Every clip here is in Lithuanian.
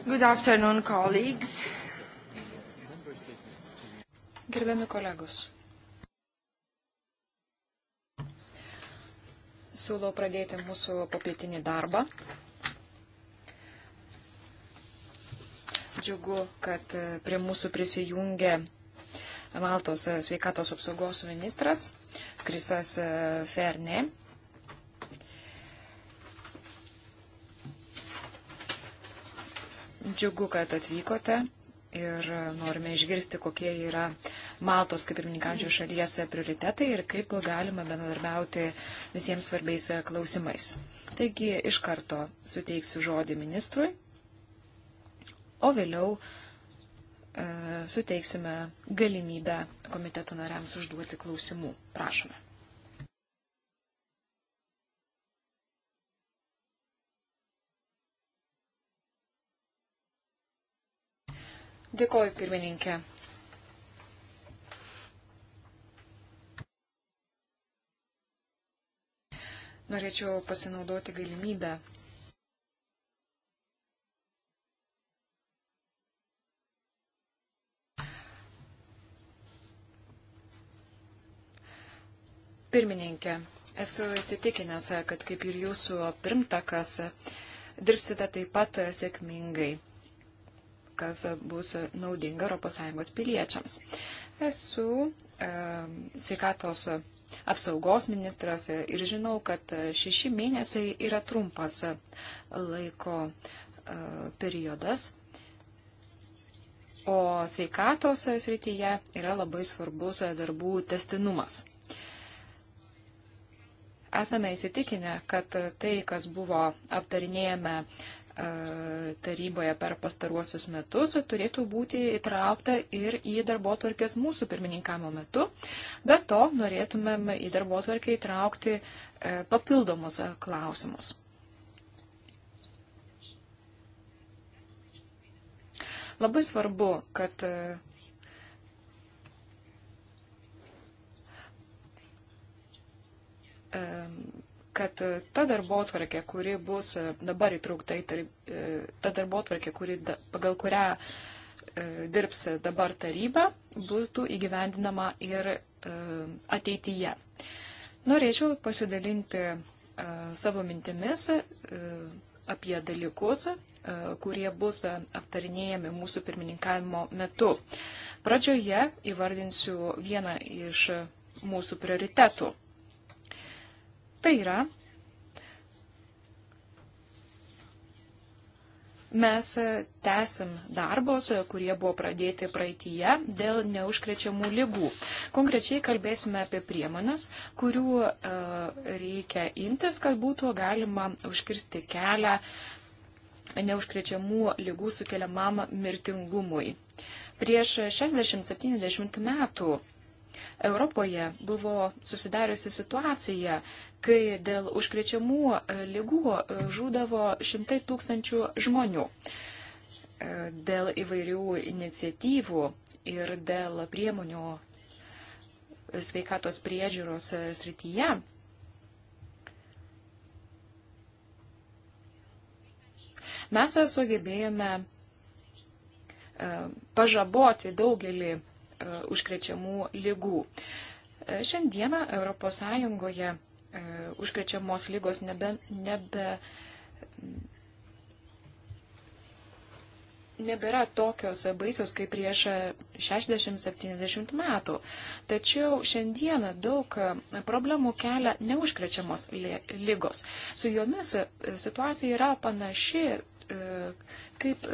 Good afternoon, colleagues. Gerbiami kolegos. Siūlau pradėti mūsų papietinį darbą. Džiugu, kad prie mūsų prisijungė Maltos sveikatos apsaugos ministras Krisas Ferne. Džiugu, kad atvykote ir norime išgirsti, kokie yra Maltos kaip pirmininkančio šalies prioritetai ir kaip galima bendradarbiauti visiems svarbiais klausimais. Taigi iš karto suteiksiu žodį ministrui, o vėliau e, suteiksime galimybę komiteto nariams užduoti klausimų. Prašome. Dėkoju, pirmininkė. Norėčiau pasinaudoti galimybę. Pirmininkė, esu įsitikinęs, kad kaip ir jūsų pirmtakas, dirbsite taip pat sėkmingai kas bus naudinga ES piliečiams. Esu e, sveikatos apsaugos ministras ir žinau, kad šeši mėnesiai yra trumpas laiko e, periodas. O sveikatos srityje yra labai svarbus darbų testinumas. Esame įsitikinę, kad tai, kas buvo aptarinėjame E, taryboje per pastaruosius metus turėtų būti įtraukta ir į darbo tvarkės mūsų pirmininkavimo metu. Be to, norėtumėm į darbo tvarkę įtraukti e, papildomus e, klausimus. Labai svarbu, kad um, kad e, ta darbo atvarkė, kuri bus e, dabar įtraukta į tarybą, e, ta darbo atvarkė, kuri, pagal kurią dirbs dabar taryba, būtų įgyvendinama ir ateityje. Norėčiau pasidalinti savo mintimis apie dalykus, kurie bus aptarinėjami mūsų pirmininkavimo metu. Pradžioje įvardinsiu vieną iš mūsų prioritetų Tai yra, mes tęsim darbos, kurie buvo pradėti praeitįje dėl neužkrečiamų lygų. Konkrečiai kalbėsime apie priemonės, kurių e, reikia imtis, kad būtų galima užkirsti kelią neužkrečiamų lygų sukeliamam mirtingumui. Prieš 60-70 metų Europoje buvo susidariusi situacija, kai dėl užkrečiamų e, lygų e, žūdavo šimtai tūkstančių žmonių. E, dėl įvairių iniciatyvų ir dėl priemonių sveikatos priežiūros srityje mes sugebėjome pažaboti daugelį E, užkrečiamų lygų. E, šiandieną ES e, užkrečiamos lygos nebe, nebe, nebėra tokios baisios kaip prieš 60-70 metų. Tačiau šiandieną daug problemų kelia neužkrečiamos lygos. Su jomis situacija yra panaši kaip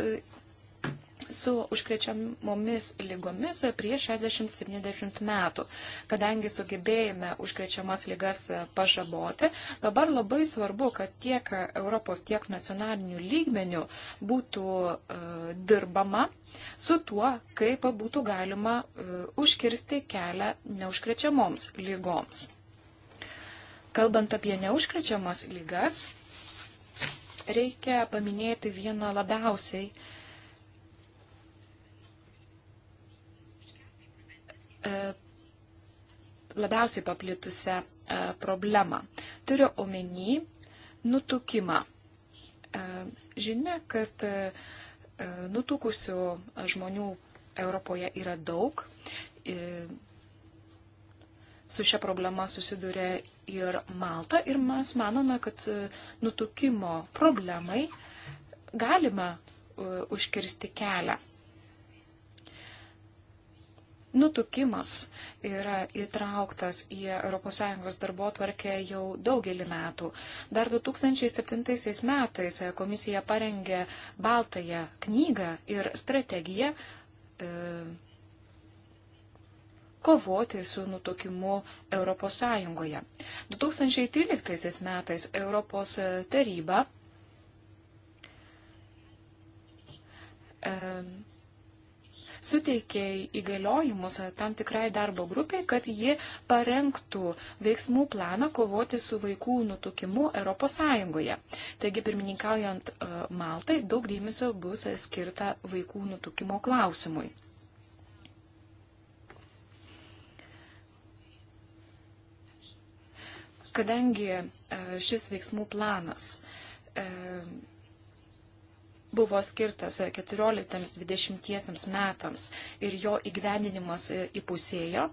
su užkrečiamomis lygomis prieš 60-70 metų. Kadangi sugebėjome užkrečiamas lygas pažaboti, dabar labai svarbu, kad tiek Europos, tiek nacionalinių lygmenių būtų uh, dirbama su tuo, kaip būtų galima uh, užkirsti kelią neužkrečiamoms lygoms. Kalbant apie neužkrečiamas lygas, reikia paminėti vieną labiausiai uh, E, labiausiai paplitusią e, problemą. Turiu omeny nutukimą. E, žinia, kad nutukusių žmonių Europoje yra daug. Su šia problema susiduria ir Malta ir mes manome, kad nutukimo problemai galima užkirsti kelią. Nutukimas yra įtrauktas į ES darbo tvarkę jau daugelį metų. Dar 2007 metais komisija parengė baltąją knygą ir strategiją e, kovoti su nutukimu ES. 2013 metais Europos taryba e, suteikė įgaliojimus tam tikrai darbo grupiai, kad ji parengtų veiksmų planą kovoti su vaikų nutukimu ES. Taigi, pirmininkaujant e, Maltai, daug dėmesio bus skirta vaikų nutukimo klausimui. Kadangi e, šis veiksmų planas e, buvo skirtas 14-20 metams ir jo įgyvendinimas e, įpusėjo,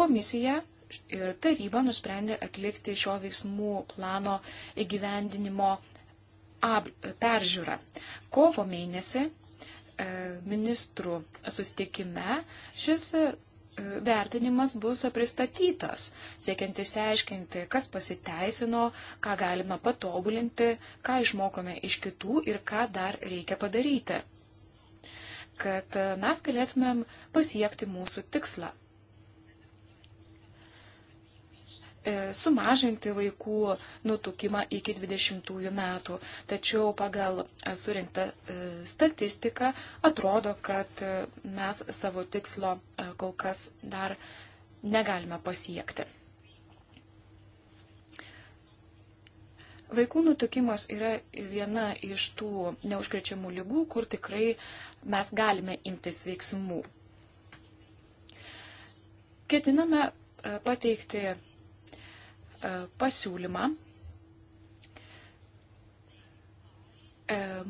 komisija ir taryba nusprendė atlikti šio veiksmų plano įgyvendinimo peržiūrą. Kovo mėnesį e, ministrų sustikime šis E, vertinimas bus pristatytas, siekiant išsiaiškinti, kas pasiteisino, ką galima patobulinti, ką išmokome iš kitų ir ką dar reikia padaryti, kad e, mes galėtumėm pasiekti mūsų tikslą. E, sumažinti vaikų nutukimą iki 20 metų. Tačiau pagal e, surinktą e, statistiką atrodo, kad mes savo tikslo kol kas dar negalime pasiekti. Vaikų nutukimas yra viena iš tų neužkrečiamų lygų, kur tikrai mes galime imtis veiksmų. Ketiname pateikti E, pasiūlymą e,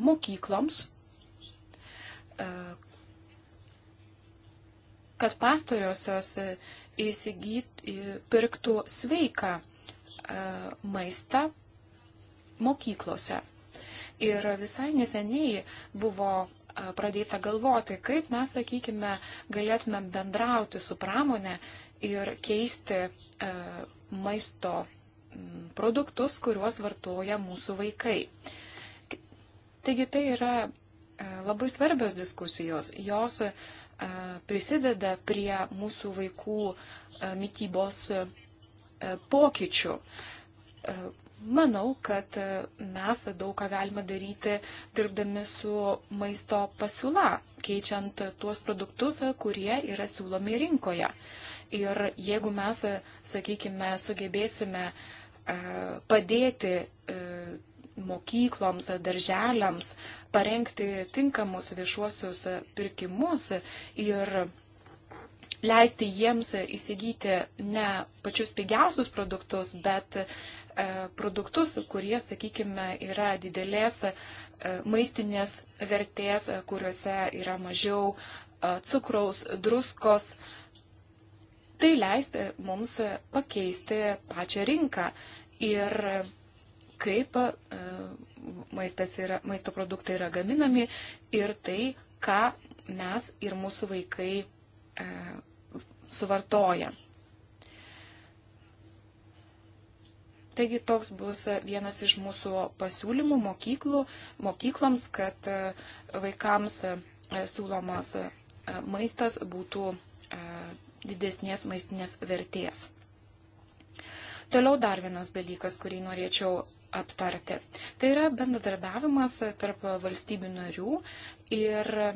mokykloms, e, kad pastoriosios įsigyt, pirktų sveiką maistą mokyklose. Ir visai neseniai buvo pradėta galvoti, kaip mes, sakykime, galėtume bendrauti su pramonė ir keisti maisto mm, produktus, kuriuos vartoja mūsų vaikai. Taigi tai yra e, labai svarbios diskusijos. Jos e, prisideda prie mūsų vaikų e, mytybos pokyčių. Manau, kad mes daug ką galime daryti dirbdami su maisto pasiūla, keičiant tuos produktus, kurie yra siūlomi rinkoje. Ir jeigu mes, sakykime, sugebėsime e, padėti e, mokykloms, darželiams parengti tinkamus viešuosius pirkimus ir leisti jiems įsigyti ne pačius pigiausius produktus, bet e, produktus, kurie, sakykime, yra didelės maistinės vertės, kuriuose yra mažiau cukraus, druskos, Tai leisti e, mums e, pakeisti pačią rinką ir kaip e, maistas yra, maisto produktai yra gaminami ir tai, ką mes ir mūsų vaikai e, suvartoja. Taigi toks bus vienas iš mūsų pasiūlymų mokyklų, mokykloms, kad vaikams siūlomas maistas būtų e, didesnės maistinės vertės. Toliau dar vienas dalykas, kurį norėčiau aptarti. Tai yra bendradarbiavimas tarp valstybių narių ir e,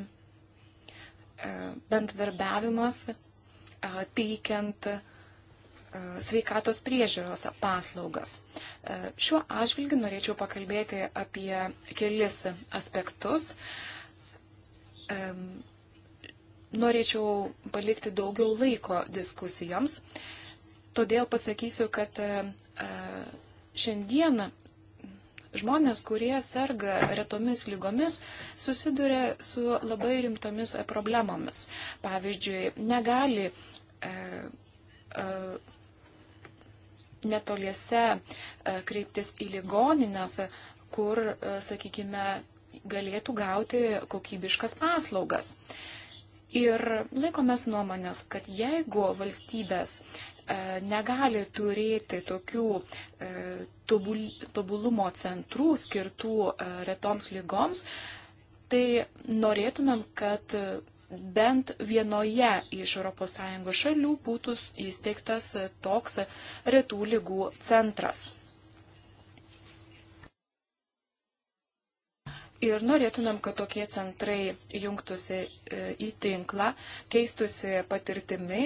bendradarbiavimas e, teikiant e, sveikatos priežiūros paslaugas. Šiuo atžvilgiu norėčiau pakalbėti apie kelis aspektus norėčiau palikti daugiau laiko diskusijoms. Todėl pasakysiu, kad e, šiandien žmonės, kurie serga retomis lygomis, susiduria su labai rimtomis problemomis. Pavyzdžiui, negali e, e, netoliese kreiptis į ligoninės, kur, sakykime, galėtų gauti kokybiškas paslaugas. E, Ir laikomės nuomonės, kad jeigu valstybės e, negali turėti tokių e, tobul, tobulumo centrų skirtų e, retoms lygoms, tai norėtumėm, kad bent vienoje iš ES šalių būtų įsteigtas toks retų lygų centras. Ir norėtumėm, kad tokie centrai jungtųsi e, į tinklą, keistusi patirtimi,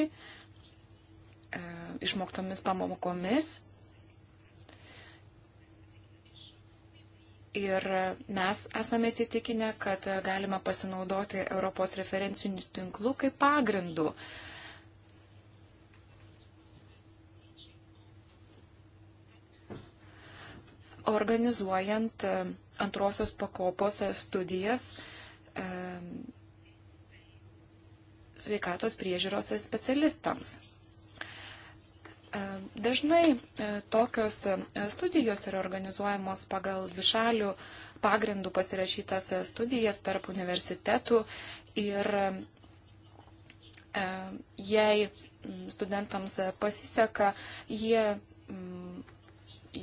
e, išmoktomis pamokomis. Ir mes esame įsitikinę, kad galima pasinaudoti Europos referencinių tinklų kaip pagrindų. Organizuojant e, antrosios pakopos e, studijas e, sveikatos priežiūros specialistams. E, dažnai tokios studijos yra organizuojamos pagal dvišalių pagrindų pasirašytas studijas tarp universitetų ir jei studentams pasiseka, jie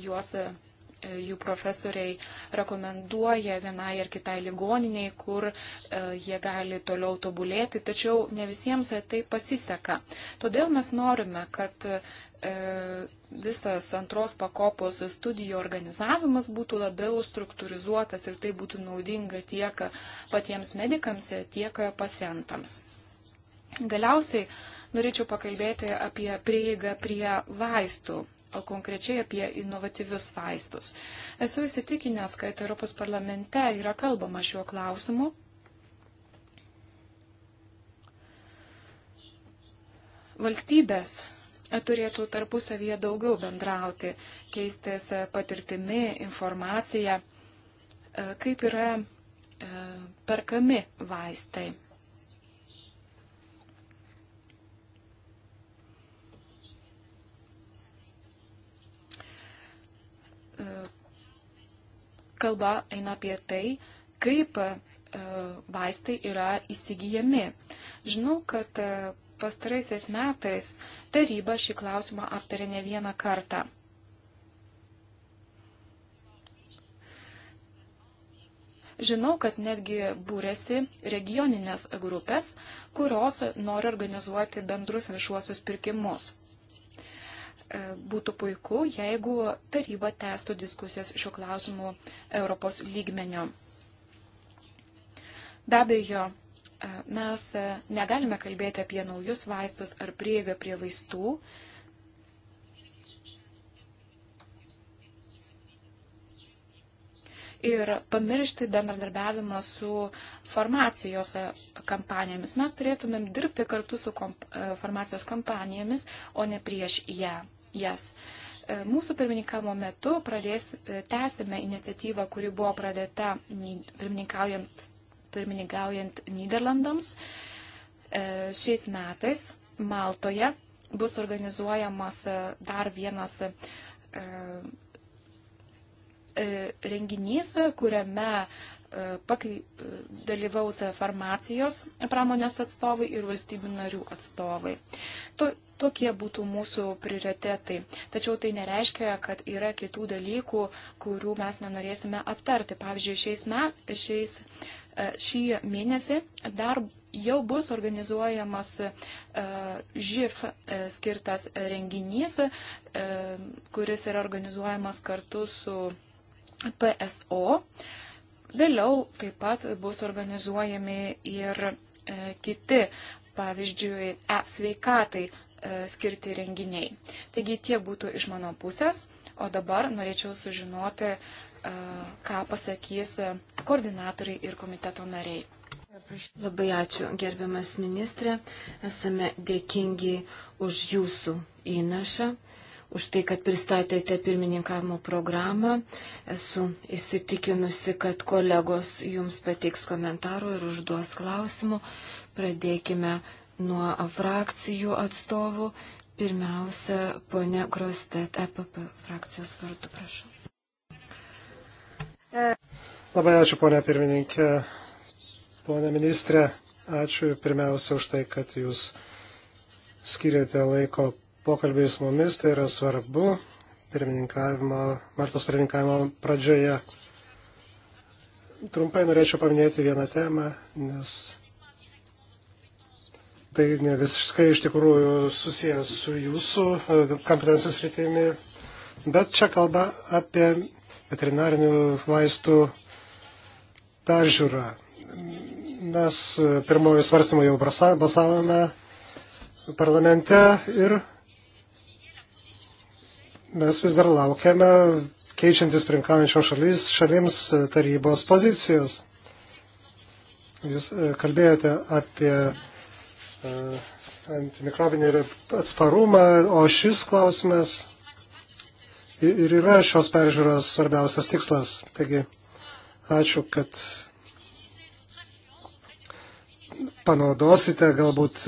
juos jų profesoriai rekomenduoja vienai ar kitai ligoniniai, kur e, jie gali toliau tobulėti, tačiau ne visiems tai pasiseka. Todėl mes norime, kad e, visas antros pakopos studijų organizavimas būtų labiau struktūrizuotas ir tai būtų naudinga tiek patiems medikams, tiek pacientams. Galiausiai norėčiau pakalbėti apie prieigą prie vaistų konkrečiai apie inovatyvius vaistus. Esu įsitikinęs, kad Europos parlamente yra kalbama šiuo klausimu. Valstybės turėtų tarpusavyje daugiau bendrauti, keistis patirtimi, informacija, e, kaip yra e, perkami vaistai. kalba eina apie tai, kaip e, vaistai yra įsigijami. Žinau, kad e, pastaraisiais metais taryba šį klausimą aptarė ne vieną kartą. Žinau, kad netgi būrėsi regioninės grupės, kurios nori organizuoti bendrus viešuosius pirkimus. E, būtų puiku, jeigu taryba tęstų diskusijas šiuo klausimu Europos lygmeniu. Be abejo, e, mes e, negalime kalbėti apie naujus vaistus ar prieigą prie vaistų. Ir pamiršti bendradarbiavimą su farmacijos kampanijomis. Mes turėtumėm dirbti kartu su kom, farmacijos kampanijomis, o ne prieš ją. Yeah jas. E, mūsų pirmininkamo metu pradės, e, tęsime iniciatyvą, kuri buvo pradėta pirmininkaujant, pirmininkaujant Niderlandams. E, šiais metais Maltoje bus organizuojamas dar vienas renginys, kuriame pakai, dalyvaus farmacijos pramonės atstovai ir valstybių narių atstovai. To, tokie būtų mūsų prioritetai. Tačiau tai nereiškia, kad yra kitų dalykų, kurių mes nenorėsime aptarti. Pavyzdžiui, šiais, me, šiais e, šį mėnesį dar jau bus organizuojamas e, ŽIF e, skirtas renginys, kuris yra organizuojamas kartu su PSO. Vėliau taip pat bus organizuojami ir e, kiti, pavyzdžiui, e-sveikatai e, skirti renginiai. Taigi tie būtų iš mano pusės, o dabar norėčiau sužinoti, e, ką pasakys koordinatoriai ir komiteto nariai. Labai ačiū, gerbiamas ministrė. Esame dėkingi už jūsų įnašą už tai, kad pristatėte pirmininkavimo programą. Esu įsitikinusi, kad kolegos jums pateiks komentarų ir užduos klausimų. Pradėkime nuo frakcijų atstovų. Pirmiausia, ponė Grostet, EPP frakcijos vardu, prašau. Labai ačiū, ponė pirmininkė. Pone ministrė, ačiū pirmiausia už tai, kad jūs skiriate laiko pokalbiai su mumis, tai yra svarbu. Pirmininkavimo, Martos pirmininkavimo pradžioje trumpai norėčiau paminėti vieną temą, nes tai ne visiškai iš tikrųjų susijęs su jūsų e, kompetencijos rytimi, bet čia kalba apie veterinarinių vaistų peržiūrą. Mes e, pirmojų svarstymų jau balsavome parlamente ir mes vis dar laukiame keičiantis prinkaujančios šalis, šalims e, tarybos pozicijos. Jūs e, kalbėjote apie e, antimikrobinį atsparumą, o šis klausimas ir yra šios peržiūros svarbiausias tikslas. Taigi, ačiū, kad panaudosite galbūt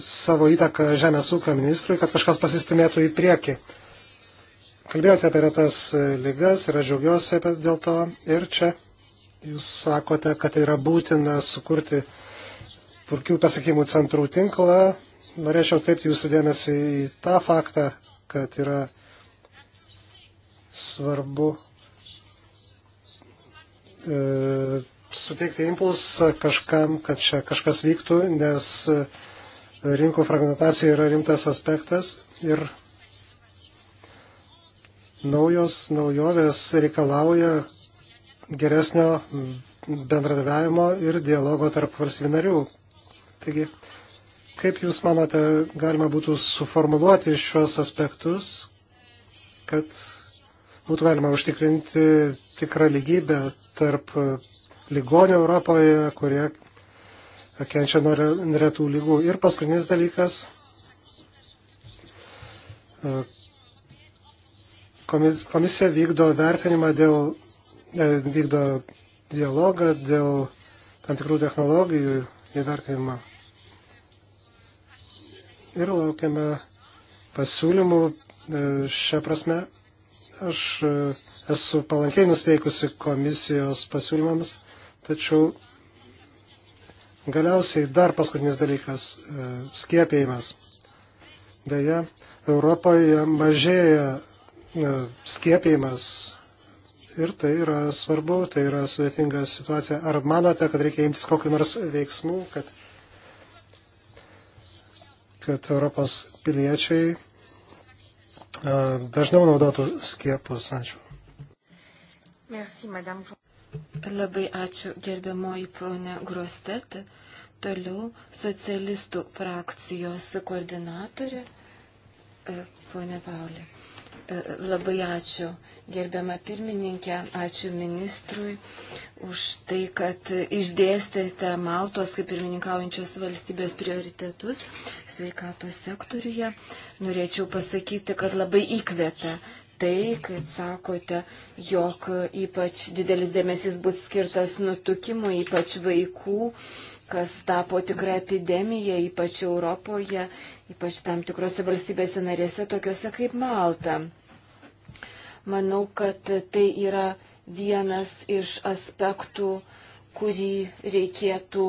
savo įtaką žemės ūkio ministrui, kad kažkas pasistumėtų į priekį. Kalbėjote apie retas lygas ir aš džiaugiuosi dėl to. Ir čia jūs sakote, kad tai yra būtina sukurti purkių pasakymų centrų tinklą. Norėčiau atkreipti jūsų dėmesį į tą faktą, kad yra svarbu e, suteikti impulsą kažkam, kad čia kažkas vyktų, nes rinkų fragmentacija yra rimtas aspektas ir Naujos naujovės reikalauja geresnio bendradaviavimo ir dialogo tarp valstybių narių. Taigi, kaip Jūs manote, galima būtų suformuluoti šios aspektus, kad būtų galima užtikrinti tikrą lygybę tarp ligonių Europoje, kurie kenčia nuo retų lygų. Ir paskutinis dalykas Komisija vykdo vertinimą dėl, e, vykdo dialogą dėl tam tikrų technologijų įvertinimą. Ir laukiame pasiūlymų e, šią prasme. Aš e, esu palankiai nusteikusi komisijos pasiūlymams, tačiau galiausiai dar paskutinis dalykas - skiepėjimas. Deja, Europoje mažėja skiepijimas. Ir tai yra svarbu, tai yra sudėtinga situacija. Ar manote, kad reikia imtis kokiu nors veiksmų, kad, kad Europos piliečiai dažniau naudotų skiepus? Ačiū. Merci, madame. Labai ačiū gerbiamoji ponė Grostet. Toliau socialistų frakcijos koordinatorė e, ponė Paulė. Labai ačiū gerbiama pirmininkė, ačiū ministrui už tai, kad išdėstėte Maltos kaip pirmininkaujančios valstybės prioritetus sveikatos sektoriuje. Norėčiau pasakyti, kad labai įkvėpia tai, kad sakote, jog ypač didelis dėmesys bus skirtas nutukimui, ypač vaikų kas tapo tikra epidemija, ypač Europoje, ypač tam tikrose valstybėse narėse, tokiuose kaip Malta. Manau, kad tai yra vienas iš aspektų, kurį reikėtų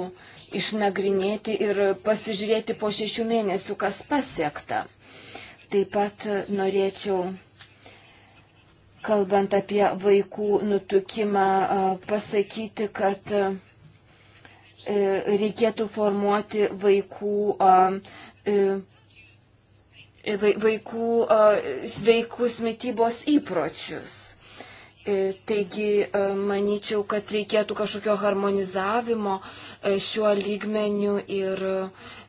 išnagrinėti ir pasižiūrėti po šešių mėnesių, kas pasiekta. Taip pat norėčiau, kalbant apie vaikų nutukimą, pasakyti, kad E, reikėtų formuoti vaikų, e, e, vaikų sveikus mytybos įpročius. Taigi, manyčiau, kad reikėtų kažkokio harmonizavimo šiuo lygmeniu ir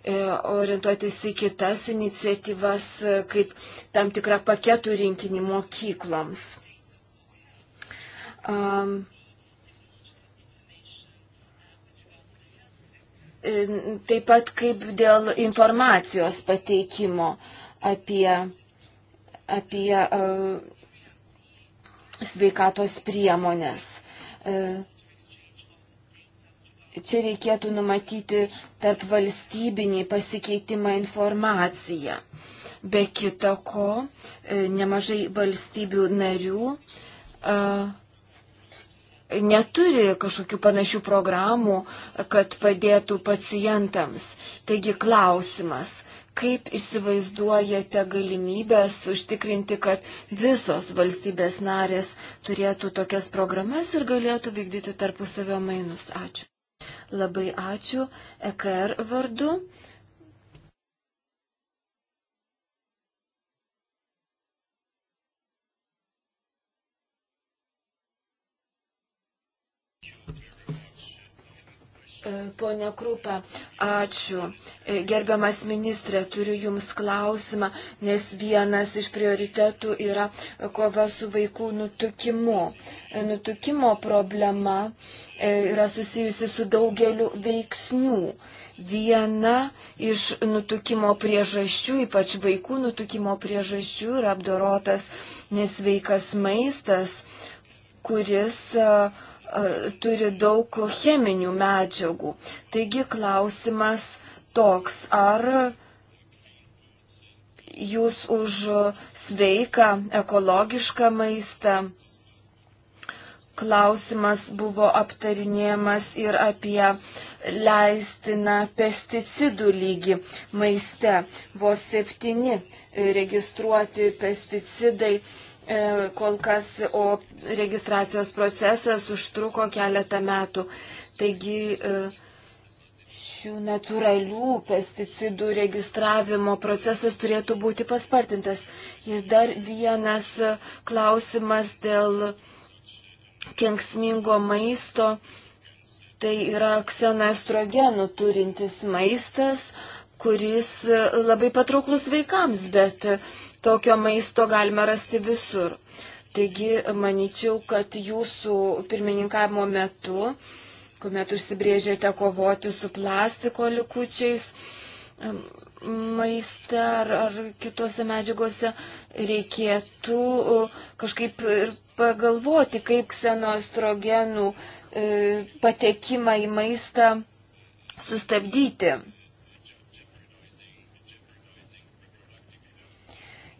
orientuotis į kitas iniciatyvas kaip tam tikrą paketų rinkinį mokykloms. Um, E, taip pat kaip dėl informacijos pateikimo apie, apie e, sveikatos priemonės. E, čia reikėtų numatyti tarp valstybinį pasikeitimą informaciją. Be kita ko, nemažai valstybių narių uh, neturi kažkokių panašių programų, kad padėtų pacientams. Taigi klausimas, kaip įsivaizduojate galimybės užtikrinti, kad visos valstybės narės turėtų tokias programas ir galėtų vykdyti tarpusavio mainus? Ačiū. Labai ačiū EKR vardu. E, Pone Krupa, ačiū. E, gerbiamas ministrė, turiu Jums klausimą, nes vienas iš prioritetų yra kova su vaikų nutukimu. E, nutukimo problema yra susijusi su daugeliu veiksnių. Viena iš nutukimo priežasčių, ypač vaikų nutukimo priežasčių, yra apdorotas nesveikas maistas, kuris uh, turi daug cheminių medžiagų. Taigi klausimas toks, ar jūs už sveiką, ekologišką maistą. Klausimas buvo aptarinėjamas ir apie leistiną pesticidų lygį maiste. Vos septyni registruoti pesticidai E, kol kas, o registracijos procesas užtruko keletą metų. Taigi e, šių natūralių pesticidų registravimo procesas turėtų būti paspartintas. Ir dar vienas klausimas dėl kenksmingo maisto. Tai yra ksenoestrogenų turintis maistas, kuris labai patrauklus vaikams, bet Tokio maisto galime rasti visur. Taigi, manyčiau, kad jūsų pirmininkavimo metu, kuomet užsibrėžėte kovoti su plastiko likučiais, maiste ar, ar kitose medžiagose, reikėtų kažkaip ir pagalvoti, kaip ksenoestrogenų e, patekimą į maistą sustabdyti.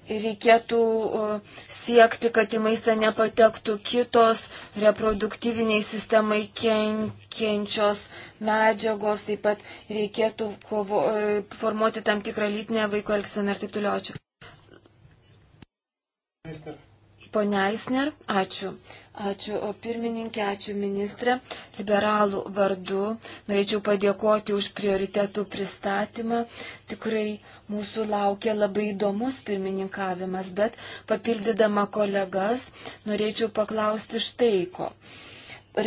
reikėtų e, siekti, kad į maistą nepatektų kitos reproduktyviniai sistemai kenkiančios medžiagos, taip pat reikėtų kovo, e, formuoti tam tikrą lytinę vaiko elgseną ir taip toliau. Ačiū. Minister. Pone Eisner, ačiū. Ačiū pirmininkė, ačiū ministrė. Liberalų vardu norėčiau padėkoti už prioritetų pristatymą. Tikrai mūsų laukia labai įdomus pirmininkavimas, bet papildydama kolegas norėčiau paklausti štai ko.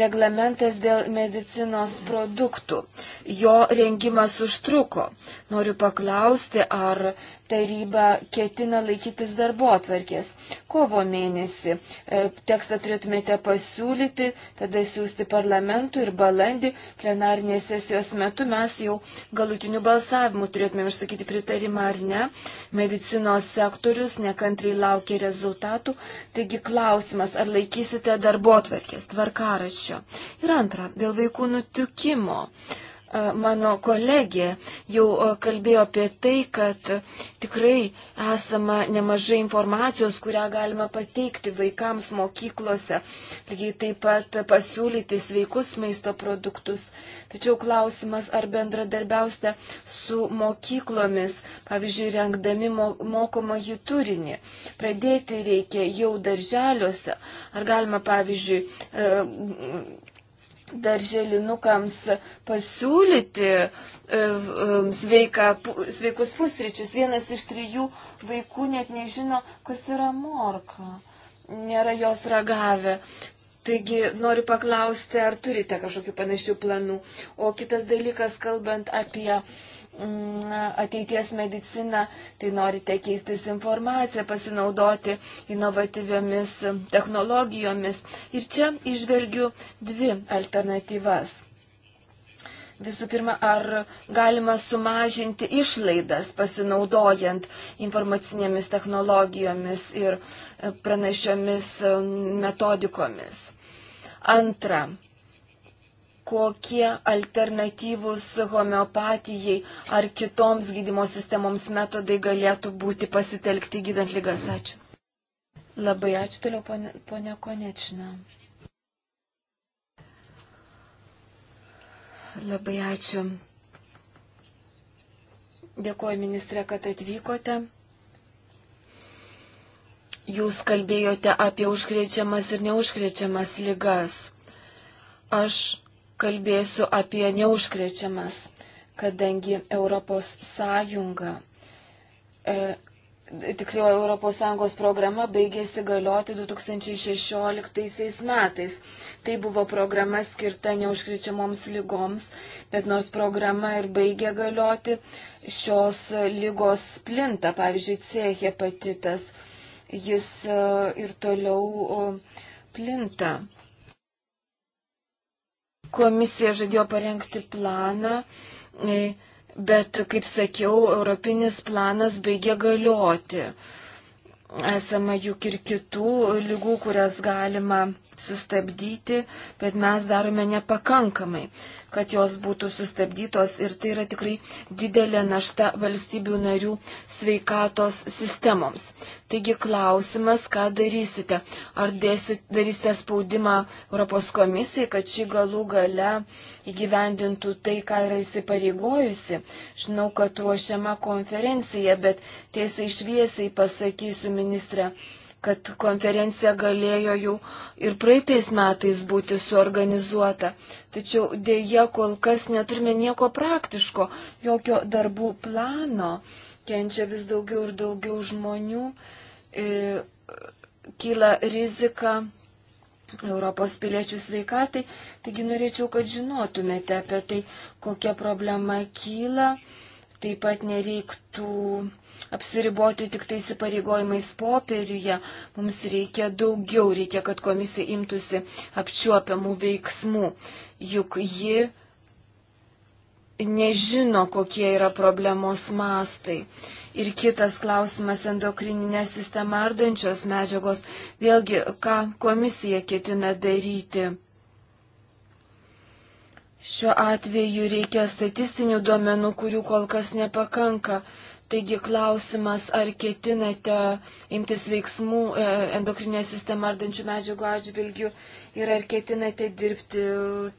Reglamentas dėl medicinos produktų. Jo rengimas užtruko. Noriu paklausti, ar taryba ketina laikytis darbo atvarkės. Kovo mėnesį e, tekstą turėtumėte pasiūlyti, tada siūsti parlamentui ir balandį plenarinės sesijos metu mes jau galutiniu balsavimu turėtumėm išsakyti pritarimą ar ne. Medicinos sektorius nekantriai laukia rezultatų, taigi klausimas, ar laikysite darbo atvarkės tvarkaraščio. Ir antra, dėl vaikų nutukimo. E, mano kolegė jau e, kalbėjo apie tai, kad tikrai esama nemažai informacijos, kurią galima pateikti vaikams mokyklose, lygiai taip pat pasiūlyti sveikus maisto produktus. Tačiau klausimas, ar bendradarbiausite su mokyklomis, pavyzdžiui, rengdami mokomąjį turinį. Pradėti reikia jau darželiuose. Ar galima, pavyzdžiui, e, darželinukams pasiūlyti e, e, sveika, sveikus pusryčius. Vienas iš trijų vaikų net nežino, kas yra morka. Nėra jos ragavę. Taigi noriu paklausti, ar turite kažkokių panašių planų. O kitas dalykas, kalbant apie uh, Mm, ateities mediciną, tai norite keistis informaciją, pasinaudoti inovatyviomis technologijomis. Ir čia išvelgiu dvi alternatyvas. Visų pirma, ar galima sumažinti išlaidas pasinaudojant informacinėmis technologijomis ir pranašiomis metodikomis. Antra, kokie alternatyvus homeopatijai ar kitoms gydimo sistemoms metodai galėtų būti pasitelkti gydant lygas. Ačiū. Labai ačiū toliau, ponia, ponia Konečina. Labai ačiū. Dėkuoju, ministrė, kad atvykote. Jūs kalbėjote apie užkrečiamas ir neužkrečiamas lygas. Aš kalbėsiu apie neužkrečiamas, kadangi Europos Sąjunga, e, tiksliau Europos Sąjungos programa baigėsi galioti 2016 metais. Tai buvo programa skirta neužkrečiamoms lygoms, bet nors programa ir baigė galioti, šios lygos plinta, pavyzdžiui, C hepatitas, jis e, ir toliau e, plinta. Komisija žadėjo parengti planą, e, bet, kaip sakiau, europinis planas baigė galioti. Esama juk ir kitų lygų, kurias galima sustabdyti, bet mes darome nepakankamai kad jos būtų sustabdytos ir tai yra tikrai didelė našta valstybių narių sveikatos sistemoms. Taigi klausimas, ką darysite? Ar dėsit, darysite spaudimą Europos komisijai, kad ši galų gale įgyvendintų tai, ką yra įsipareigojusi? Žinau, kad ruošiama konferencija, bet tiesiai šviesiai pasakysiu ministrė kad konferencija galėjo jau ir praeitais metais būti suorganizuota. Tačiau dėja kol kas neturime nieko praktiško, jokio darbų plano. Kenčia vis daugiau ir daugiau žmonių, e, kyla rizika Europos piliečių sveikatai. Taigi norėčiau, kad žinotumėte apie tai, kokia problema kyla. Taip pat nereiktų apsiriboti tik tais įpareigojimais popieriuje. Mums reikia daugiau, reikia, kad komisija imtųsi apčiuopiamų veiksmų, juk ji nežino, kokie yra problemos mastai. Ir kitas klausimas - endokrininė sistema ardančios medžiagos. Vėlgi, ką komisija ketina daryti? Šiuo atveju reikia statistinių duomenų, kurių kol kas nepakanka. Taigi klausimas, ar ketinate imtis veiksmų e, endokrinę sistemą ardančių medžiagų atžvilgių ir ar ketinate dirbti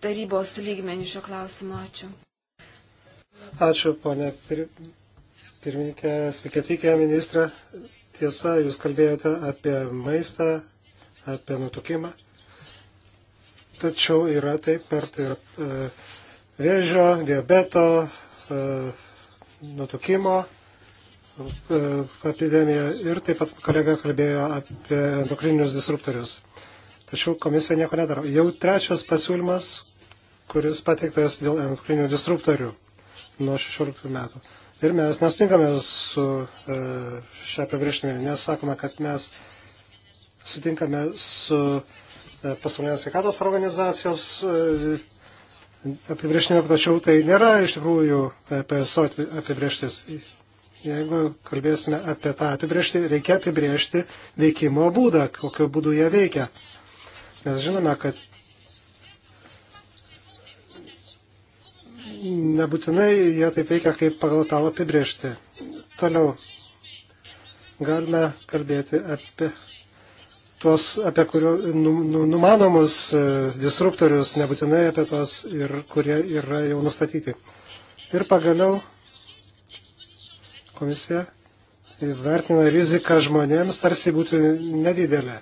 tarybos lygmenį šio klausimo. Ačiū. Ačiū, ponė pir... pirmininkė. Sveiki atvykę, ministra. Tiesa, jūs kalbėjote apie maistą, apie nutukimą. Tačiau yra taip pat ir tai e, vėžio, diabeto, e, nutukimo epidemiją ir taip pat kolega kalbėjo apie endokrininius disruptorius. Tačiau komisija nieko nedaro. Jau trečias pasiūlymas, kuris pateiktas dėl endokrininių disruptorių nuo 16 metų. Ir mes nesutinkame su e, šią apibrieštimį, nes sakome, kad mes sutinkame su e, pasaulinės sveikatos organizacijos e, apibrieštimi, tačiau tai nėra iš tikrųjų PSO apibrieštis. Jeigu kalbėsime apie tą apibriežtį, reikia apibriežti veikimo būdą, kokiu būdu jie veikia. Nes žinome, kad nebūtinai jie taip veikia, kaip pagal tavo apibriežti. Toliau galime kalbėti apie tuos, apie kurio nu, nu, numanomus e, disruptorius, nebūtinai apie tuos, ir, kurie yra jau nustatyti. Ir pagaliau komisija vertina riziką žmonėms tarsi būtų nedidelė.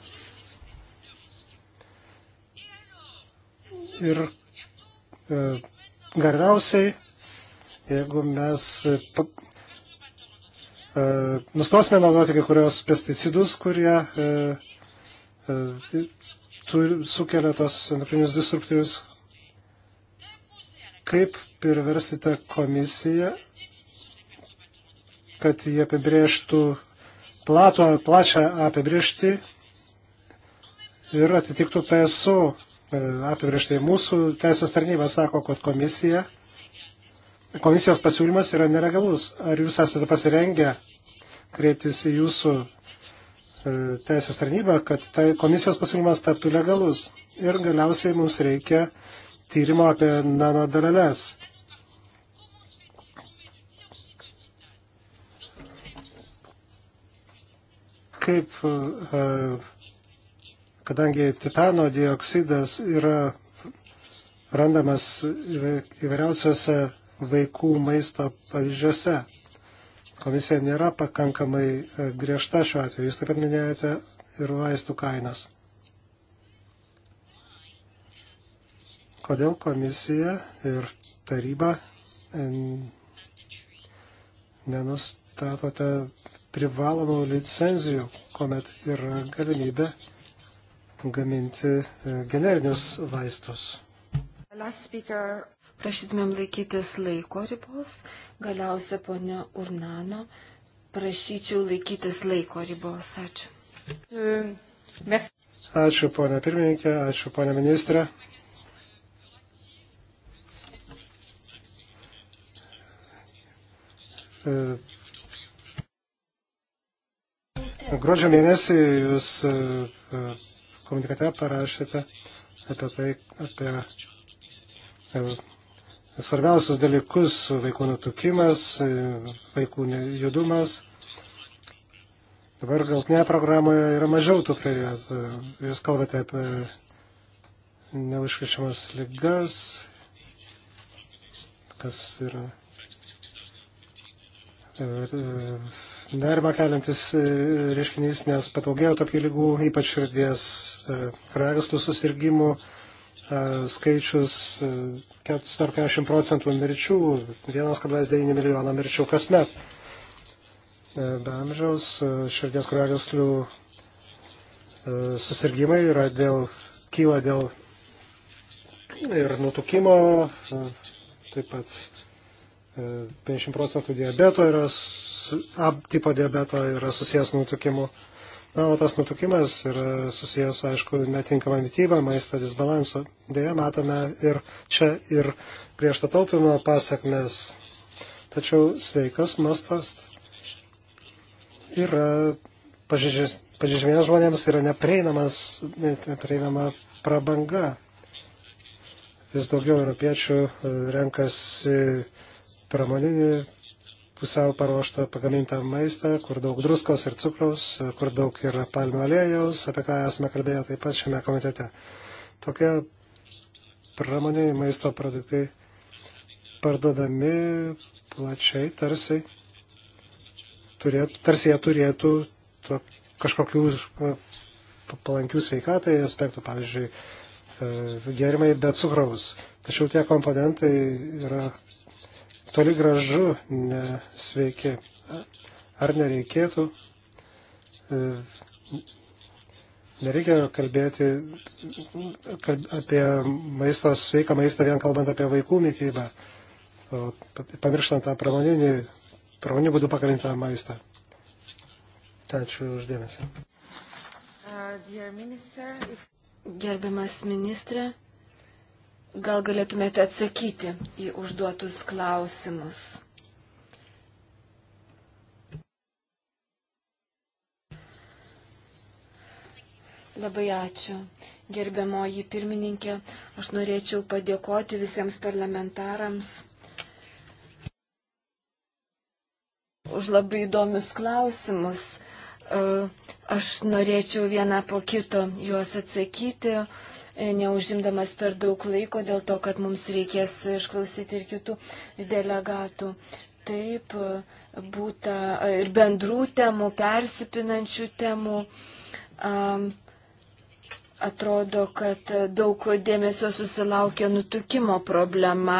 Ir e, galiausiai, jeigu mes pa, e, nustosime naudoti kai kurios pesticidus, kurie e, e, turi, sukelia tos endokrinius disruptorius, kaip perversite komisiją kad jie apibrėžtų plato, plačią apibrėžtį ir atitiktų PSO e, apibrėžtai. Mūsų teisės tarnyba sako, kad komisija, komisijos pasiūlymas yra neregalus. Ar jūs esate pasirengę kreiptis į jūsų e, teisės tarnybą, kad tai komisijos pasiūlymas taptų legalus? Ir galiausiai mums reikia tyrimo apie nanodaleles. kaip, e, kadangi titano dioksidas yra randamas įvairiausiose vaikų maisto pavyzdžiuose. Komisija nėra pakankamai e, griežta šiuo atveju. Jūs taip pat minėjote ir vaistų kainas. Kodėl komisija ir taryba nenustatote privalomų licenzijų, kuomet yra galimybė gaminti e, generinius vaistus. Prašytumėm laikytis laiko ribos. Galiausia, ponia Urnano, prašyčiau laikytis laiko ribos. Ačiū. E, ačiū, ponia pirmininkė, ačiū, ponia ministrė. E, Gruodžio mėnesį jūs e, e, komunikate parašėte apie tai, apie e, svarbiausius dalykus - vaikų nutukimas, vaikų judumas. Dabar galtinėje programoje yra mažiau tų prioritetų. Jūs kalbate apie neužkrečiamas lygas, kas yra E, nerima keliantis e, reiškinys, nes pataugėjo tokių lygų, ypač širdies e, kraujagyslių susirgymų skaičius 40 procentų mirčių, 1,9 milijono mirčių kasmet. Be amžiaus širdies kraujagyslių susirgymai yra dėl, kyla dėl ir nutukimo, taip pat 50 procentų diabeto yra, A tipo diabeto yra susijęs nutukimu. Na, o tas nutukimas yra susijęs su, aišku, netinkama mytyba, maisto disbalansu. Deja, matome ir čia ir griežto taupimo pasiekmes. Tačiau sveikas mastas yra pažeidžiamiems žmonėms yra neprieinamas, neprieinama prabanga. Vis daugiau europiečių e, renkasi pramoninį pusiau paruoštą pagamintą maistą, kur daug druskos ir cukraus, kur daug yra palmių aliejaus, apie ką esame kalbėję taip pat šiame komitete. Tokie pramoniniai maisto produktai parduodami plačiai, tarsi, turėtų, tarsi jie turėtų to, kažkokių e, palankių sveikatai aspektų, pavyzdžiui, e, gėrimai be cukraus. Tačiau tie komponentai yra toli gražu nesveiki. Ar nereikėtų, e, nereikia kalbėti kalb, apie maistą, sveiką maistą vien kalbant apie vaikų mytybą, pamirštant tą pramoninį, pramoninį būdų pakalintą maistą. Ačiū uždėmesi. Uh, if... Gerbiamas ministrė, Gal galėtumėte atsakyti į užduotus klausimus? Labai ačiū. Gerbiamoji pirmininkė, aš norėčiau padėkoti visiems parlamentarams už labai įdomius klausimus. Aš norėčiau vieną po kito juos atsakyti neužimdamas per daug laiko, dėl to, kad mums reikės išklausyti ir kitų delegatų. Taip, būta ir bendrų temų, persipinančių temų. Um, atrodo, kad daug dėmesio susilaukia nutukimo problema.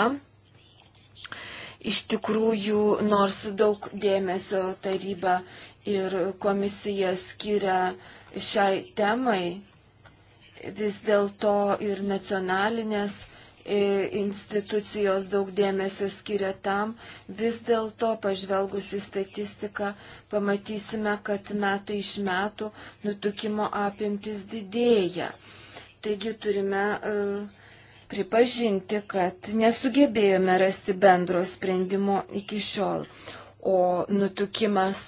Iš tikrųjų, nors daug dėmesio taryba ir komisija skiria šiai temai, vis dėlto ir nacionalinės e, institucijos daug dėmesio skiria tam, vis dėlto pažvelgus į statistiką pamatysime, kad metai iš metų nutukimo apimtis didėja. Taigi turime uh, pripažinti, kad nesugebėjome rasti bendro sprendimo iki šiol. O nutukimas,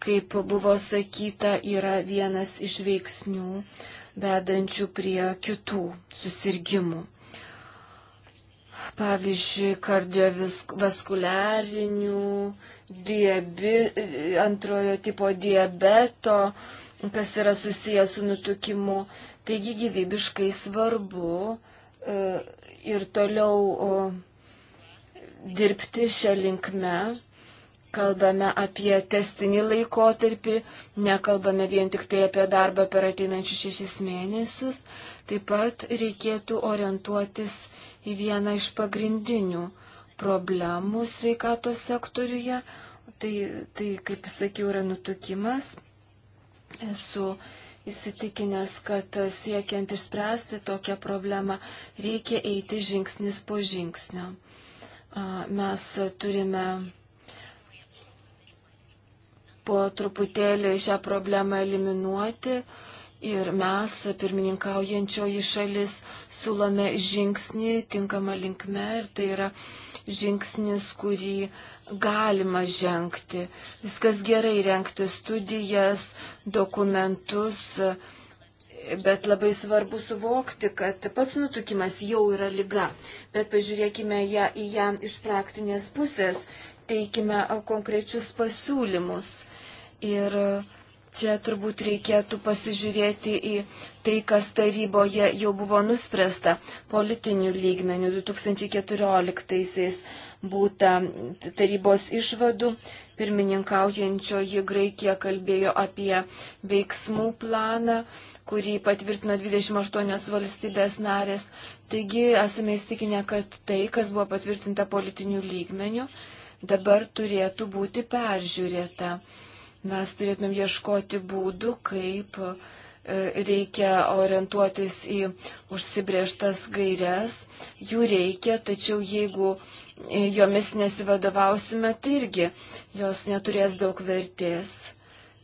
kaip buvo sakyta, yra vienas iš veiksnių, uh, vedančių prie kitų susirgymų. Pavyzdžiui, kardiovaskuliarinių, diebi, antrojo tipo diabeto, kas yra susijęs su nutukimu. Taigi gyvybiškai svarbu e, ir toliau dirbti šią linkmę kalbame apie testinį laikotarpį, nekalbame vien tik tai apie darbą per ateinančius šešis mėnesius. Taip pat reikėtų orientuotis į vieną iš pagrindinių problemų sveikatos sektoriuje. Tai, tai kaip sakiau, yra nutukimas. Esu įsitikinęs, kad siekiant išspręsti tokią problemą, reikia eiti žingsnis po žingsnio. Mes turime po truputėlį šią problemą eliminuoti. Ir mes, pirmininkaujančioji šalis, sulome žingsnį tinkamą linkme ir tai yra žingsnis, kurį galima žengti. Viskas gerai renkti studijas, dokumentus, bet labai svarbu suvokti, kad pats nutukimas jau yra lyga. Bet pažiūrėkime ją į ją iš praktinės pusės, teikime konkrečius pasiūlymus Ir čia turbūt reikėtų pasižiūrėti į tai, kas taryboje jau buvo nuspręsta politinių lygmenių 2014-aisiais būta tarybos išvadų. Pirmininkaujančioji Graikija kalbėjo apie veiksmų planą, kurį patvirtino 28 valstybės narės. Taigi esame įstikinę, kad tai, kas buvo patvirtinta politinių lygmenių, dabar turėtų būti peržiūrėta mes turėtumėm ieškoti būdų, kaip e, reikia orientuotis į užsibrieštas gairias, jų reikia, tačiau jeigu e, jomis nesivadovausime, tai irgi jos neturės daug vertės.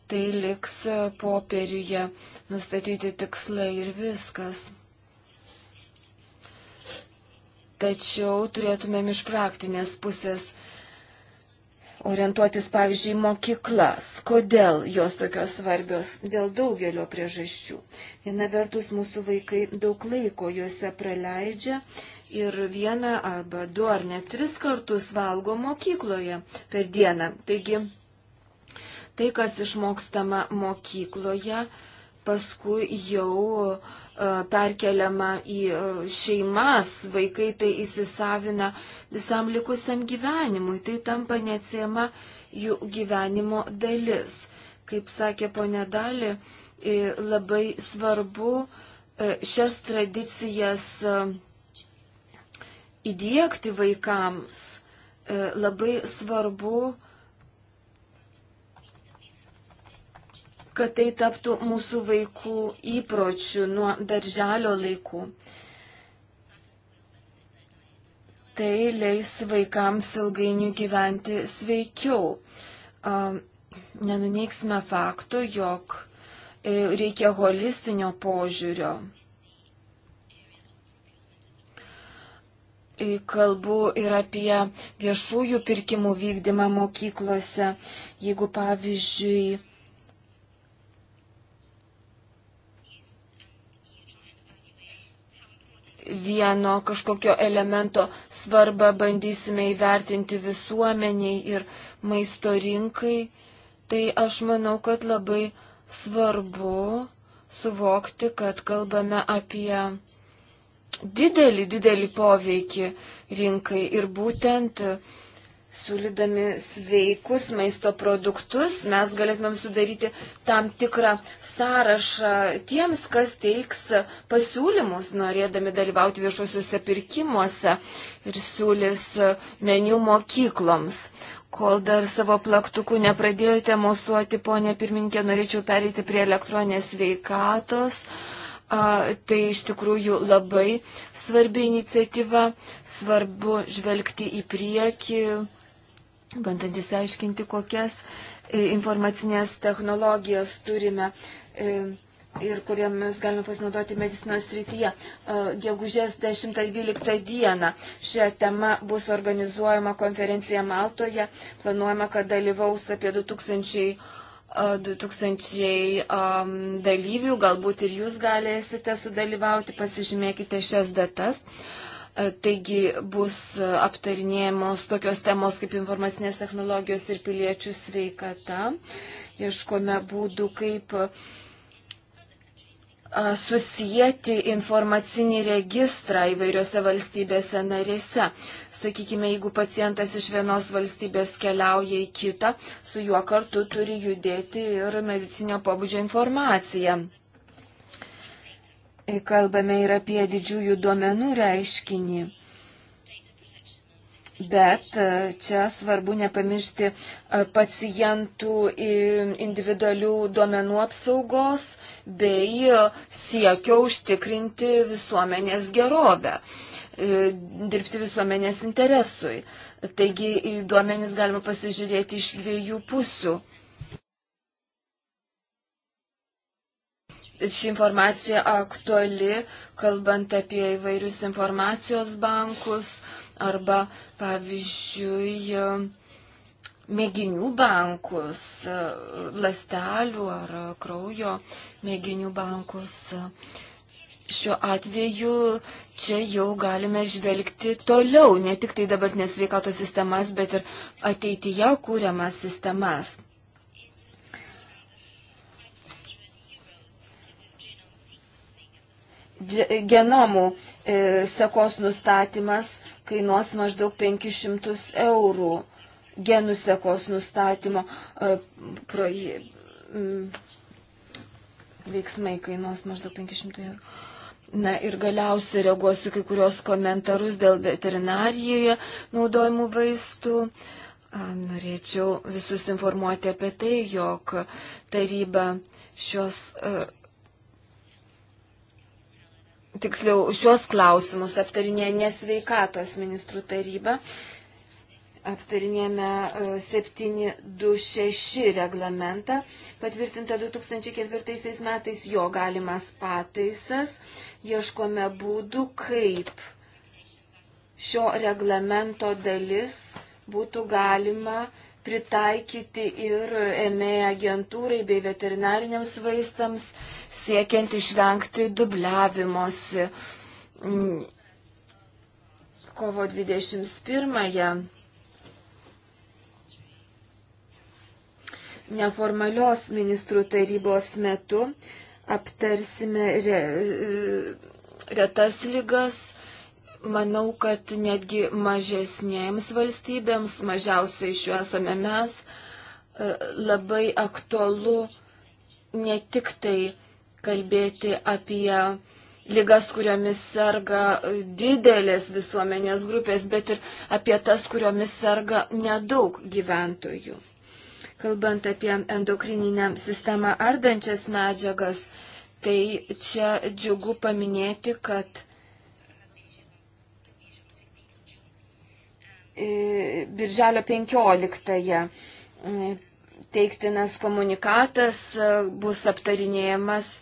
Tai liks e, popieriuje nustatyti tikslai ir viskas. Tačiau turėtumėm iš praktinės pusės orientuotis, pavyzdžiui, mokyklas. Kodėl jos tokios svarbios? Dėl daugelio priežasčių. Viena vertus, mūsų vaikai daug laiko juose praleidžia ir vieną arba du ar net tris kartus valgo mokykloje per dieną. Taigi, tai, kas išmokstama mokykloje, paskui jau uh, E, perkeliama į e, šeimas, vaikai tai įsisavina visam likusiam gyvenimui, tai tampa neatsiema jų gyvenimo dalis. Kaip sakė ponė Dali, e, labai svarbu šias tradicijas įdėkti vaikams. Labai svarbu kad tai taptų mūsų vaikų įpročių nuo darželio laikų. Tai leis vaikams ilgainiui gyventi sveikiau. Nenuneiksime fakto, jog e, reikia holistinio požiūrio. E, kalbu ir apie viešųjų pirkimų vykdymą mokyklose. Jeigu, pavyzdžiui, vieno kažkokio elemento svarbą bandysime įvertinti visuomeniai ir maisto rinkai, tai aš manau, kad labai svarbu suvokti, kad kalbame apie didelį, didelį poveikį rinkai ir būtent siūlydami sveikus maisto produktus mes galėtumėm sudaryti tam tikrą sąrašą tiems, kas teiks pasiūlymus, norėdami dalyvauti viešuosiuose pirkimuose ir siūlys meniu mokykloms. Kol dar savo plaktuku nepradėjote mosuoti, ponė pirminkė, norėčiau pereiti prie elektroninės veikatos. A, tai iš tikrųjų labai svarbi iniciatyva, svarbu žvelgti į priekį, bandant įsiaiškinti, kokias e, informacinės technologijas turime E, ir kuriomis galime pasinaudoti medicinos srityje. E, gegužės 10-12 dieną šią temą bus organizuojama konferencija Maltoje. Planuojama, kad dalyvaus apie 2000, 2000 e, dalyvių, galbūt ir jūs galėsite sudalyvauti, pasižymėkite šias datas. Taigi bus aptarinėjamos tokios temos kaip informacinės technologijos ir piliečių sveikata. Ieškome būdų, kaip uh, susijęti informacinį registrą įvairiose valstybėse narėse. Sakykime, jeigu pacientas iš vienos valstybės keliauja į kitą, su juo kartu turi judėti ir medicinio pabudžio informacija. E, kalbame ir apie didžiųjų duomenų reiškinį. Bet e, čia svarbu nepamiršti e, pacientų individualių duomenų apsaugos, bei siekio užtikrinti visuomenės gerovę, e, dirbti visuomenės interesui. Taigi į duomenis galima pasižiūrėti iš dviejų pusių. ši informacija aktuali, kalbant apie įvairius informacijos bankus arba, pavyzdžiui, mėginių bankus, lastelių ar kraujo mėginių bankus. Šiuo atveju čia jau galime žvelgti toliau, ne tik tai dabartinės sveikatos sistemas, bet ir ateityje kūriamas sistemas. Genomų e, sekos nustatymas kainuos maždaug 500 eurų genų sekos nustatymo e, proje... veiksmai kainuos maždaug 500 eurų. Na ir galiausiai reaguosiu kai kurios komentarus dėl veterinarijoje naudojimų vaistų. Norėčiau visus informuoti apie tai, jog taryba šios e, tiksliau šios klausimus aptarinėja nesveikatos ministrų taryba aptarinėjame 726 e, reglamentą, patvirtintą 2004 metais jo galimas pataisas, ieškome būdų, kaip šio reglamento dalis būtų galima pritaikyti ir ME agentūrai bei veterinariniams vaistams, siekiant išvengti dubliavimosi. Mm. Kovo 21-ąją neformalios ministrų tarybos metu aptarsime re, e, retas lygas. Manau, kad netgi mažesnėms valstybėms, mažiausiai iš jų esame mes, e, labai aktualu ne tik tai kalbėti apie lygas, kuriomis serga didelės visuomenės grupės, bet ir apie tas, kuriomis serga nedaug gyventojų. Kalbant apie endokrininę sistemą ardančias medžiagas, tai čia džiugu paminėti, kad e, Birželio 15-ąją e, teiktinas komunikatas e, bus aptarinėjamas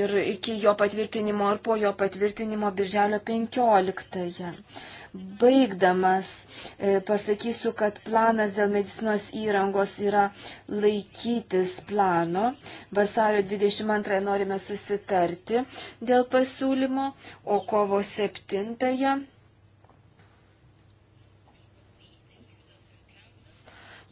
ir iki jo patvirtinimo ar po jo patvirtinimo birželio 15-ąją. Baigdamas e, pasakysiu, kad planas dėl medicinos įrangos yra laikytis plano. Vasario 22 norime susitarti dėl pasiūlymo, o kovo 7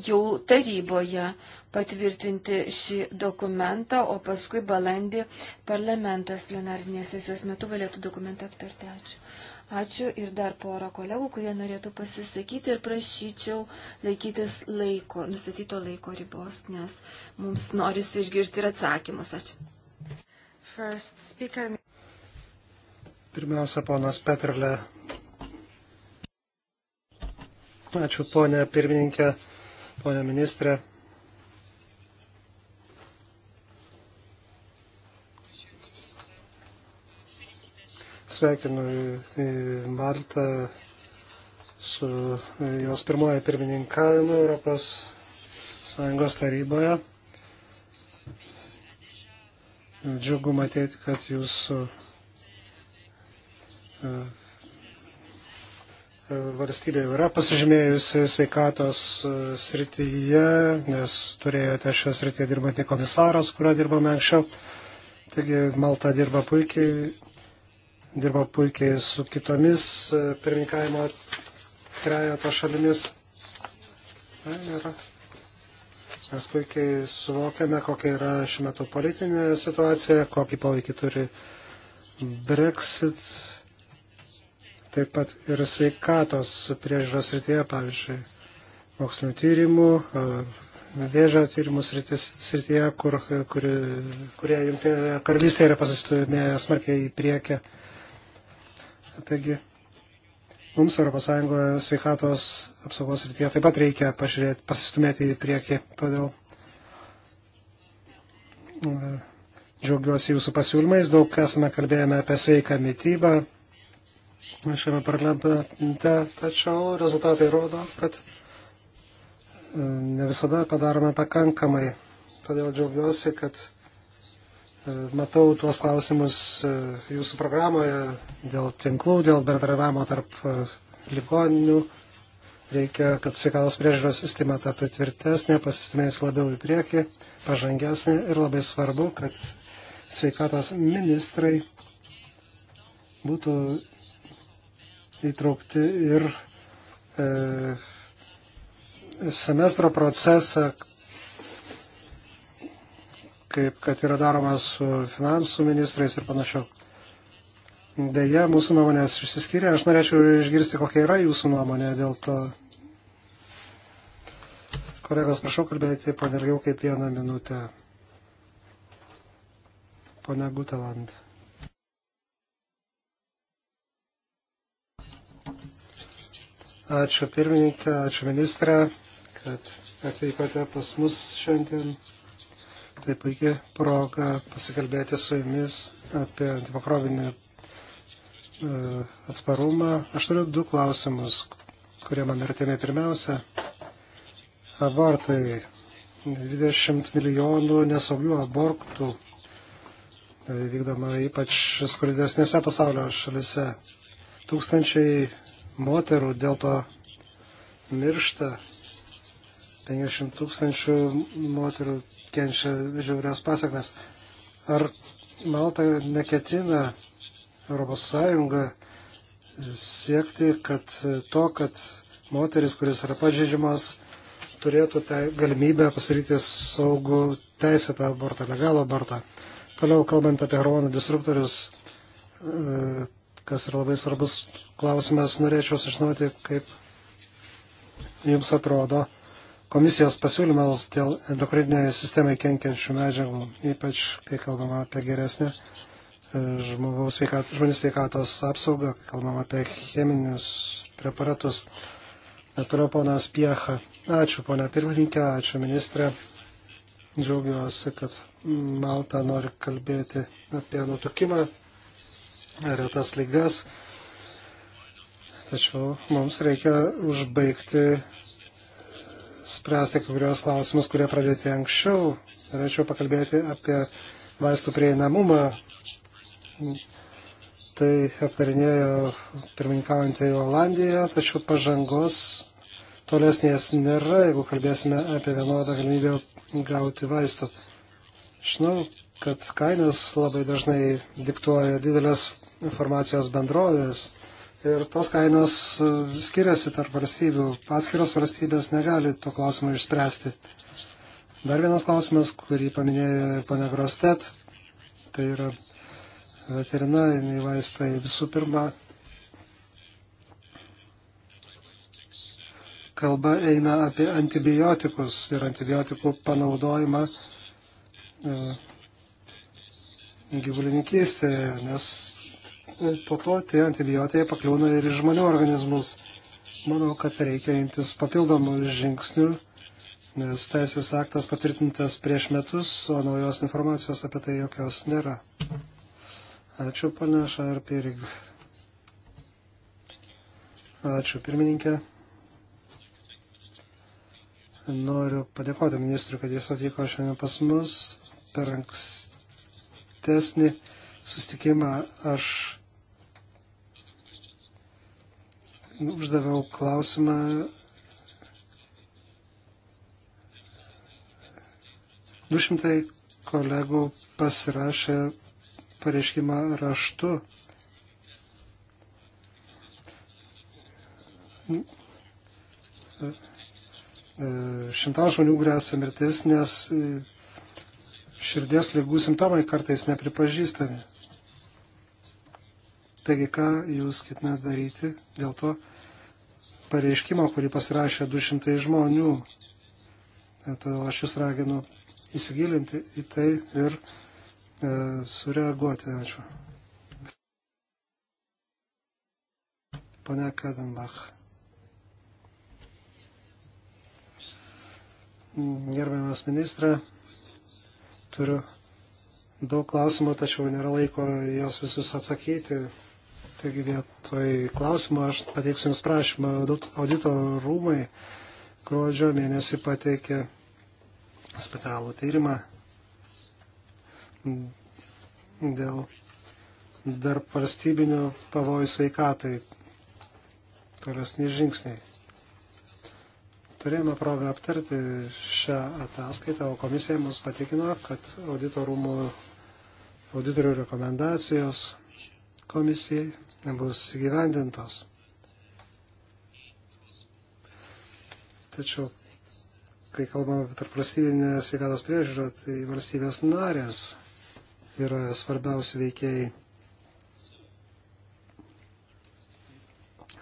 jau taryboje patvirtinti šį dokumentą, o paskui balandį parlamentas plenarinės sesijos metu galėtų dokumentą aptarti. Ačiū. Ačiū ir dar porą kolegų, kurie norėtų pasisakyti ir prašyčiau laikytis laiko, nustatyto laiko ribos, nes mums norisi išgirsti ir atsakymus. Ačiū. First speaker. Pirmiausia, ponas Petrelė. Ačiū, ponė pirmininkė, ponė ministrė. Sveikinu į Maltą su jos pirmoji pirmininkavimu Europos Sąjungos taryboje. Džiugu matyti, kad jūsų e, e, valstybė yra pasižymėjusi sveikatos e, srityje, nes turėjote šios srityje dirbantį komisaras, kurio dirbame anksčiau. Taigi Malta dirba puikiai dirbo puikiai su kitomis e, pirmininkavimo trejato šalimis. Ir mes puikiai suvokiame, kokia yra šiuo metu politinė situacija, kokį poveikį turi Brexit, taip pat ir sveikatos priežiūros srityje, pavyzdžiui, mokslinių tyrimų, e, vėžio tyrimų srityje, kur, e, kur, kurie jungtinėje karalystėje yra pasistumėję smarkiai į priekį. Taigi, mums ES sveikatos apsaugos rytyje taip pat reikia pažiūrėti, pasistumėti į priekį. Todėl e, džiaugiuosi jūsų pasiūlymais. Daug esame kalbėjome apie sveiką mytybą šiame parlamente, tačiau rezultatai rodo, kad e, ne visada padarome pakankamai. Todėl džiaugiuosi, kad E, matau tuos klausimus e, jūsų programoje dėl tinklų, dėl bendradarbiavimo tarp e, ligoninių. Reikia, kad sveikatos priežiūros sistema taptų tvirtesnė, pasistumės labiau į priekį, pažangesnė ir labai svarbu, kad sveikatos ministrai būtų įtraukti ir e, semestro procesą, kaip kad yra daroma su finansų ministrais ir panašiau. Deja, mūsų nuomonės išsiskyrė. Aš norėčiau išgirsti, kokia yra jūsų nuomonė dėl to. Kolegas, prašau kalbėti panergiau kaip vieną minutę. Pone Guteland. Ačiū pirmininkė, ačiū ministrė, kad atvykote pas mus šiandien. Tai puikiai proga pasikalbėti su jumis apie antimikrovinį e, atsparumą. Aš turiu du klausimus, kurie man artimi pirmiausia. Abortai. 20 milijonų nesaugių abortų e, vykdoma ypač skurdesnėse pasaulio šalise. Tūkstančiai moterų dėl to miršta 50 tūkstančių moterų kenčia žiaurias pasakmes. Ar Malta neketina ES siekti, kad to, kad moteris, kuris yra pažeidžiamas, turėtų te, galimybę pasiryti saugų teisėtą abortą, legalų abortą. Toliau kalbant apie hormonų disruptorius, e, kas yra labai svarbus klausimas, norėčiau sužinoti, kaip jums atrodo, komisijos pasiūlymas dėl endokriniai sistemai kenkiančių medžiagų, ypač kai kalbama apie geresnę e, žmogaus sveikatos, žmonių sveikatos apsaugą, kai kalbam apie cheminius preparatus. Toliau ponas Piecha. Ačiū, ponia pirmininkė, ačiū ministrė. Džiaugiuosi, kad Malta nori kalbėti apie nutukimą, retas lygas. Tačiau mums reikia užbaigti spręsti kai kurios klausimus, kurie pradėti anksčiau. Norėčiau pakalbėti apie vaistų prieinamumą. Tai aptarinėjo pirmininkaujantį Olandiją, tačiau pažangos tolesnės nėra, jeigu kalbėsime apie vienodą galimybę gauti vaistų. Žinau, kad kainas labai dažnai diktuoja didelės informacijos bendrovės Ir tos kainos e, skiriasi tarp valstybių. Atskiros valstybės negali to klausimo išspręsti. Dar vienas klausimas, kurį paminėjo ir ponia Grostet, tai yra veterinariniai vaistai. Visų pirma, kalba eina apie antibiotikus ir antibiotikų panaudojimą e, gyvulininkystėje, nes po to tie antibiotikai pakliūna ir į žmonių organizmus. Manau, kad reikia imtis papildomų žingsnių, nes teisės aktas patvirtintas prieš metus, o naujos informacijos apie tai jokios nėra. Ačiū, pane Šarpirig. Ačiū, pirmininkė. Noriu padėkoti ministrui, kad jis atvyko šiandien pas mus per ankstesnį sustikimą. Aš uždaviau klausimą Du šimtai kolegų pasirašė pareiškimą raštu. Šimtam žmonių grėsia mirtis, nes širdies lygų simptomai kartais nepripažįstami. Taigi, ką jūs ketinate daryti dėl to pareiškimo, kurį pasirašė 200 žmonių. E, todėl aš jūs raginu įsigilinti į tai ir e, sureaguoti. Ačiū. Pane Kadenbach. Gerbiamas ministrė, turiu daug klausimų, tačiau nėra laiko jos visus atsakyti. Taigi vietoj klausimo aš pateiksiu Jums prašymą. Audito rūmai gruodžio mėnesį pateikė specialų tyrimą dėl dar valstybinio pavojų sveikatai tolesni žingsniai. Turėjome progą aptarti šią ataskaitą, o komisija mus patikino, kad auditorumų auditorių rekomendacijos komisijai nebus įgyvendintos. Tačiau, kai kalbame apie tarpvalstybinę sveikatos priežiūrą, tai valstybės narės yra svarbiausi veikėjai.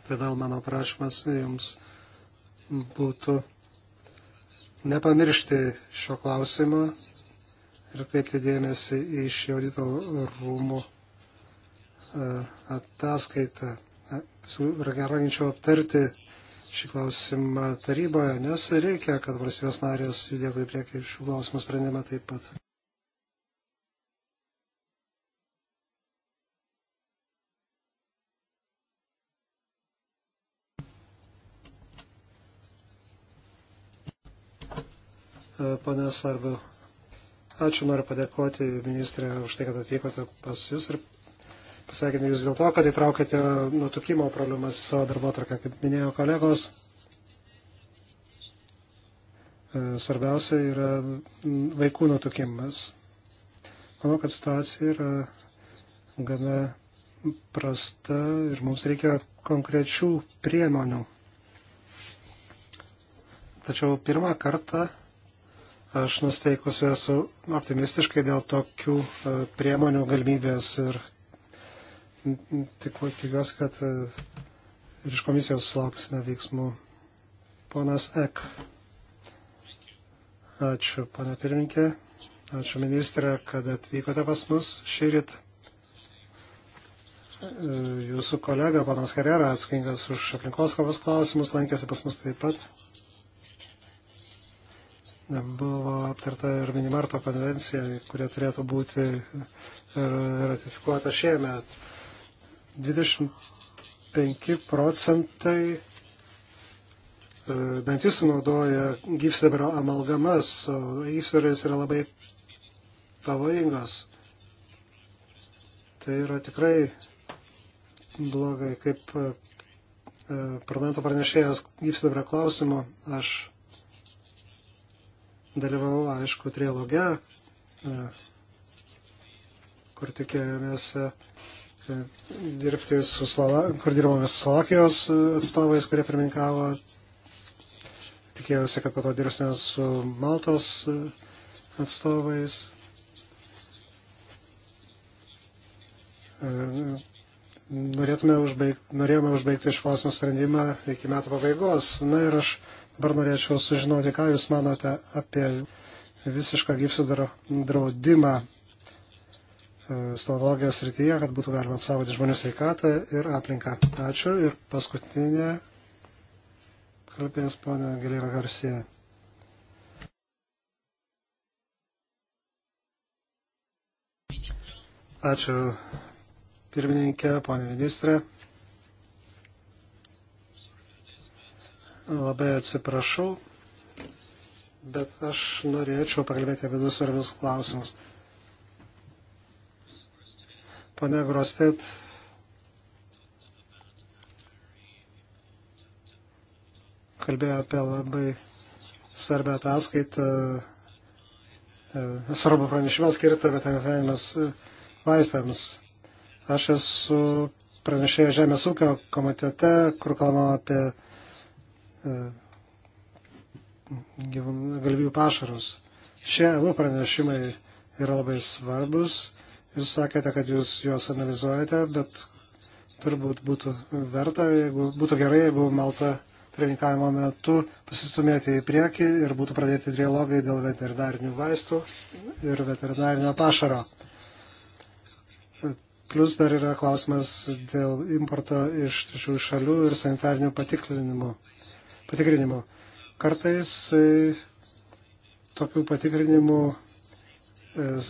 Todėl mano prašymas jums būtų nepamiršti šio klausimo ir kreipti dėmesį į šį audito rūmų E, ataskaitą. Raginčiau aptarti šį klausimą taryboje, nes reikia, kad valstybės narės judėtų į priekį šių klausimų sprendimą taip pat. E, pane Sarbu, ačiū, noriu padėkoti ministrė už tai, kad atvykote pas Jūs ir Sveikinu Jūs dėl to, kad įtraukėte nutukimo problemas į savo darbo tarką, kaip minėjo kolegos. E, svarbiausia yra vaikų nutukimas. Manau, kad situacija yra gana prasta ir mums reikia konkrečių priemonių. Tačiau pirmą kartą aš nusteikusiu esu optimistiškai dėl tokių e, priemonių galimybės ir tik tikiuosi, kad e, ir iš komisijos sulauksime veiksmų. Ponas Ek. Ačiū, pana pirminkė. Ačiū, ministrė, kad atvykote pas mus šį rytą. E, jūsų kolega, panas Karjera, atsakingas už aplinkos kovos klausimus, lankėsi pas mus taip pat. Buvo aptarta ir Minimarto konvencija, kurie turėtų būti e, ratifikuota šiemet. 25 procentai dantis e, naudoja gyvsidabrio amalgamas, o gyvsidabris yra labai pavojingas. Tai yra tikrai blogai, kaip e, e, parlamento pranešėjas gyvsidabrio klausimu. Aš dalyvau, aišku, trialoge, kur tikėjomės dirbti su Slova, kur dirbome su Slovakijos atstovais, kurie pirmininkavo. Tikėjausi, kad po to dirbsime su Maltos atstovais. Norėtume užbaig, norėjome užbaigti iš klausimų sprendimą iki metų pabaigos. Na ir aš dabar norėčiau sužinoti, ką Jūs manote apie visišką gyvsidaro draudimą E, stomatologijos srityje, kad būtų galima apsaugoti žmonių sveikatą ir aplinką. Ačiū. Ir paskutinė kalbės ponia Galera Garcija. Ačiū pirmininkė, ponė ministrė. Labai atsiprašau, bet aš norėčiau pakalbėti apie du svarbius klausimus. Pane Grostet kalbėjo apie labai svarbę ataskaitą, e, e, svarbu pranešimą skirtą veterinarinėms e, vaistams. Aš esu pranešėjęs Žemės ūkio komitete, kur kalbama apie galvijų pašarus. Šie abu pranešimai yra labai svarbus Jūs sakėte, kad jūs juos analizuojate, bet turbūt būtų verta, jeigu būtų gerai, jeigu Malta pirmininkavimo metu pasistumėti į priekį ir būtų pradėti dialogai dėl veterinarinių vaistų ir veterinarinio pašaro. Plus dar yra klausimas dėl importo iš trečiųjų šalių ir sanitarinių patikrinimų. patikrinimų. Kartais tokių patikrinimų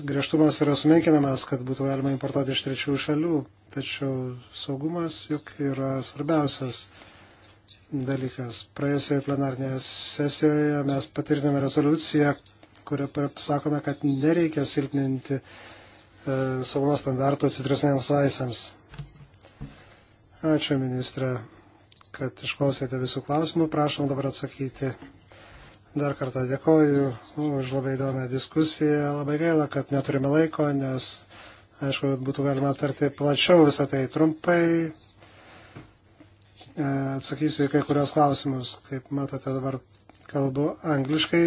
griežtumas yra sumenkinamas, kad būtų galima importuoti iš trečiųjų šalių, tačiau saugumas juk yra svarbiausias dalykas. Praėjusioje plenarnėje sesijoje mes patvirtiname rezoliuciją, kurioje sakome, kad nereikia silpninti e, saugumo standartų citrusiniams vaisiams. Ačiū, ministrė, kad išklausėte visų klausimų. Prašom dabar atsakyti Dar kartą dėkoju už labai įdomią diskusiją. Labai gaila, kad neturime laiko, nes, aišku, būtų galima aptarti plačiau visą tai trumpai. E, atsakysiu į kai kurios klausimus. Kaip matote, dabar kalbu angliškai,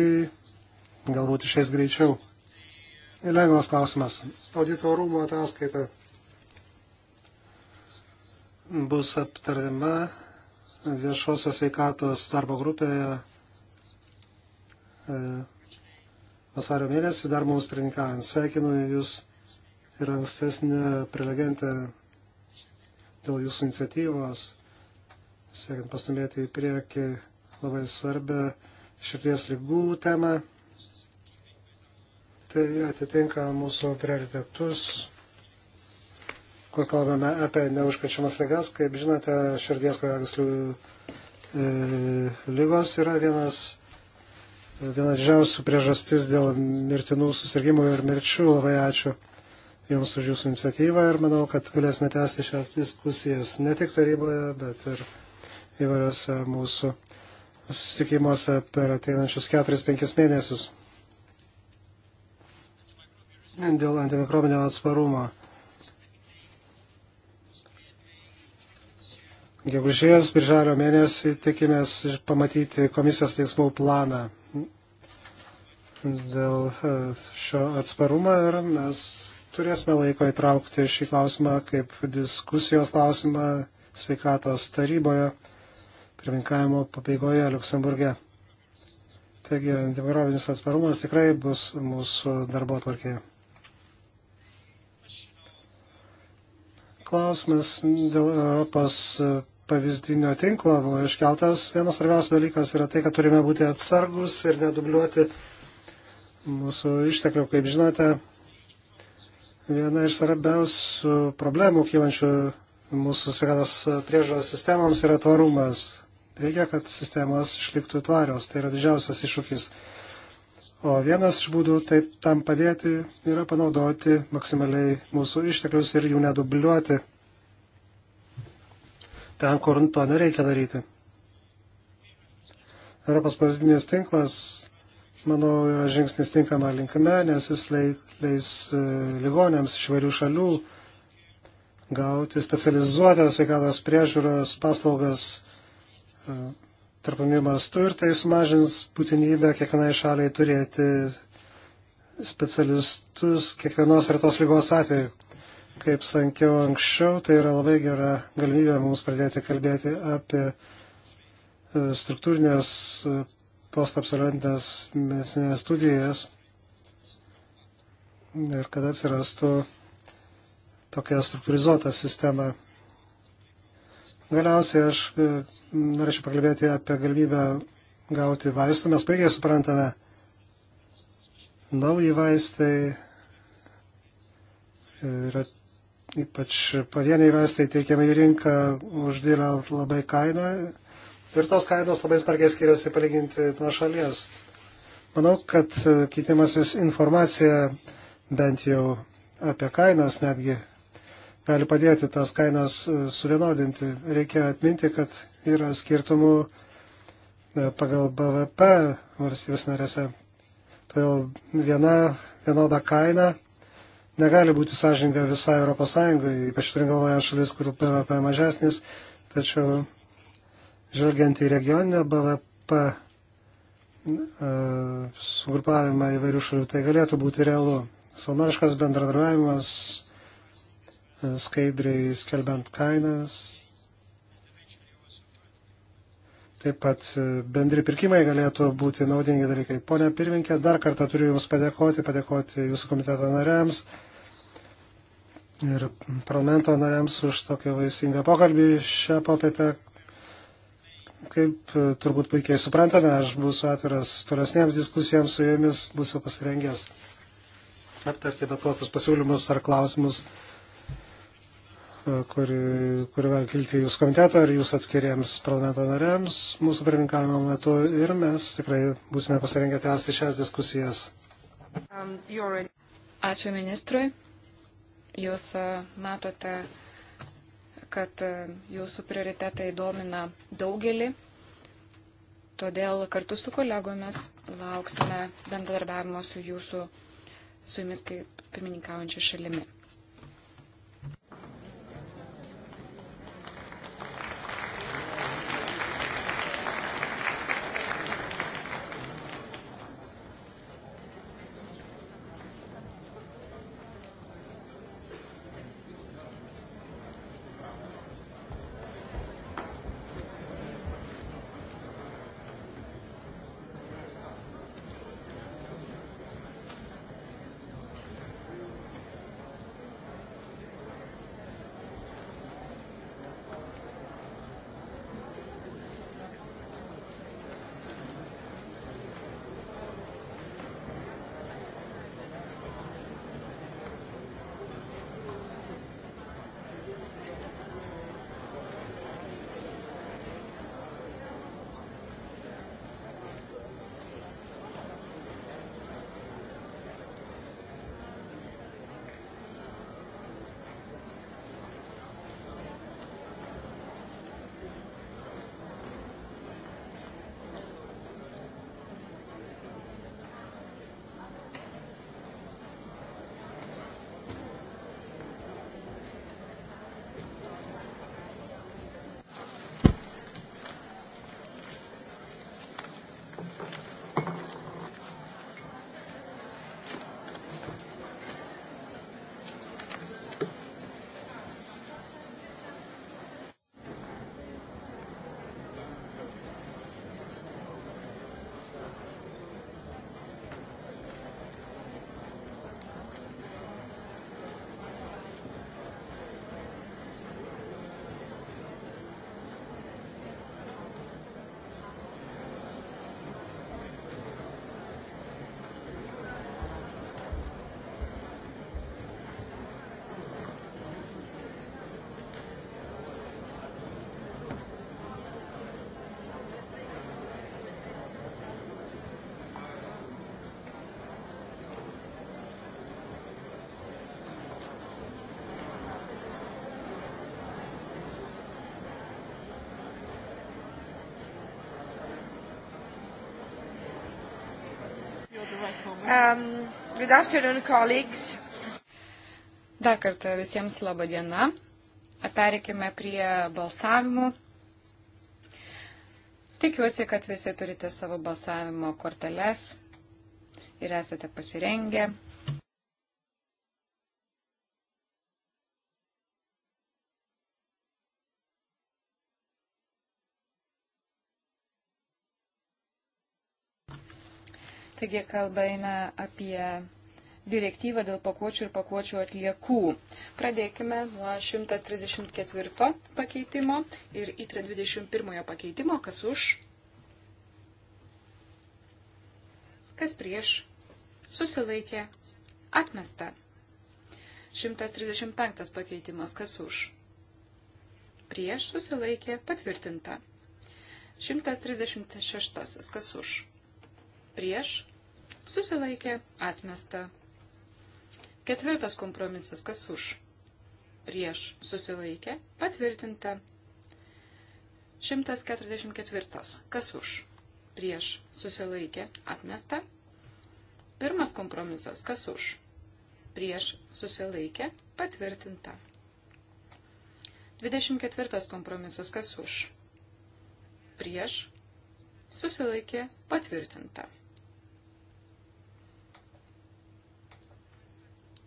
galbūt išės greičiau. Lengvas klausimas. Audito rūmų ataskaita bus aptariama viešosios veikatos darbo grupėje E, vasario mėnesį, dar mums pirmininkavant. Sveikinu Jūs ir ankstesnį prelegentę dėl Jūsų iniciatyvos, siekiant pastumėti į priekį labai svarbę širdies lygų temą. Tai atitinka mūsų prioritetus kur kalbame apie neužkačiamas lygas. Kaip žinote, širdies kraujagyslių e, lygos yra vienas viena didžiausių priežastis dėl mirtinų susirgymų ir mirčių. Labai ačiū Jums už Jūsų iniciatyvą ir manau, kad galėsime tęsti šias diskusijas ne tik taryboje, bet ir įvairiose mūsų susitikimuose per ateinančius 4-5 mėnesius. Dėl antimikrobinio atsparumo. Gegužės, birželio mėnesį tikimės pamatyti komisijos veiksmų planą dėl e, šio atsparumo ir mes turėsime laiko įtraukti šį klausimą kaip diskusijos klausimą sveikatos taryboje pirmininkavimo pabaigoje Luksemburge. Taigi, antivirovinis atsparumas tikrai bus mūsų darbo atvarkėje. Klausimas dėl Europos pavyzdinio tinklo buvo iškeltas. Vienas svarbiausias dalykas yra tai, kad turime būti atsargus ir nedubliuoti mūsų išteklių. Kaip žinote, viena iš svarbiausių problemų kylančių mūsų sveikatos priežos sistemoms yra tvarumas. Reikia, kad sistemos išliktų tvarios. Tai yra didžiausias iššūkis. O vienas iš būdų taip tam padėti yra panaudoti maksimaliai mūsų išteklius ir jų nedubliuoti ten, kur to nereikia daryti. Europos pavyzdinis tinklas manau, yra žingsnis tinkama linkme, nes jis leis e, ligonėms iš varių šalių gauti specializuotas sveikatos priežiūros paslaugas e, tarpami mastu ir tai sumažins būtinybę kiekvienai šaliai turėti specialistus kiekvienos retos lygos atveju. Kaip sankiau anksčiau, tai yra labai gera galimybė mums pradėti kalbėti apie e, struktūrinės tos absolventinės medicinės studijas ir kad atsirastų tokia struktūrizuota sistema. Galiausiai aš e, norėčiau pakalbėti apie galimybę gauti vaistų. Mes puikiai suprantame, nauji vaistai yra ypač pavieniai vaistai teikiami į rinką uždėlę labai kainą Ir tos kainos labai sparkiai skiriasi palyginti nuo šalies. Manau, kad e, keitimasis informacija bent jau apie kainas netgi gali padėti tas kainas e, suvienodinti. Reikia atminti, kad yra skirtumų e, pagal BVP valstybės narėse. Todėl viena vienoda kaina negali būti sąžininga visai ES, ypač turint galvoje šalis, kur BVP mažesnis, tačiau Žvelgiant į regioninę BVP e, sugrupavimą įvairių šalių, tai galėtų būti realu. Savanoriškas bendradarbiavimas, e, skaidriai skelbiant kainas, taip pat e, bendri pirkimai galėtų būti naudingi dalykai. Pone pirminkė, dar kartą turiu Jums padėkoti, padėkoti Jūsų komiteto nariams ir parlamento nariams už tokį vaisingą pokalbį šią popietę, kaip e, turbūt puikiai suprantame, aš būsiu atviras tolesnėms diskusijams su jumis, būsiu pasirengęs aptarti bet kokius pasiūlymus ar klausimus, e, kurie kuri gali kilti jūsų komiteto ar jūsų atskiriems parlamento nariams mūsų pirmininkavimo metu ir mes tikrai būsime pasirengę tęsti šias diskusijas. Um, Ačiū ministrui. Jūs e, matote kad e, jūsų prioritetai domina daugelį. Todėl kartu su kolegomis lauksime bendradarbiavimo su jūsų, su jumis kaip pirmininkaujančia šalimi. Um, good afternoon, colleagues. Dar kartą visiems laba diena. Perikime prie balsavimų. Tikiuosi, kad visi turite savo balsavimo korteles ir esate pasirengę. Taigi kalba eina apie direktyvą dėl pakuočių ir pakuočių atliekų. Pradėkime nuo 134 pakeitimo ir įtre 21 pakeitimo, kas už, kas prieš, susilaikė, atmesta. 135 pakeitimas, kas už, prieš, susilaikė, patvirtinta. 136, kas už, prieš, susilaikė, atmesta. Ketvirtas kompromisas, kas už, prieš, susilaikė, patvirtinta. 144, kas už, prieš, susilaikė, atmesta. Pirmas kompromisas, kas už, prieš, susilaikė, patvirtinta. 24 kompromisas, kas už, prieš, susilaikė, patvirtinta.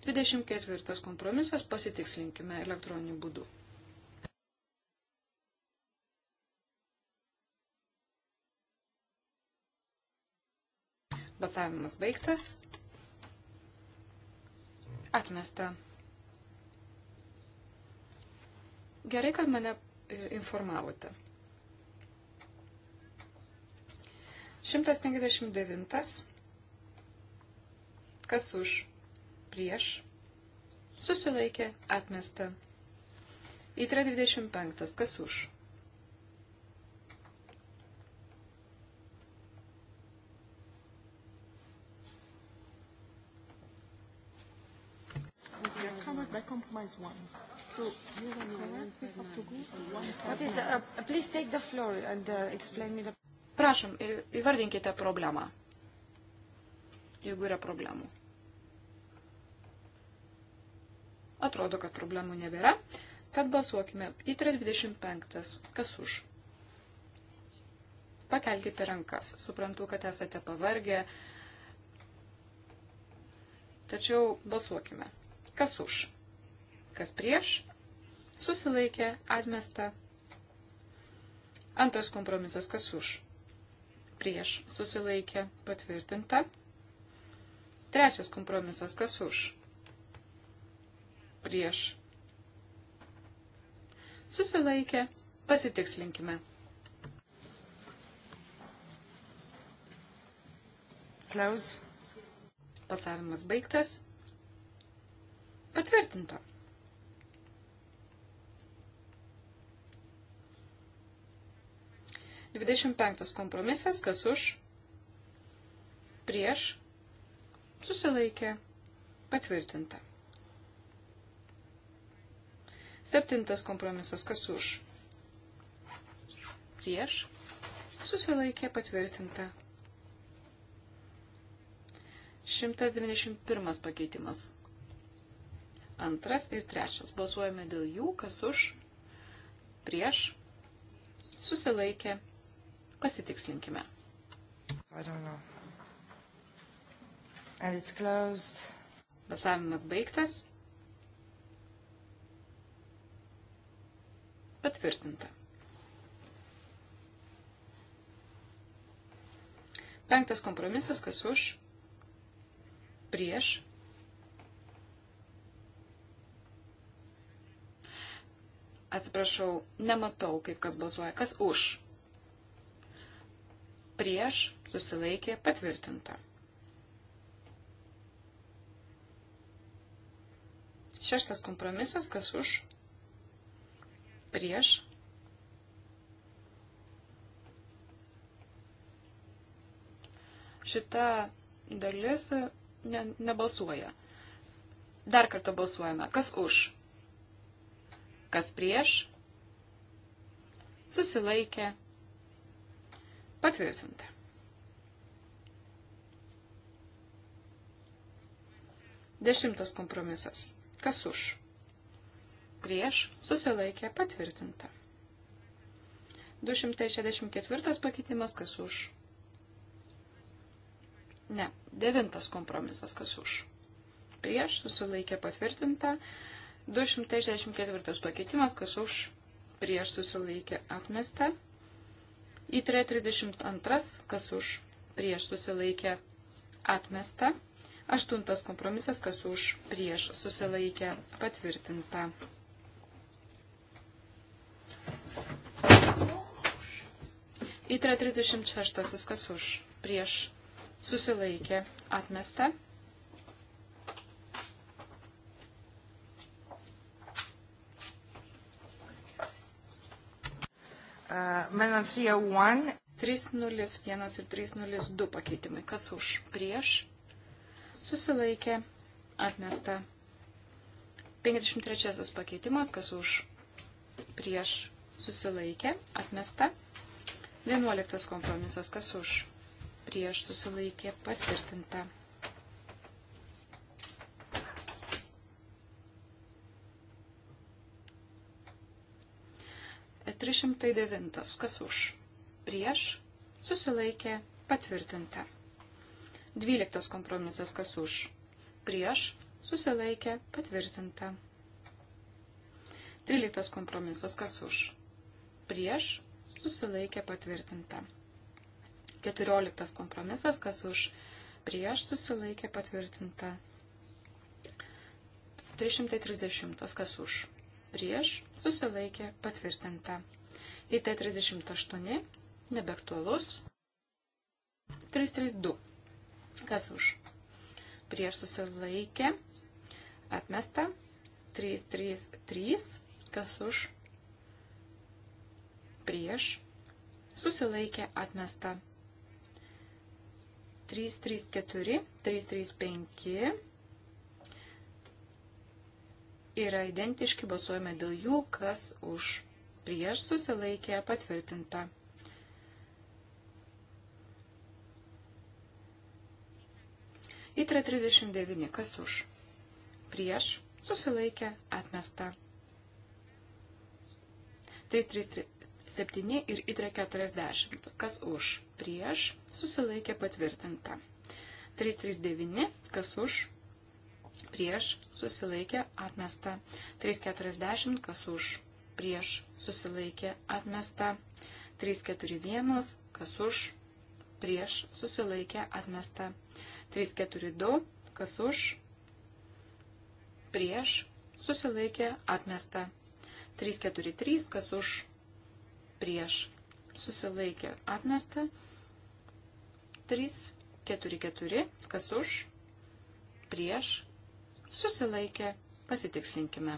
24 kompromisas pasitikslinkime elektroniniu būdu. Balsavimas baigtas. Atmesta. Gerai, kad mane e, informavote. 159. Kas už? prieš, susilaikė, atmesta. Įtra 25, kas už? covered by compromise one. So you and Correct, we have to go one What is, uh, please take the floor and uh, explain me the... Prašom, įvardinkite problemą, jeigu yra problemų. Atrodo, kad problemų nebėra. Tad balsuokime. Įtra 25. Kas už? Pakelkite rankas. Suprantu, kad esate pavargę. Tačiau balsuokime. Kas už? Kas prieš? Susilaikė, atmesta. Antras kompromisas. Kas už? Prieš. Susilaikė, patvirtinta. Trečias kompromisas. Kas už? prieš. Susilaikė, pasitikslinkime. Klaus. Balsavimas baigtas. Patvirtinta. Dvidešimt penktas kompromisas, kas už, prieš, susilaikė, patvirtinta. Septintas kompromisas. Kas už? Prieš. Susilaikė patvirtinta. 191 pakeitimas. Antras ir trečias. Balsuojame dėl jų, kas už, prieš, susilaikė, pasitikslinkime. Balsavimas baigtas. Patvirtinta. Penktas kompromisas, kas už, prieš. Atsiprašau, nematau, kaip kas balsuoja, kas už. Prieš susilaikė patvirtinta. Šeštas kompromisas, kas už, prieš. Šita dalis ne, nebalsuoja. Dar kartą balsuojame. Kas už? Kas prieš? Susilaikė. Patvirtinta. Dešimtas kompromisas. Kas už? prieš susilaikė patvirtinta. 264 pakeitimas kas už. Ne, devintas kompromisas kas už. Prieš susilaikė patvirtinta. 264 pakeitimas kas už. Prieš susilaikė atmesta. Į 32 kas už. Prieš susilaikė atmesta. Aštuntas kompromisas kas už. Prieš susilaikė patvirtinta. Įtra 36. Kas už? Prieš. Susilaikė. Atmesta. Uh, amendment 301. 301 ir 302 pakeitimai. Kas už? Prieš. Susilaikė. Atmesta. 53 pakeitimas. Kas už? Prieš. Susilaikė. Atmesta. Vienuoliktas kompromisas, kas už, prieš susilaikė patvirtinta. E 309, kas už, prieš susilaikė patvirtinta. Dvyliktas kompromisas, kas už, prieš susilaikė patvirtinta. Tryliktas kompromisas, kas už, prieš susilaikė patvirtinta. 14 kompromisas, kas už prieš susilaikė patvirtinta. 330, kas už prieš susilaikė patvirtinta. IT 38, nebeaktualus. 332, kas už prieš susilaikė atmesta. 333, kas už prieš, susilaikė atmesta. 334, 335 yra identiški, balsuojame dėl jų, kas už prieš susilaikė patvirtinta. Įtra 39, kas už prieš susilaikė atmesta. 333 7 ir įtre 40. Kas už? Prieš susilaikė patvirtinta. 339. Kas už? Prieš susilaikė atmesta. 340. Kas už? Prieš susilaikė atmesta. 341. Kas už? Prieš susilaikė atmesta. 342. Kas už? Prieš susilaikė atmesta. 343, kas už prieš susilaikė atmesta. 3, 4, 4, kas už, prieš susilaikė, pasitikslinkime.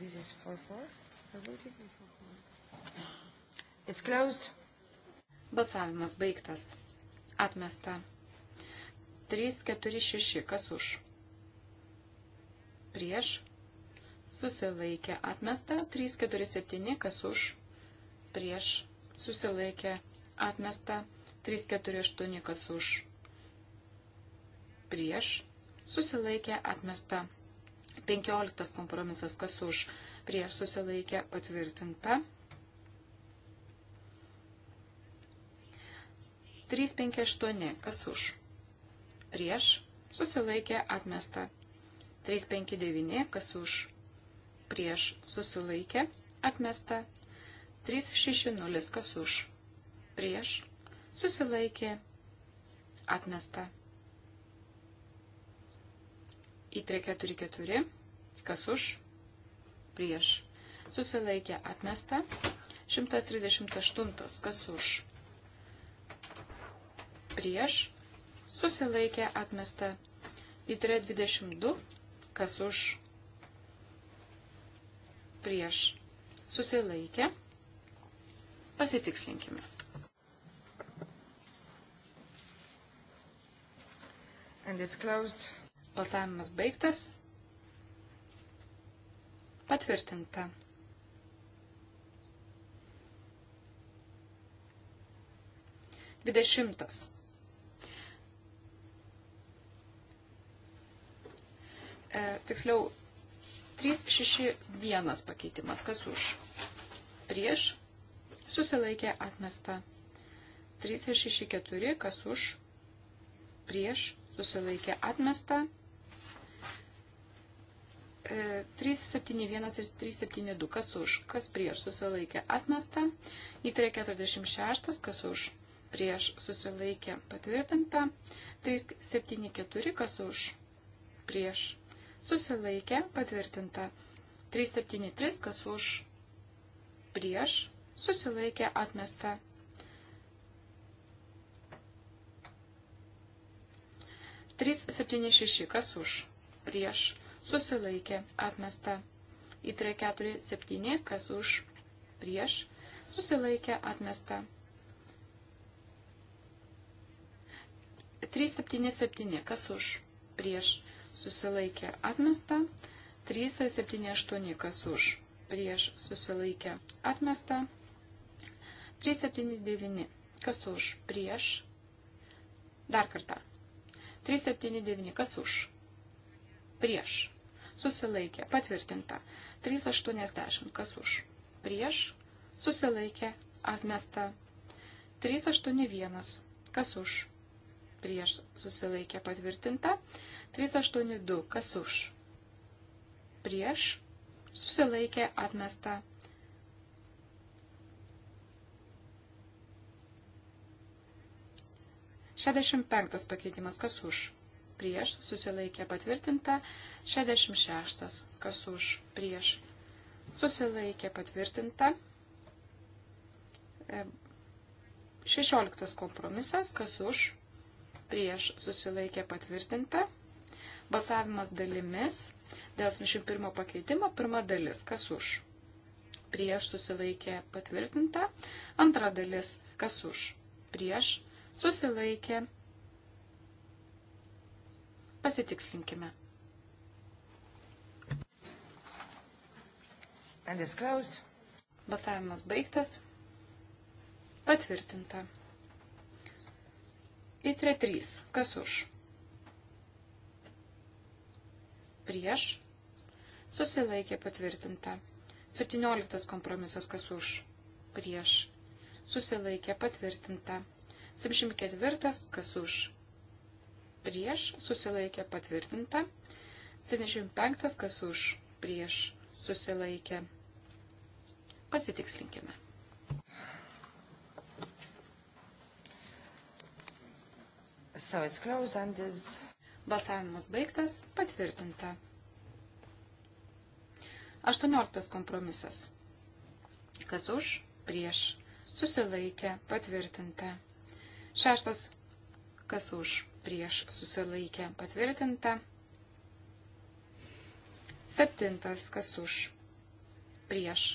This is 4, 4. It's closed. Balsavimas baigtas. Atmesta. 3, 4, 6, kas už, prieš susilaikė atmesta, 347 kas už, prieš susilaikė atmesta, 348 kas už, prieš susilaikė atmesta, 15 kompromisas kas už, prieš susilaikė patvirtinta. 358 kas už, prieš susilaikė atmesta, 359 kas už, prieš susilaikė, atmesta 360 kas už, prieš susilaikė, atmesta. Į 344 kas už, prieš susilaikė, atmesta 138 kas už, prieš susilaikė, atmesta į 322 kas už, prieš prieš susilaikę. Pasitikslinkime. Balsavimas baigtas. Patvirtinta. Dvidešimtas. E, tiksliau, 361 pakeitimas. Kas už? Prieš. Susilaikė atmesta. 364. Kas už? Prieš. Susilaikė atmesta. 371 e, ir 372, kas už, kas prieš susilaikė atmesta, į 346, kas už, prieš susilaikė patvirtinta, 374, kas už, prieš susilaikė, patvirtinta. 373, kas už, prieš, susilaikė, atmesta. Trys septyni šeši, kas už, prieš, susilaikė, atmesta. Į tre keturi septyni, kas už, prieš, susilaikė, atmesta. 377, kas už, prieš, susilaikė atmesta, 378 kas už, prieš susilaikė atmesta, 379 kas už, prieš, dar kartą, 379 kas už, prieš, susilaikė, patvirtinta, 380 kas už, prieš, susilaikė, atmesta, 381 kas už, prieš susilaikė patvirtinta. 382, kas už, prieš susilaikė atmesta. Šedešimt penktas pakeitimas, kas už, prieš susilaikė patvirtinta. Šedešimt šeštas, kas už, prieš susilaikė patvirtinta. 16 e, kompromisas, kas už, prieš susilaikė patvirtinta. Balsavimas dalimis dėl 21 pakeitimo, pirma dalis, kas už, prieš susilaikė patvirtinta, antra dalis, kas už, prieš susilaikė. Pasitikslinkime. Balsavimas baigtas. Patvirtinta. Itre 3. Kas už? Prieš. Susilaikė patvirtinta. 17 kompromisas. Kas už? Prieš. Susilaikė patvirtinta. 74. Kas už? Prieš. Susilaikė patvirtinta. 75. Kas už? Prieš. Susilaikė. Pasitikslinkime. So it's closed and is... Balsavimas baigtas, patvirtinta. 18 kompromisas. Kas už, prieš, susilaikė, patvirtinta. 6. Kas už, prieš, susilaikė, patvirtinta. 7. Kas už, prieš,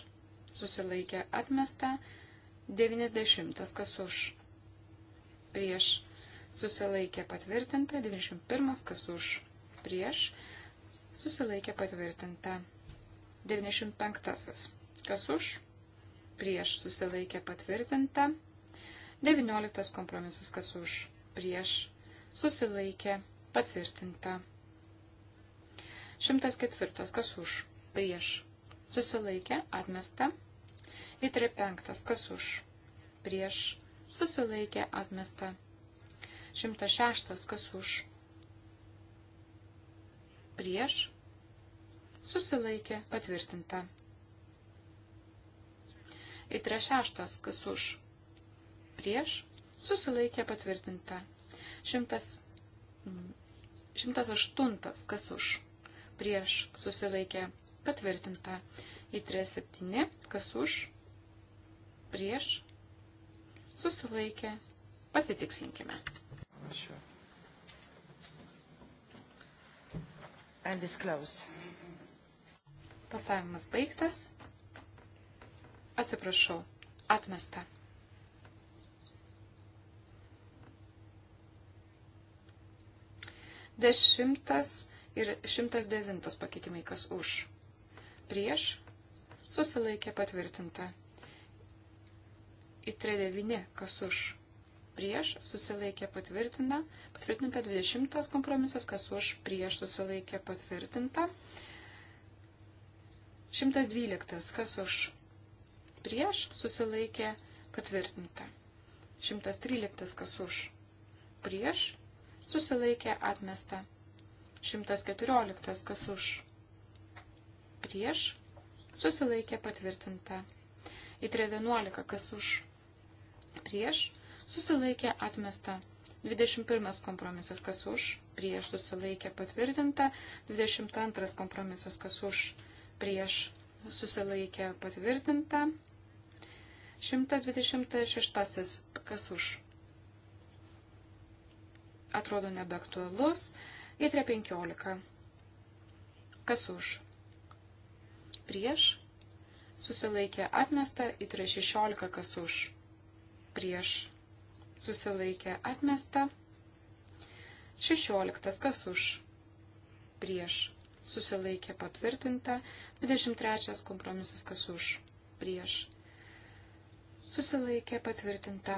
susilaikė, atmesta. 90. Kas už, prieš, susilaikė patvirtinta, 91 kas už prieš, susilaikė patvirtinta, 95 kas už prieš, susilaikė patvirtinta, 19 kompromisas kas už prieš, susilaikė patvirtinta, 104 kas už prieš, susilaikė atmesta, į 35 kas už prieš, susilaikė atmesta. 106. Kas už? Prieš. Susilaikė. Patvirtinta. Į 36. Kas už? Prieš. Susilaikė. Patvirtinta. 100. 108. Kas už? Prieš. Susilaikė. Patvirtinta. Į 37. Kas už? Prieš. Susilaikė. Pasitikslinkime. Sure. And is closed. Pasavimas baigtas. Atsiprašau, atmesta. Dešimtas ir šimtas devintas pakeitimai kas už. Prieš susilaikė patvirtinta. Į 39 kas už prieš susilaikė patvirtinta, patvirtinta 20 kompromisas, kas už prieš susilaikė patvirtinta, 112 kas už prieš susilaikė patvirtinta, 113 kas už prieš susilaikė atmesta, 114 kas už prieš susilaikė patvirtinta, į 311 kas už prieš susilaikė atmesta. 21 kompromisas kas už, prieš susilaikė patvirtinta. 22 kompromisas kas už, prieš susilaikė patvirtinta. 126 kas už. Atrodo nebeaktualus. Ir 315. Kas už? Prieš susilaikė atmesta į 316 kas už prieš susilaikė atmesta. 16. Kas už? Prieš. Susilaikė patvirtinta. 23. Kompromisas. Kas už? Prieš. Susilaikė patvirtinta.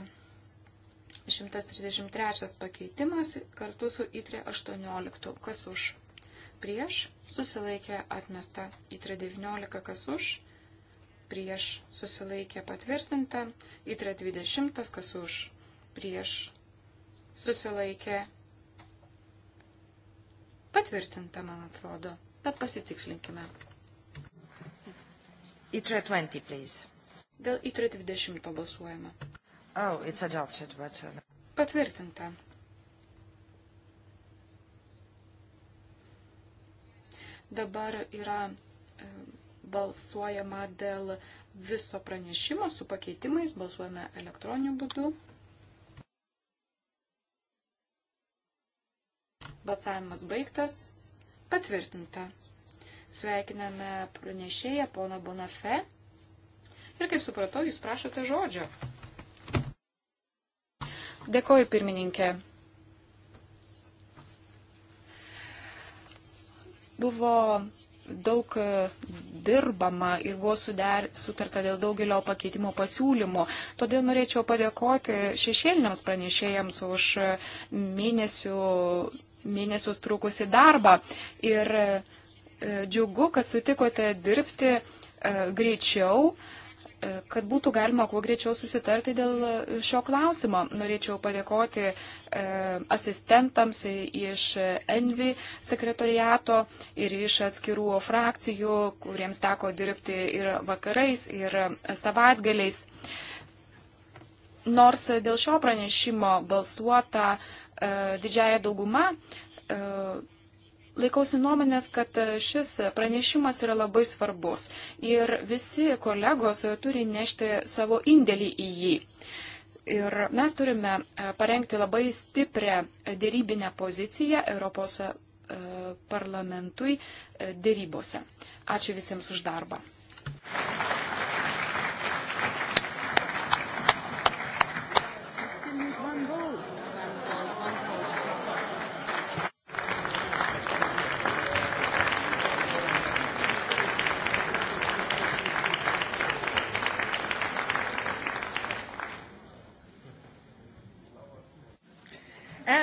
133 pakeitimas kartu su ITRE 18. Kas už? Prieš. Susilaikė atmesta. ITRE 19. Kas už? Prieš. Susilaikė patvirtinta. ITRE 20. Kas už? prieš susilaikė patvirtinta, man atrodo, bet pasitikslinkime. ITRE 20, please. Dėl ITRE 20 balsuojame. Oh, it's adopted, but... Uh, patvirtinta. Dabar yra e, balsuojama dėl viso pranešimo su pakeitimais, balsuojame elektroniniu būdu. Balsavimas baigtas. Patvirtinta. Sveikiname pranešėją poną Bonafe. Ir kaip supratau, jūs prašote žodžio. Dėkoju, pirmininkė. Buvo daug dirbama ir buvo suder, sutarta dėl daugelio pakeitimo pasiūlymų. Todėl norėčiau padėkoti šešėliniams pranešėjams už mėnesių mėnesius trukusi darbą. Ir e, džiugu, kad sutikote dirbti e, greičiau e, kad būtų galima kuo greičiau susitarti dėl šio klausimo. Norėčiau padėkoti e, asistentams iš Envi sekretoriato ir iš atskirų frakcijų, kuriems teko dirbti ir vakarais, ir savaitgaliais. Nors dėl šio pranešimo balsuota e, E, didžiaja dauguma, e, laikausi nuomonės, kad šis pranešimas yra labai svarbus ir visi kolegos turi nešti savo indėlį į jį. Ir mes turime e, parengti labai stiprią dėrybinę poziciją Europos parlamentui dėrybose. Ačiū visiems už darbą.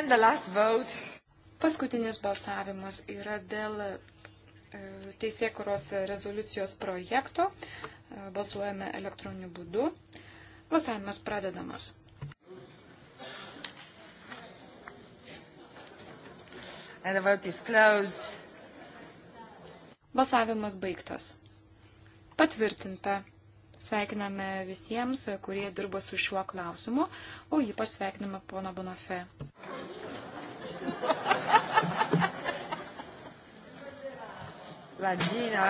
And the last vote. Paskutinis balsavimas yra dėl e, teisėkuros rezoliucijos projekto. E, balsuojame elektroniniu būdu. Balsavimas pradedamas. And the vote is closed. Balsavimas baigtas. Patvirtinta. Sveikiname visiems, kurie dirbo su šiuo klausimu, o ypač sveikiname pono Bonafe. La Gina.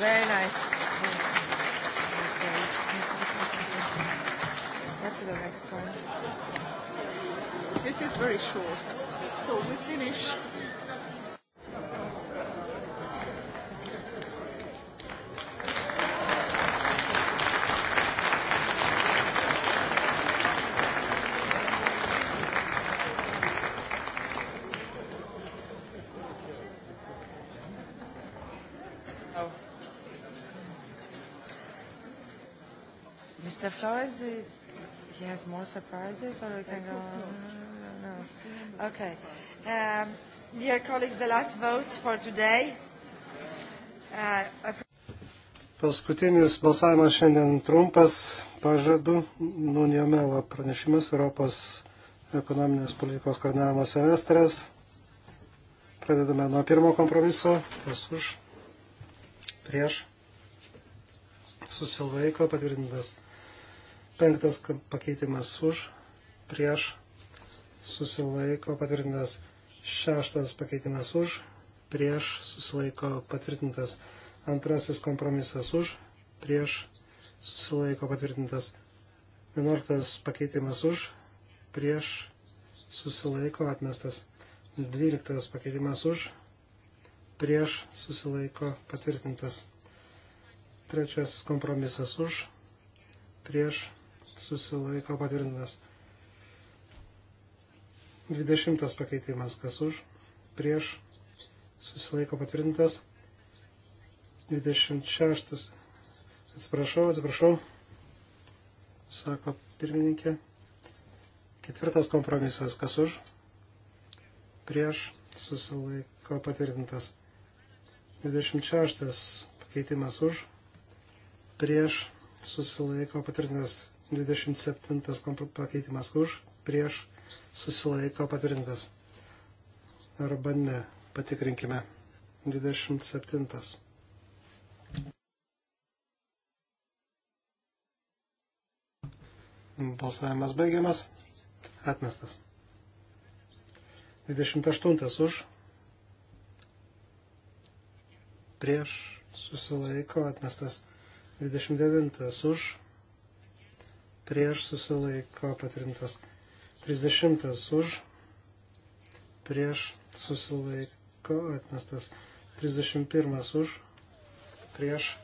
Very nice. That's the next one. This is very short. So we finish. floor is the... He has more surprises, or we can go on? No. no. Okay. Um, dear colleagues, the last vote for today. Uh, Paskutinis balsavimas šiandien trumpas. Pažadu, Nunjamelo pranešimas Europos ekonominės politikos koordinavimo semestras. Pradedame nuo pirmo kompromiso. Kas už? Prieš? Susilaiko patvirtintas. Penktas pakeitimas už, prieš, susilaiko patvirtintas. Šeštas pakeitimas už, prieš, susilaiko patvirtintas. Antrasis kompromisas už, prieš, susilaiko patvirtintas. Vienuoliktas pakeitimas už, prieš, susilaiko atmestas. Dvyliktas pakeitimas už, prieš, susilaiko patvirtintas. Trečias kompromisas už, prieš, susilaiko patvirtintas. 20 pakeitimas, kas už, prieš, susilaiko patvirtintas. 26. Atsiprašau, atsiprašau, sako pirmininkė. Ketvirtas kompromisas, kas už, prieš, susilaiko patvirtintas. 26 pakeitimas už, prieš, susilaiko patvirtintas. 27 pakeitimas už, prieš, susilaiko patvirtintas. Arba ne, patikrinkime. 27. Balsavimas baigiamas. Atmestas. 28 už. Prieš susilaiko atmestas. 29 už prieš susilaiko patvirtintas. 30 už, prieš susilaiko atmestas. 31 už, prieš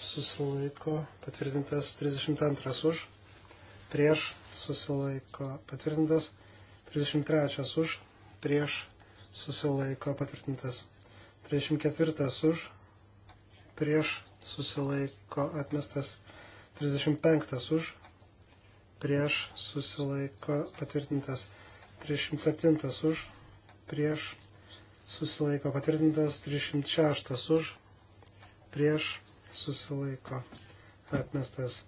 susilaiko patvirtintas. 32 už, prieš susilaiko patvirtintas. 33 už, prieš susilaiko patvirtintas. 34 už, prieš susilaiko atmestas. 35 už, prieš susilaiko patvirtintas 307 už, prieš susilaiko patvirtintas 306 už, prieš susilaiko atmestas.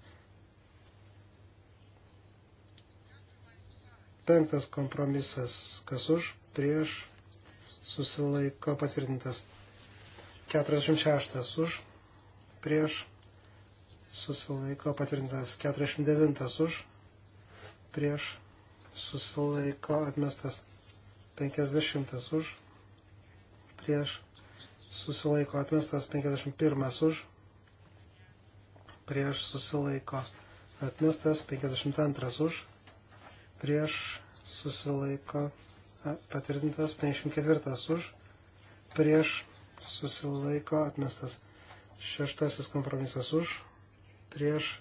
Penktas kompromisas, kas už, prieš susilaiko patvirtintas. 46 už, prieš susilaiko patvirtintas. 49 už, prieš susilaiko atmestas 50 už, prieš susilaiko atmestas 51 už, prieš susilaiko atmestas 52 už, prieš susilaiko patvirtintas 54 už, prieš susilaiko atmestas šeštasis kompromisas už, prieš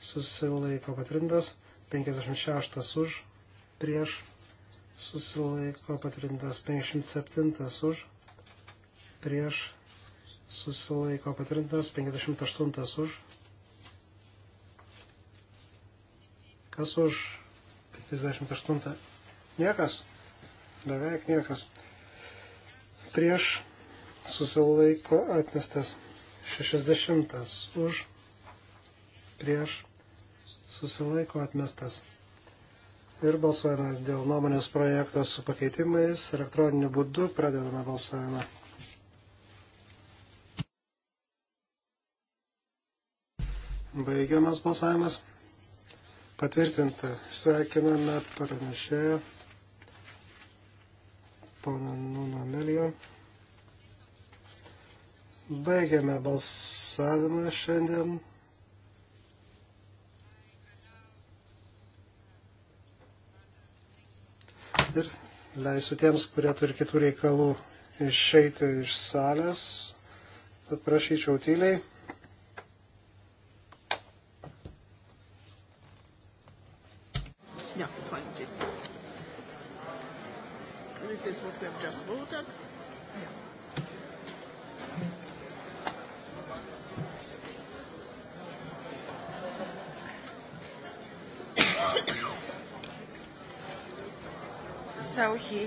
susilaiko patvirtintas 56 už, prieš susilaiko patvirtintas 57 už, prieš susilaiko patvirtintas 58 už. Kas už 58? Niekas. Beveik niekas. Prieš susilaiko atmestas 60 už prieš susilaiko atmestas. Ir balsuojame dėl nuomonės projekto su pakeitimais. Elektroniniu būdu pradedame balsavimą. Baigiamas balsavimas. Patvirtinta. Sveikiname pranešėją. Pana Nuno Melijo. Baigiame balsavimą šiandien. ir leisiu tiems, kurie turi kitų reikalų, išeiti iš salės. Tad prašyčiau tyliai. so he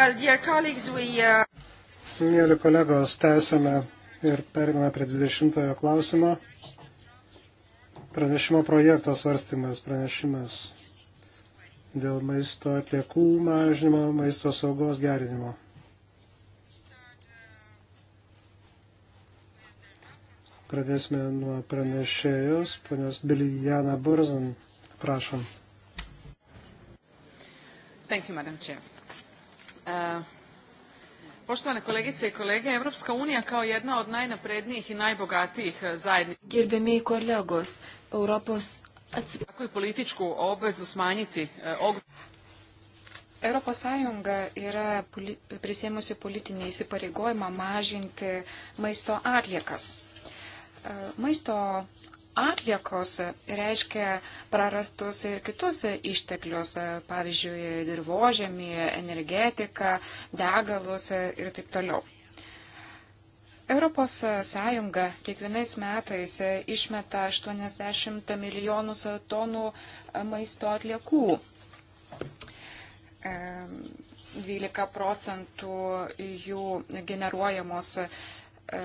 Well, we, uh... Mėly kolegos, tęsime ir periname prie 20 klausimo. Pranešimo projekto svarstymas, pranešimas dėl maisto atliekų mažinimo, maisto saugos gerinimo. Pradėsime nuo pranešėjos, ponios Bilijana Burzan. Prašom. Thank you, Madam Chair. E, poštovane kolegice i kolege, Europska unija kao jedna od najnaprednijih i najbogatijih e, zajednica. Gerbiami kolegos, Europos Tako i političku obvezu smanjiti. E, Europos Sąjunga yra poli prisėmusi politinį įsipareigojimą mažinti maisto atliekas. Maisto atliekos reiškia prarastus ir kitus išteklius, pavyzdžiui, dirbožėmį, energetiką, degalus ir taip toliau. Europos Sąjunga kiekvienais metais išmeta 80 milijonus tonų maisto atliekų. 12 procentų jų generuojamos E,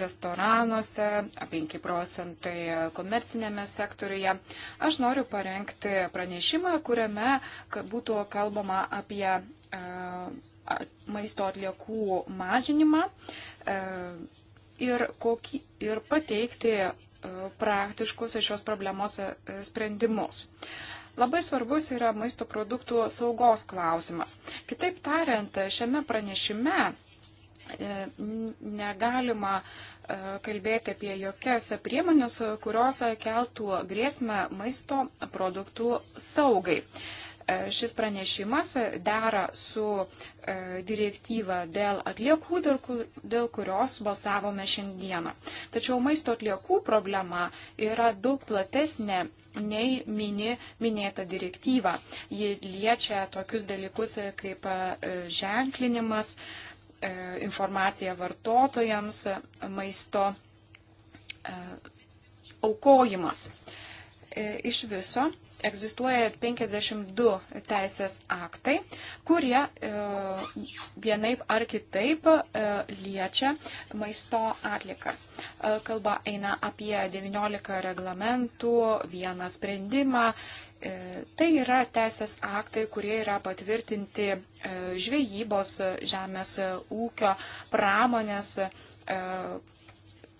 restoranuose, 5 procentai komercinėme sektoriuje. Aš noriu parengti pranešimą, kuriame būtų kalbama apie e, maisto atliekų mažinimą e, ir, kokį, ir pateikti praktiškus šios problemos sprendimus. Labai svarbus yra maisto produktų saugos klausimas. Kitaip tariant, šiame pranešime E, negalima e, kalbėti apie jokias priemonės, kurios keltų grėsmę maisto produktų saugai. E, šis pranešimas dera su direktyva dėl atliekų, dėl kurios balsavome šiandieną. Tačiau maisto atliekų problema yra daug platesnė nei mini minėta direktyva. Ji liečia tokius dalykus kaip ženklinimas, E, informaciją vartotojams, maisto e, aukojimas. E, iš viso egzistuoja 52 teisės aktai, kurie e, vienaip ar kitaip e, liečia maisto atlikas. E, kalba eina apie 19 reglamentų, vieną sprendimą. Tai yra teisės aktai, kurie yra patvirtinti žvejybos, žemės ūkio, pramonės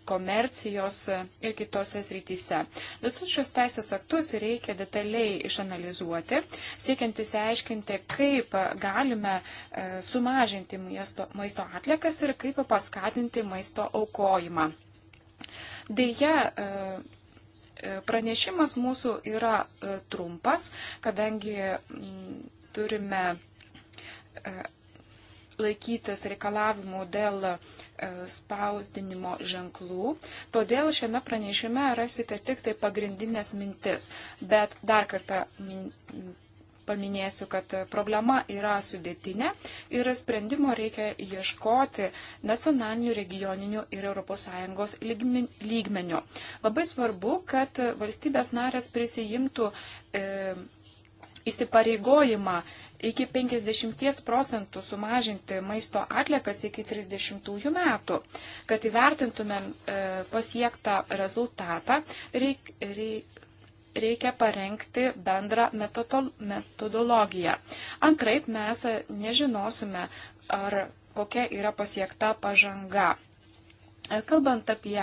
komercijos ir kitose srityse. Visus šios teisės aktus reikia detaliai išanalizuoti, siekiant įsiaiškinti, kaip galime e, sumažinti miesto, maisto atlikas ir kaip paskatinti maisto aukojimą. Deja, e, e, pranešimas mūsų yra trumpas, kadangi mm, turime laikytis reikalavimų dėl E, spausdinimo ženklų, todėl šiame pranešime rasite tik tai pagrindinės mintis. Bet dar kartą min, paminėsiu, kad problema yra sudėtinė ir sprendimo reikia ieškoti nacionalinių, regioninių ir ES lygmenių. Labai svarbu, kad valstybės narės prisijimtų. E, įsipareigojimą iki 50 procentų sumažinti maisto atliekas iki 30 metų. Kad įvertintumėm e, pasiektą rezultatą, reik, reik, reikia parengti bendrą metodologiją. Antraip mes e, nežinosime, ar kokia yra pasiekta pažanga. E, kalbant apie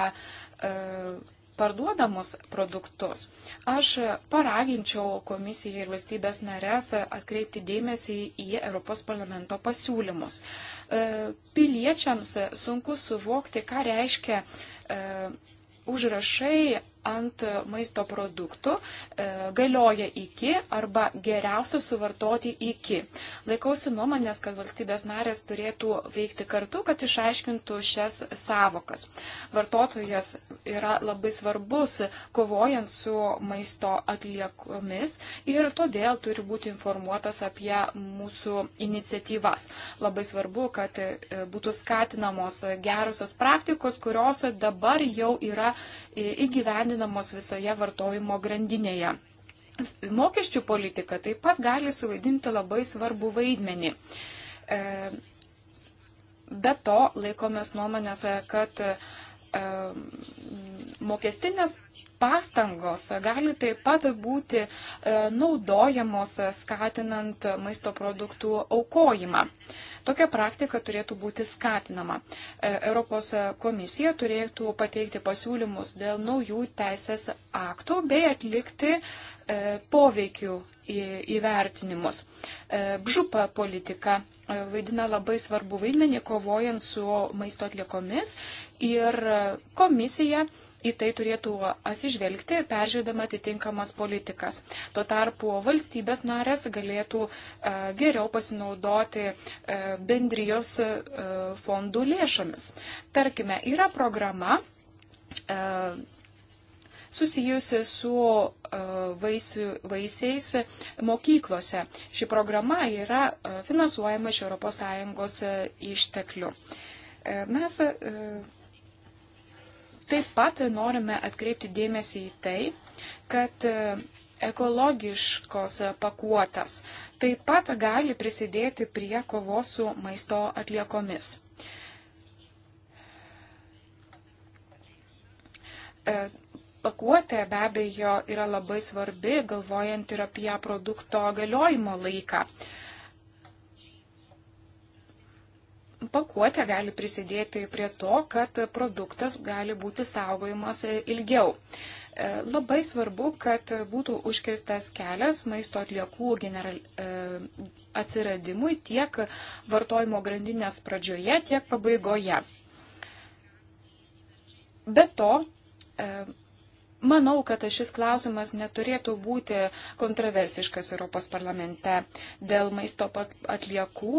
parduodamus produktus. Aš paraginčiau komisiją ir valstybės narės atkreipti dėmesį į Europos parlamento pasiūlymus. E, piliečiams sunku suvokti, ką reiškia e, užrašai ant maisto produktų e, galioja iki arba geriausia suvartoti iki. Laikausi nuomonės, kad valstybės narės turėtų veikti kartu, kad išaiškintų šias savokas. Vartotojas yra labai svarbus kovojant su maisto atliekomis ir todėl turi būti informuotas apie mūsų iniciatyvas. Labai svarbu, kad e, būtų skatinamos gerosios praktikos, kurios dabar jau yra e, įgyvendinamos įgyvendinamos visoje vartojimo grandinėje. Mokesčių politika taip pat gali suvaidinti labai svarbu vaidmenį. E, be to laikomės nuomonės, kad e, mokestinės pastangos gali taip pat būti e, naudojamos skatinant maisto produktų aukojimą. Tokia praktika turėtų būti skatinama. E, Europos komisija turėtų pateikti pasiūlymus dėl naujų teisės aktų bei atlikti e, poveikių įvertinimus. Bžupa politika vaidina labai svarbu vaidmenį kovojant su maisto atliekomis ir komisija į tai turėtų atsižvelgti, peržiūrėdama atitinkamas politikas. Tuo tarpu valstybės narės galėtų e, geriau pasinaudoti e, bendrijos e, fondų lėšomis. Tarkime, yra programa susijusi su vaisių, vaisiais mokyklose. Ši programa yra finansuojama iš ES išteklių. Mes Taip pat norime atkreipti dėmesį į tai, kad e, ekologiškos pakuotas taip pat gali prisidėti prie kovos su maisto atliekomis. E, pakuotė be abejo yra labai svarbi, galvojant ir apie produkto galiojimo laiką. pakuotė gali prisidėti prie to, kad produktas gali būti saugojimas ilgiau. E, labai svarbu, kad būtų užkirstas kelias maisto atliekų general, e, atsiradimui tiek vartojimo grandinės pradžioje, tiek pabaigoje. Be to, e, Manau, kad šis klausimas neturėtų būti kontroversiškas Europos parlamente. Dėl maisto atliekų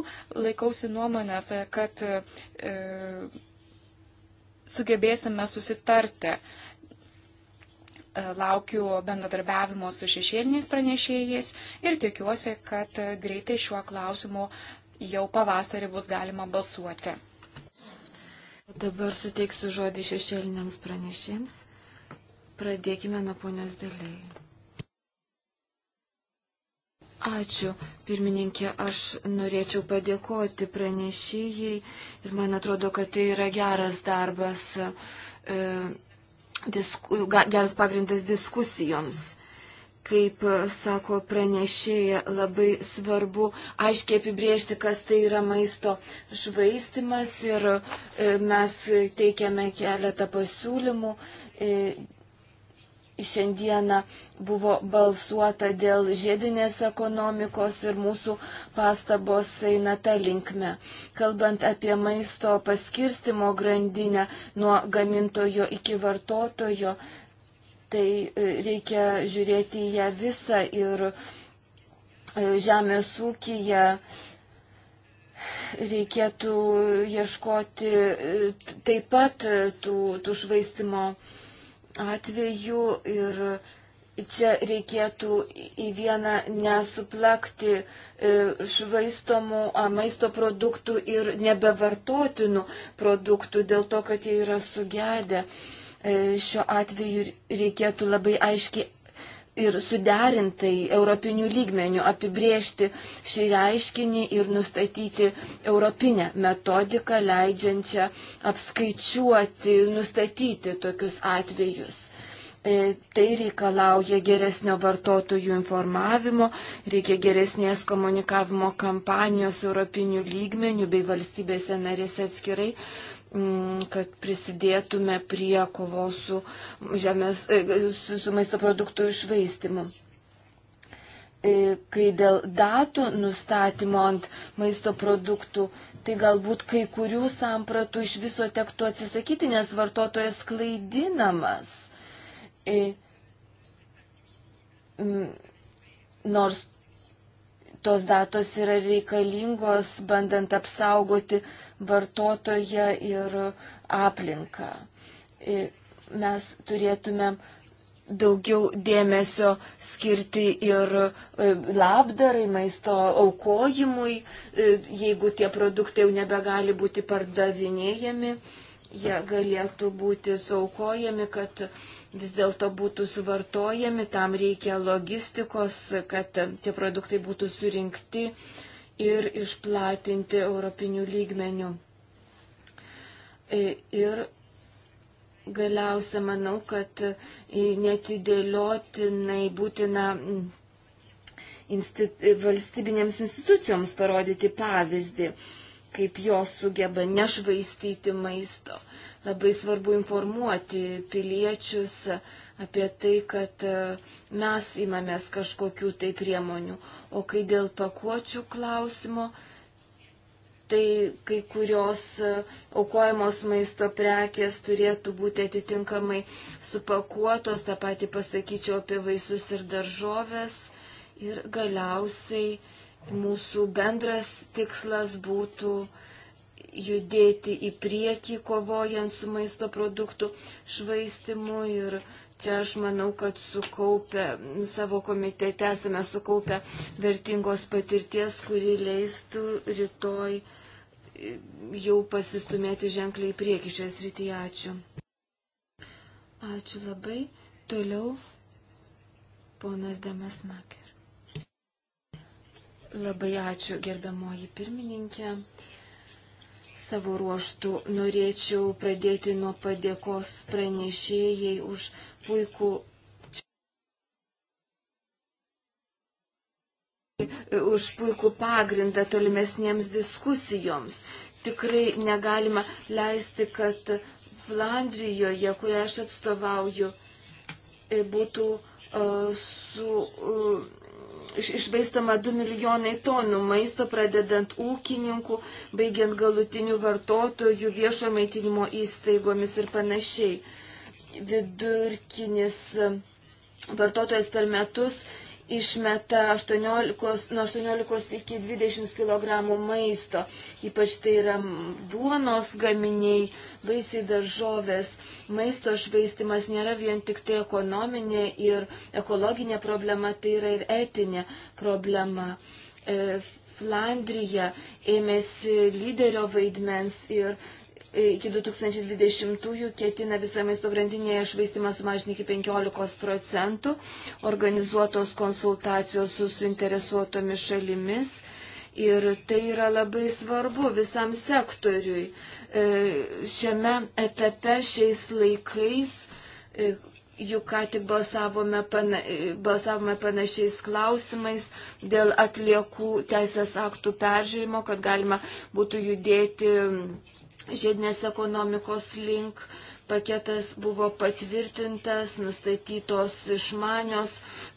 laikausi nuomonės, kad e, sugebėsime susitarti. E, laukiu bendradarbiavimo su šešėliniais pranešėjais ir tikiuosi, kad greitai šiuo klausimu jau pavasarį bus galima balsuoti. Dabar suteiksiu žodį šešėliniams pranešėjams. Pradėkime nuo ponios dėliai. Ačiū, pirmininkė, aš norėčiau padėkoti pranešėjai ir man atrodo, kad tai yra geras darbas, e, disku, geras pagrindas diskusijoms kaip e, sako pranešėja, labai svarbu aiškiai apibriežti, kas tai yra maisto švaistimas ir e, mes teikiame keletą pasiūlymų. E, šiandieną buvo balsuota dėl žiedinės ekonomikos ir mūsų pastabos eina tą linkmę. Kalbant apie maisto paskirstimo grandinę nuo gamintojo iki vartotojo, tai e, reikia žiūrėti į ją visą ir e, žemės ūkiją reikėtų ieškoti e, taip pat tų, tų švaistimo uh, atveju ir čia reikėtų į vieną nesuplakti e, švaistomų maisto produktų ir nebevartotinų produktų dėl to, kad jie yra sugedę. E, šiuo atveju reikėtų labai aiškiai ir suderintai europinių lygmenių apibriežti šį reiškinį ir nustatyti europinę metodiką, leidžiančią apskaičiuoti, nustatyti tokius atvejus. E, tai reikalauja geresnio vartotojų informavimo, reikia geresnės komunikavimo kampanijos europinių lygmenių bei valstybėse narėse atskirai, Mm, kad prisidėtume prie kovos su, žemės, e, su, su maisto produktų išvaistimu. E, kai dėl datų nustatymo ant maisto produktų, tai galbūt kai kurių sampratų iš viso tektų atsisakyti, nes vartotojas klaidinamas. E, nors tos datos yra reikalingos, bandant apsaugoti uh, vartotoją ir aplinką. Mes turėtumėm daugiau dėmesio skirti ir e, labdarai, maisto aukojimui, e, jeigu tie produktai jau nebegali būti pardavinėjami, jie galėtų būti saukojami, kad vis dėlto būtų suvartojami, tam reikia logistikos, kad tie produktai būtų surinkti, ir išplatinti europinių lygmenių. E, ir galiausia manau, kad netidėliotinai būtina mm, insti valstybinėms institucijoms parodyti pavyzdį, kaip jos sugeba nešvaistyti maisto. Labai svarbu informuoti piliečius apie tai, kad e, mes imamės kažkokių tai priemonių. O kai dėl pakuočių klausimo, tai kai kurios e, aukojamos maisto prekės turėtų būti atitinkamai supakuotos, tą patį pasakyčiau apie vaisius ir daržovės. Ir galiausiai mūsų bendras tikslas būtų judėti į priekį, kovojant su maisto produktų švaistimu ir Čia aš manau, kad sukaupę, savo komitete esame sukaupę vertingos patirties, kuri leistų rytoj jau pasistumėti ženkliai prieki šioje srityje. Ačiū. Ačiū labai. Toliau ponas Demasmaker. Labai ačiū gerbiamoji pirmininkė. Savo ruoštų norėčiau pradėti nuo padėkos pranešėjai už puikų už puikų pagrindą tolimesniems diskusijoms. Tikrai negalima leisti, kad Flandrijoje, kurią aš atstovauju, e, būtų uh, su, uh, išvaistoma 2 milijonai tonų maisto, pradedant ūkininkų, baigiant galutinių vartotojų, viešo maitinimo įstaigomis ir panašiai. Uh, vidurkinis e, vartotojas per metus išmeta 18, nuo 18 iki 20 kg maisto. Ypač tai yra duonos gaminiai, vaisiai daržovės. Maisto švaistimas nėra vien tik tai ekonominė ir ekologinė problema, tai yra ir etinė problema. E, Flandrija ėmėsi lyderio vaidmens ir iki 2020-ųjų ketina visoje maisto grandinėje švaistimą sumažinti iki 15 procentų, organizuotos konsultacijos su suinteresuotomis šalimis. Ir tai yra labai svarbu visam sektoriui. E, šiame etape šiais laikais, e, juk ką tik balsavome, pana, e, balsavome panašiais klausimais dėl atliekų teisės aktų peržiūrimo, kad galima būtų judėti žiedinės ekonomikos link. Paketas buvo patvirtintas, nustatytos išmanios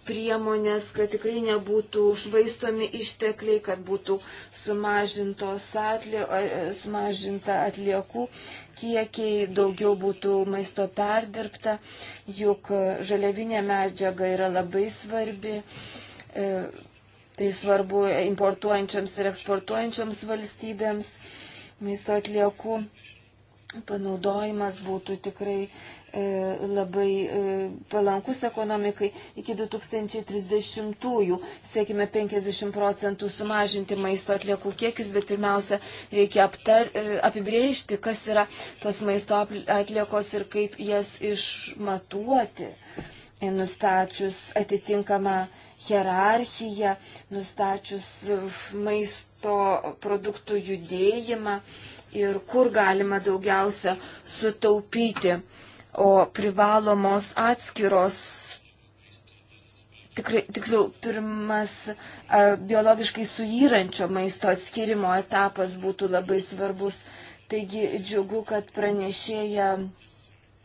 priemonės, kad tikrai nebūtų švaistomi ištekliai, kad būtų atlė, sumažinta atliekų kiekiai, daugiau būtų maisto perdirbta, juk žaliavinė medžiaga yra labai svarbi. E, tai svarbu importuojančioms ir eksportuojančioms valstybėms maisto atliekų panaudojimas būtų tikrai e, labai e, palankus ekonomikai iki 2030-ųjų. Siekime 50 procentų sumažinti maisto atliekų kiekius, bet pirmiausia reikia aptar, e, apibrėžti, kas yra tos maisto atliekos ir kaip jas išmatuoti, nustačius atitinkamą hierarchiją, nustačius maisto to produktų judėjimą ir kur galima daugiausia sutaupyti. O privalomos atskiros, tikrai, tiksliau, pirmas a, e, biologiškai suyrančio maisto atskirimo etapas būtų labai svarbus. Taigi džiugu, kad pranešėja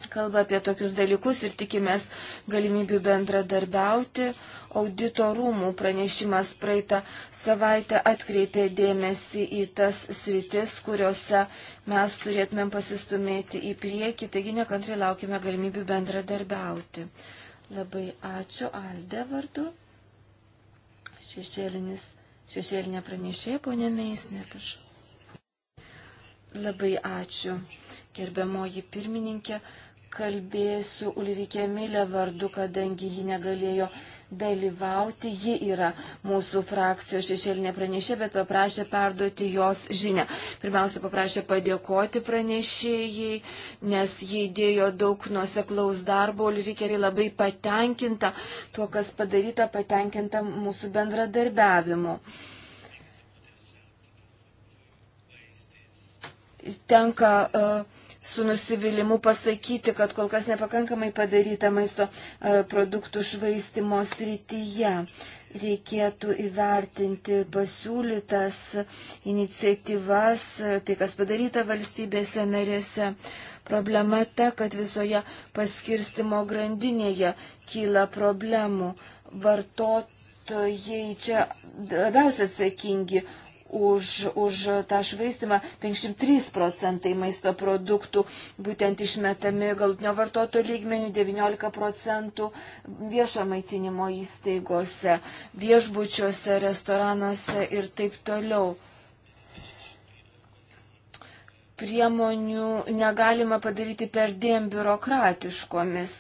kalba apie tokius dalykus ir tikimės galimybių bendradarbiauti. Audito rūmų pranešimas praeitą savaitę atkreipė dėmesį į tas sritis, kuriuose mes turėtumėm pasistumėti į priekį, taigi nekantrai laukime galimybių bendradarbiauti. Labai ačiū Alde vardu. Šešėlinis, šešėlinė pranešė, ponė Meisner, prašau. Labai ačiū, gerbiamoji pirmininkė kalbėsiu Ulrike Milė vardu, kadangi ji negalėjo dalyvauti. Ji yra mūsų frakcijos šešėlinė pranešė, bet paprašė perduoti jos žinę. Pirmiausia, paprašė padėkoti pranešėjai, nes jie įdėjo daug nuoseklaus darbo. Ulrikeriai labai patenkinta tuo, kas padaryta, patenkinta mūsų bendradarbiavimu. Tenka uh, su nusivylimu pasakyti, kad kol kas nepakankamai padaryta maisto e, produktų švaistimo srityje. Reikėtų įvertinti pasiūlytas iniciatyvas, e, tai kas padaryta valstybėse narėse. Problema ta, kad visoje paskirstimo grandinėje kyla problemų. Vartotojai čia labiausiai atsakingi už, už tą švaistimą 53 procentai maisto produktų būtent išmetami galutinio vartoto lygmenių, 19 procentų viešo maitinimo įstaigose, viešbučiuose, restoranuose ir taip toliau priemonių negalima padaryti perdėm biurokratiškomis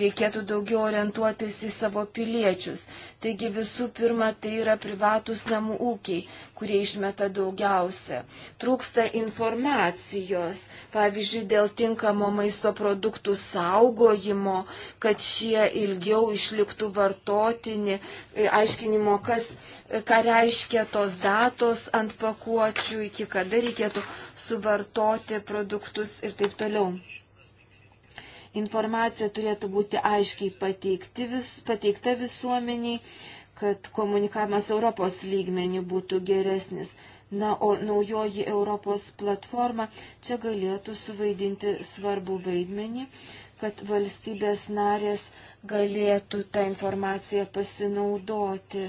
reikėtų daugiau orientuotis į savo piliečius. Taigi visų pirma, tai yra privatus namų ūkiai, kurie išmeta daugiausia. Trūksta informacijos, pavyzdžiui, dėl tinkamo maisto produktų saugojimo, kad šie ilgiau išliktų vartotini, e, aiškinimo, kas, e, ką reiškia tos datos ant pakuočių, iki kada reikėtų suvartoti produktus ir taip toliau informacija turėtų būti aiškiai pateikti, vis, pateikta visuomeniai, kad komunikavimas Europos lygmenių būtų geresnis. Na, o naujoji Europos platforma čia galėtų suvaidinti svarbų vaidmenį, kad valstybės narės galėtų tą informaciją pasinaudoti.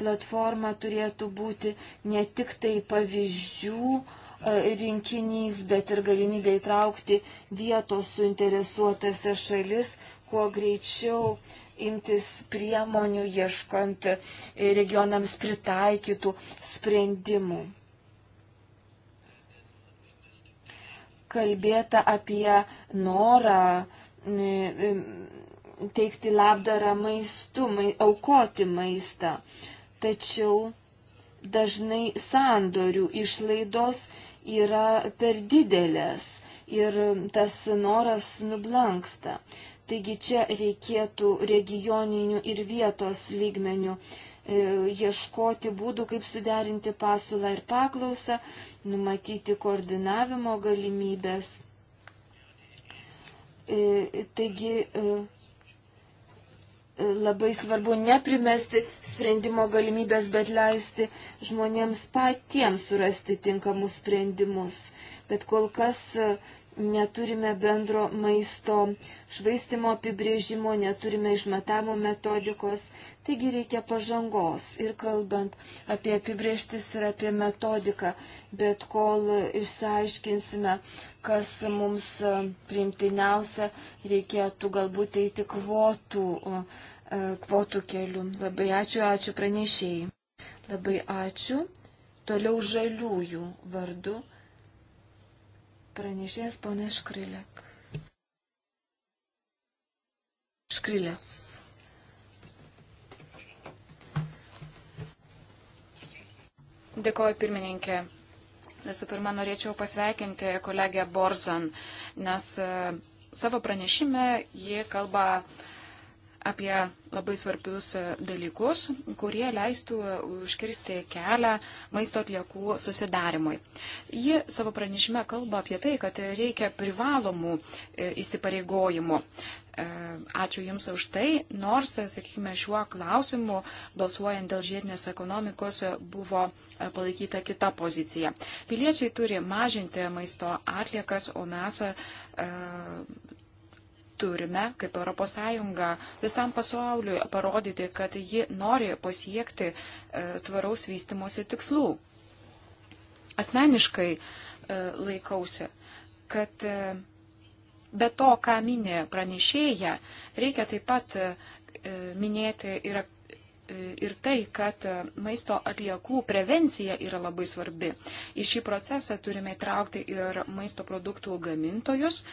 Platforma turėtų būti ne tik tai pavyzdžių, E, rinkinys, bet ir galimybė įtraukti vietos suinteresuotose šalis, kuo greičiau imtis priemonių, ieškant e, regionams pritaikytų sprendimų. Kalbėta apie norą teikti labdarą maistu, mai, aukoti maistą. Tačiau dažnai sandorių išlaidos yra per didelės ir tas noras nublanksta. Taigi čia reikėtų regioninių ir vietos lygmenių e, ieškoti būdų, kaip suderinti pasiūlą ir paklausą, numatyti koordinavimo galimybės. E, taigi e, labai svarbu neprimesti sprendimo galimybės, bet leisti žmonėms patiems surasti tinkamus sprendimus. Bet kol kas neturime bendro maisto švaistimo apibrėžimo, neturime išmatavimo metodikos, taigi reikia pažangos. Ir kalbant apie apibrėžtis ir apie metodiką, bet kol išsiaiškinsime, kas mums priimtiniausia, reikėtų galbūt eiti kvotų, e, kvotų keliu. Labai ačiū, ačiū pranešėjai. Labai ačiū. Toliau žaliųjų vardu pranešės ponė Škrilek. Škrilė. Dėkoju pirmininkė. Visų pirma, norėčiau pasveikinti kolegę Borzan, nes e, savo pranešime ji kalba uh, apie labai svarbius e, dalykus, kurie leistų užkirsti kelią maisto atliekų susidarimui. Ji savo pranešime kalba apie tai, kad reikia privalomų e, įsipareigojimų. E, ačiū Jums už tai, nors, sakykime, šiuo klausimu balsuojant dėl žiedinės ekonomikos buvo palaikyta kita pozicija. Piliečiai turi mažinti maisto atliekas, o mes turime, kaip ES, visam pasauliui parodyti, kad ji nori pasiekti e, tvaraus vystimosi tikslų. Asmeniškai e, laikausi, kad e, be to, ką minė pranešėja, reikia taip pat minėti ir, ir tai, kad maisto atliekų prevencija yra labai svarbi. Į šį procesą turime įtraukti ir maisto produktų gamintojus,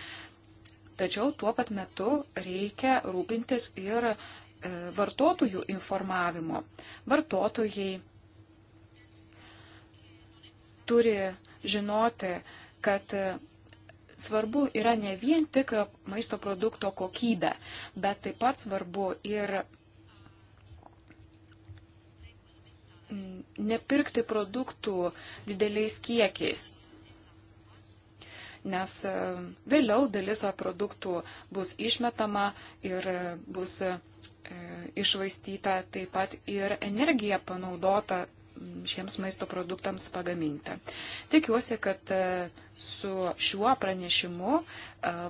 Tačiau tuo pat metu reikia rūpintis ir e, vartotojų informavimo. Vartotojai turi žinoti, kad e, svarbu yra ne vien tik maisto produkto kokybė, bet taip pat svarbu ir nepirkti produktų dideliais kiekiais nes e, vėliau dalis produktų bus išmetama ir bus e, išvaistyta taip pat ir energija panaudota šiems maisto produktams pagaminti. Tikiuosi, kad e, su šiuo pranešimu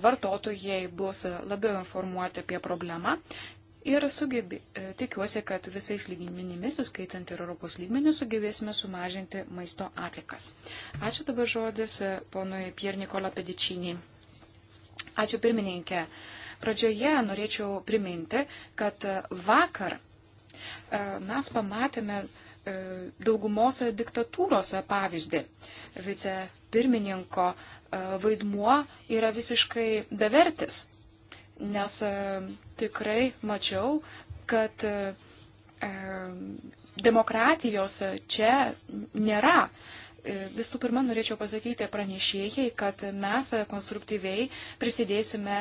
vartotojai bus labiau informuoti apie problemą ir sugebi, e, tikiuosi, kad visais lygmenimis, įskaitant ir Europos lygmenį, sugebėsime sumažinti maisto atlikas. Ačiū dabar žodis e, ponui Pier Nikola Pedičinį. Ačiū pirmininkė. Pradžioje norėčiau priminti, kad e, vakar mes pamatėme daugumos diktatūros pavyzdį. Vice pirmininko vaidmuo yra visiškai bevertis nes e, tikrai mačiau, kad e, e, demokratijos čia nėra visų pirma norėčiau pasakyti pranešėjai, kad mes konstruktyviai prisidėsime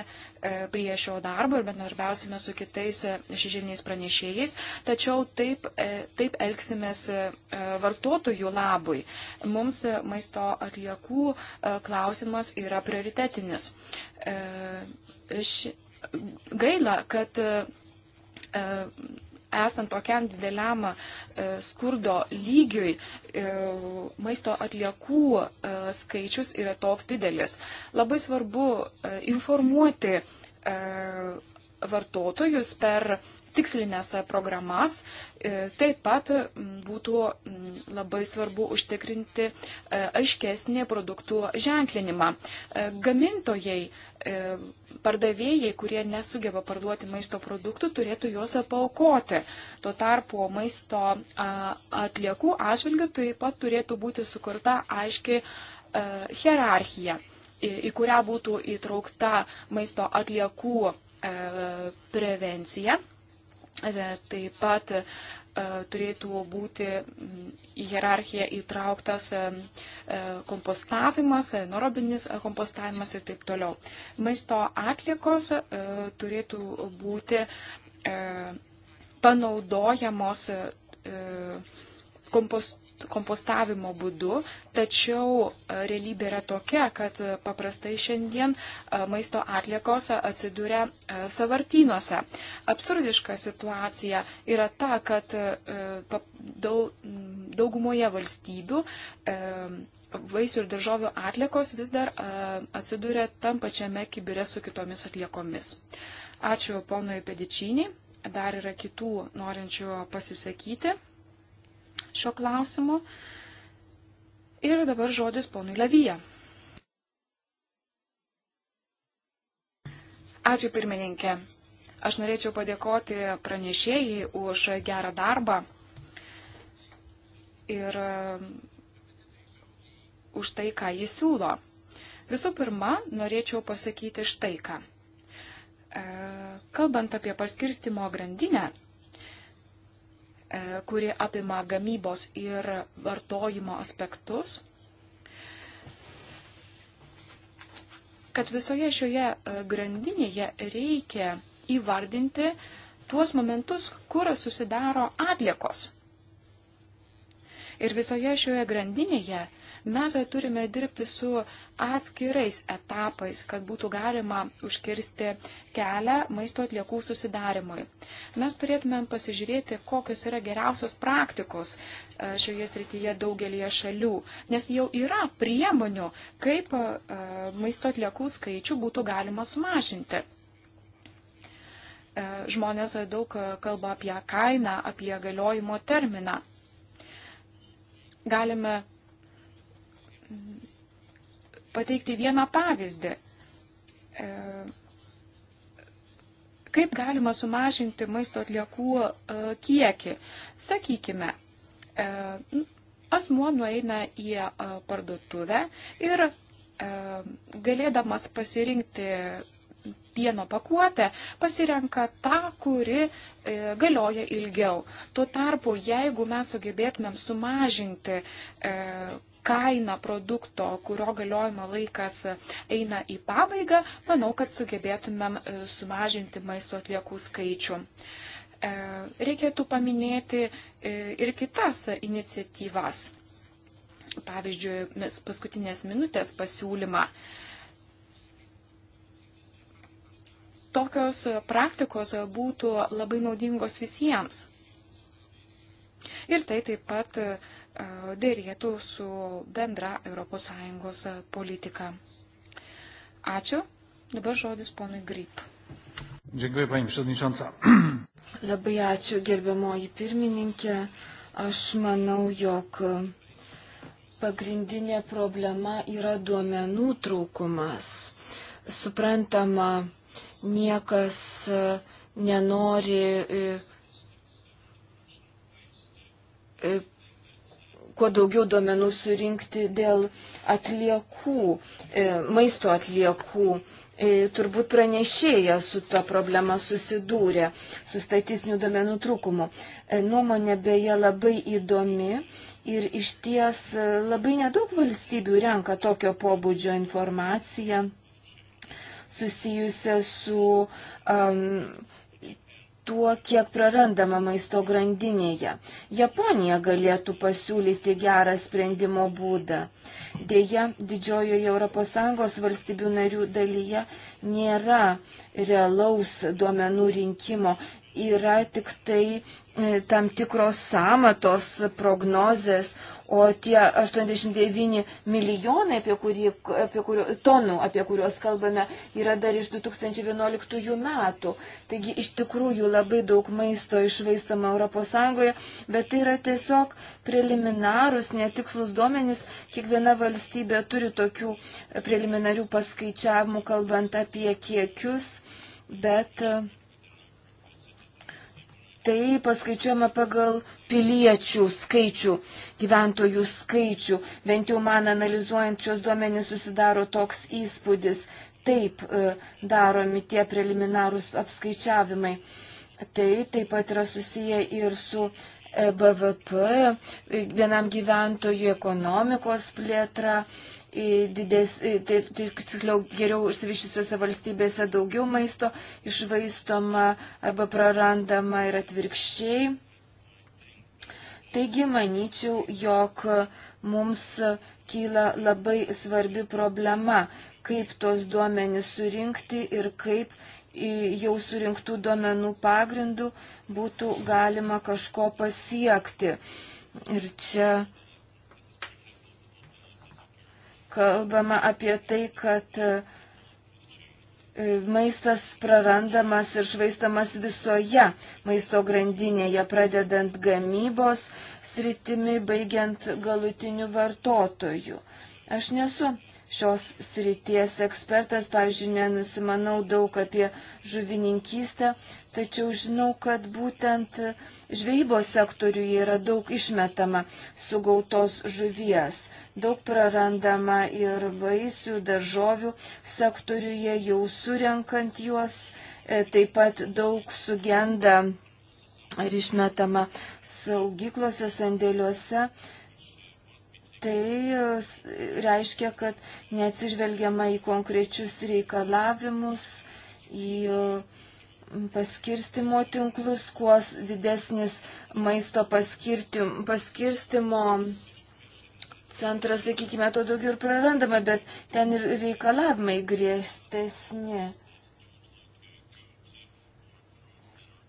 prie šio darbo ir bendarbiausime su kitais šešėliniais pranešėjais, tačiau taip, taip elgsimės vartotojų labui. Mums maisto atliekų klausimas yra prioritetinis. Ši gaila, kad e, e, esant tokiam dideliam e, skurdo lygiui, maisto atliekų skaičius yra toks didelis. Labai svarbu informuoti vartotojus per tikslinės programas. E, taip pat būtų labai svarbu užtikrinti e, aiškesnį produktų ženklinimą. E, gamintojai, pardavėjai, kurie nesugeba parduoti maisto produktų, turėtų juos apaukoti. Tuo tarpu maisto atliekų atžvilgių taip pat turėtų būti sukurta aiški hierarchija į kurią būtų įtraukta maisto atliekų E, prevencija. E, taip pat e, turėtų būti į hierarchiją įtrauktas kompostavimas, norobinis kompostavimas ir taip toliau. Maisto atlikos turėtų būti panaudojamos kompost kompostavimo būdu, tačiau e, realybė yra tokia, kad paprastai šiandien e, maisto atliekos atsiduria e, savartynuose. Absurdiška situacija yra ta, kad daugumoje valstybių vaisių ir daržovių atliekos vis dar atsiduria tam pačiame kibire su kitomis atliekomis. Ačiū ponui Pedičinį. Dar yra kitų norinčių pasisakyti šio klausimu. Ir dabar žodis ponui Levyje. Ačiū pirmininkė. Aš norėčiau padėkoti pranešėjai už gerą darbą ir e, už tai, ką jis siūlo. Visų pirma, norėčiau pasakyti štai ką. E, kalbant apie paskirstimo grandinę, E, kuri apima gamybos ir vartojimo aspektus. Kad visoje šioje e, grandinėje reikia įvardinti tuos momentus, kur susidaro atliekos. Ir visoje šioje grandinėje uh, Mes turime dirbti su atskirais etapais, kad būtų galima užkirsti kelią maisto atliekų susidarimui. Mes turėtumėm pasižiūrėti, kokios yra geriausios praktikos e, šioje srityje daugelie šalių, nes jau yra priemonių, kaip e, maisto atliekų skaičių būtų galima sumažinti e, žmonės daug kalba apie kainą, apie galiojimo terminą. Galime pateikti vieną pavyzdį. E, kaip galima sumažinti maisto atliekų e, kiekį? Sakykime, e, asmuo nueina į parduotuvę ir galėdamas pasirinkti pieno pakuotę, pasirenka tą, kuri galioja ilgiau. Tuo tarpu, jeigu mes sugebėtumėm sumažinti kaina produkto, kurio galiojimo laikas eina į pabaigą, manau, kad sugebėtumėm e, sumažinti maisto atliekų skaičių. E, reikėtų paminėti e, ir kitas iniciatyvas. Pavyzdžiui, paskutinės minutės pasiūlymą. Tokios praktikos būtų labai naudingos visiems. Ir tai taip pat dėrėtų su bendra ES politika. Ačiū. Dabar žodis ponui Grip. Dėkui, paim, Labai ačiū, gerbiamoji pirmininkė. Aš manau, jog pagrindinė problema yra duomenų trūkumas. Suprantama, niekas e, nenori e, e, kuo daugiau duomenų surinkti dėl atliekų, e, maisto atliekų. E, turbūt pranešėja su ta problema susidūrė, su statistinių duomenų trūkumu. E, nuomonė beje labai įdomi ir iš ties labai nedaug valstybių renka tokio pobūdžio informaciją susijusią su um, tuo, kiek prarandama maisto grandinėje. Japonija galėtų pasiūlyti gerą sprendimo būdą. Deja, didžiojoje ES valstybių narių dalyje nėra realaus duomenų rinkimo, yra tik tai e, tam tikros samatos prognozės, O tie 89 milijonai apie kurį, apie kurio, tonų, apie kuriuos kalbame, yra dar iš 2011 metų. Taigi iš tikrųjų labai daug maisto išvaistoma ES, bet tai yra tiesiog preliminarus, netikslus duomenys. Kiekviena valstybė turi tokių preliminarių paskaičiavimų, kalbant apie kiekius, bet. Uh, tai paskaičiuojama pagal piliečių skaičių, gyventojų skaičių. Bent jau man analizuojant šios duomenys susidaro toks įspūdis. Taip e, daromi tie preliminarūs apskaičiavimai. Tai taip pat yra susiję ir su e BVP, vienam gyventojui ekonomikos plėtra didės, tai, tiksliau geriau išsivyščiusiose valstybėse daugiau maisto išvaistoma arba prarandama ir atvirkščiai. Taigi manyčiau, jog mums kyla labai svarbi problema, kaip tos duomenys surinkti ir kaip jau surinktų duomenų pagrindų būtų galima kažko pasiekti. Ir čia kalbama apie tai, kad e, maistas prarandamas ir švaistamas visoje maisto grandinėje, pradedant gamybos sritimi, baigiant galutiniu vartotoju. Aš nesu šios srities ekspertas, pavyzdžiui, nenusimanau daug apie žuvininkystę, tačiau žinau, kad būtent žvejybos sektoriuje yra daug išmetama sugautos žuvies daug prarandama ir vaisių, daržovių sektoriuje jau surenkant juos, e, taip pat daug sugenda ir išmetama saugyklose, sandėliuose. Tai e, reiškia, kad neatsižvelgiama į konkrečius reikalavimus, į e, paskirstimo tinklus, kuo didesnis maisto paskirtimo centras, sakykime, to daugiau ir prarandama, bet ten ir reikalavimai griežtesni.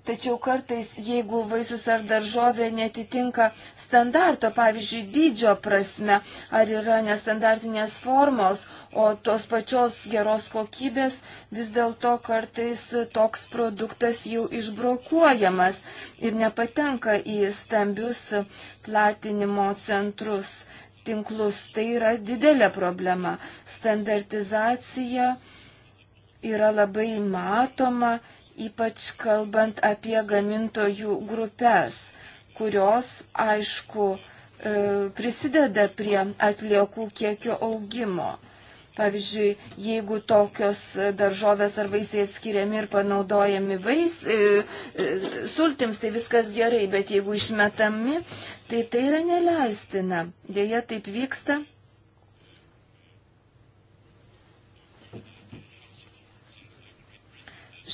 Tačiau kartais, jeigu vaisius ar daržovė netitinka standarto, pavyzdžiui, dydžio prasme, ar yra nestandartinės formos, o tos pačios geros kokybės, vis dėlto kartais toks produktas jau išbrokuojamas ir nepatenka į stambius platinimo centrus tinklus. Tai yra didelė problema. Standartizacija yra labai matoma, ypač kalbant apie gamintojų grupės, kurios, aišku, e, prisideda prie atliekų kiekio augimo. Pavyzdžiui, jeigu tokios daržovės ar vaisiai atskiriami ir panaudojami vais, e, e, sultims, tai viskas gerai, bet jeigu išmetami, tai tai yra neleistina. Dėja, taip vyksta.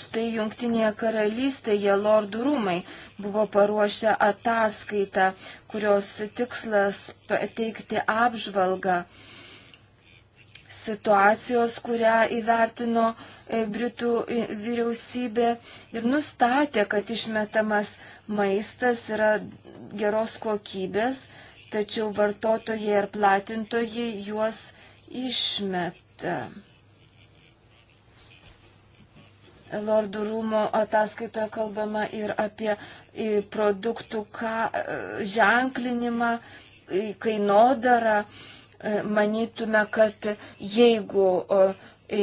Štai Junktinėje karalystėje lordų rūmai buvo paruošę ataskaitą, kurios tikslas pateikti apžvalgą situacijos, kurią įvertino e, Britų e, vyriausybė ir nustatė, kad išmetamas maistas yra geros kokybės, tačiau vartotojai ir platintojai juos išmeta. Lordų rūmo ataskaitoje kalbama ir apie e, produktų ženklinimą, kainodarą. E, manytume, kad jeigu e, e,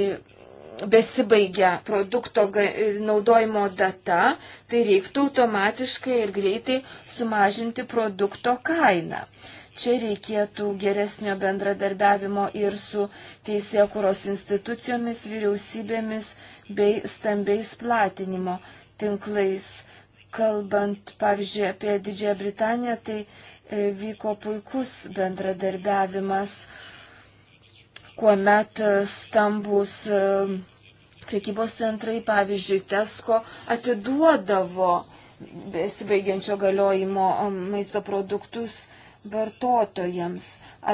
besibaigia produkto naudojimo data, tai reiktų automatiškai ir greitai sumažinti produkto kainą. Čia reikėtų geresnio bendradarbiavimo ir su teisėkuros institucijomis, vyriausybėmis bei stambiais platinimo tinklais. Kalbant, pavyzdžiui, apie Didžiąją Britaniją, tai E, vyko puikus bendradarbiavimas, kuomet e, stambus e, prekybos centrai, pavyzdžiui, Tesco, atiduodavo besibaigiančio galiojimo maisto produktus vartotojams.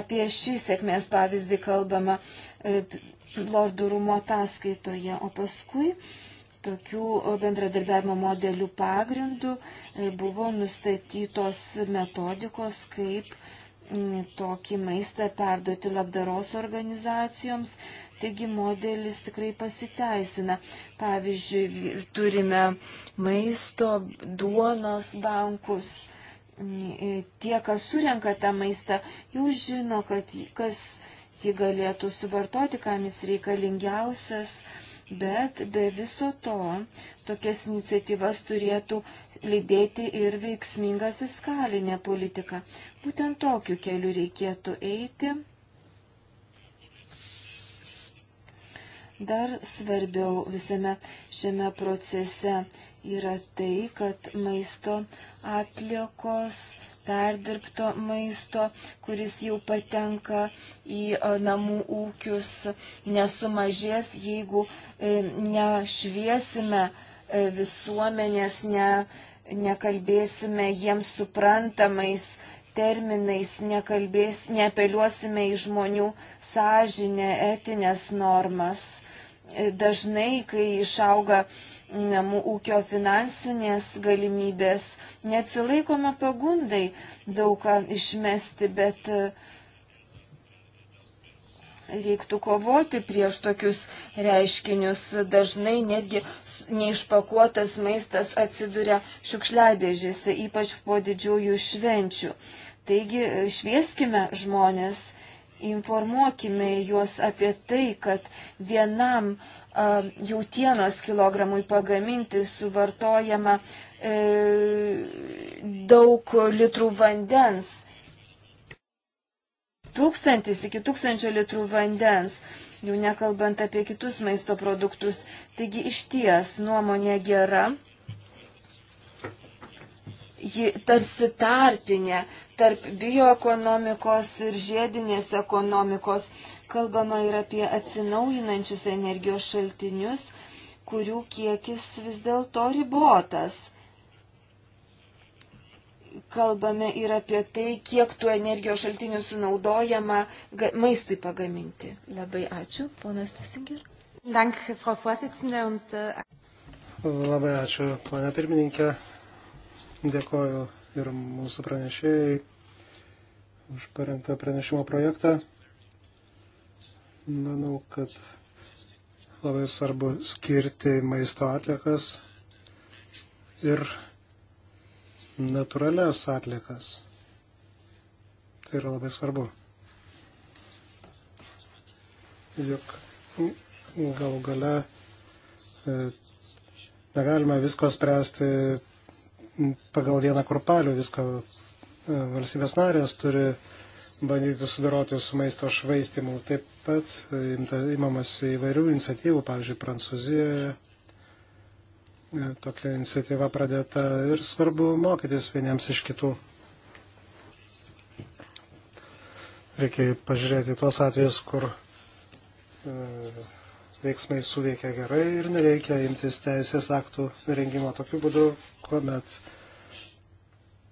Apie šį sėkmės pavyzdį kalbama Lordų rūmo ataskaitoje, o paskui tokių bendradarbiavimo modelių pagrindų e, buvo nustatytos metodikos, kaip mm, tokį maistą perduoti labdaros organizacijoms. Taigi modelis tikrai pasiteisina. Pavyzdžiui, turime maisto, duonos bankus. Mm, e, tie, kas surenka tą maistą, jau žino, kad kas jį galėtų suvartoti, kam jis reikalingiausias bet be viso to tokias iniciatyvas turėtų lydėti ir veiksminga fiskalinė politika. Būtent tokiu keliu reikėtų eiti. Dar svarbiau visame šiame procese yra tai, kad maisto atliekos perdirbto maisto, kuris jau patenka į e, namų ūkius, nesumažės, jeigu e, nešviesime e, visuomenės, ne, nekalbėsime jiems suprantamais terminais, nekalbės, neapeliuosime į žmonių sąžinę, etinės normas. Dažnai, kai išauga namų ūkio finansinės galimybės, neatsilaikoma pagundai daugą išmesti, bet e, reiktų kovoti prieš tokius reiškinius. Dažnai netgi neišpakuotas maistas atsiduria šiukšliadėžėse, ypač po didžiųjų švenčių. Taigi švieskime žmonės informuokime juos apie tai, kad vienam jautienos kilogramui pagaminti suvartojama e, daug litrų vandens. Tūkstantis iki tūkstančio litrų vandens, jau nekalbant apie kitus maisto produktus. Taigi iš ties nuomonė gera ji tarsi tarpinė tarp bioekonomikos ir žiedinės ekonomikos. Kalbama ir apie atsinaujinančius energijos šaltinius, kurių kiekis vis dėlto ribotas. Kalbame ir apie tai, kiek tų energijos šaltinių sunaudojama maistui pagaminti. Labai ačiū, ponas Tusinger. Dank, Frau Vorsitzende. Und, uh... Labai ačiū, ponia pirmininkė. Dėkoju ir mūsų pranešėjai už parengtą pranešimo projektą. Manau, kad labai svarbu skirti maisto atliekas ir natūralias atliekas. Tai yra labai svarbu. Juk gal gale e, negalime visko spręsti pagal vieną kurpalių viską e, valstybės narės turi bandyti sudaroti su maisto švaistimu. Taip pat e, imamas įvairių iniciatyvų, pavyzdžiui, Prancūzijoje e, tokia iniciatyva pradėta ir svarbu mokytis vieniems iš kitų. Reikia pažiūrėti tuos atvejus, kur veiksmai suveikia gerai ir nereikia imtis teisės aktų rengimo tokiu būdu kuomet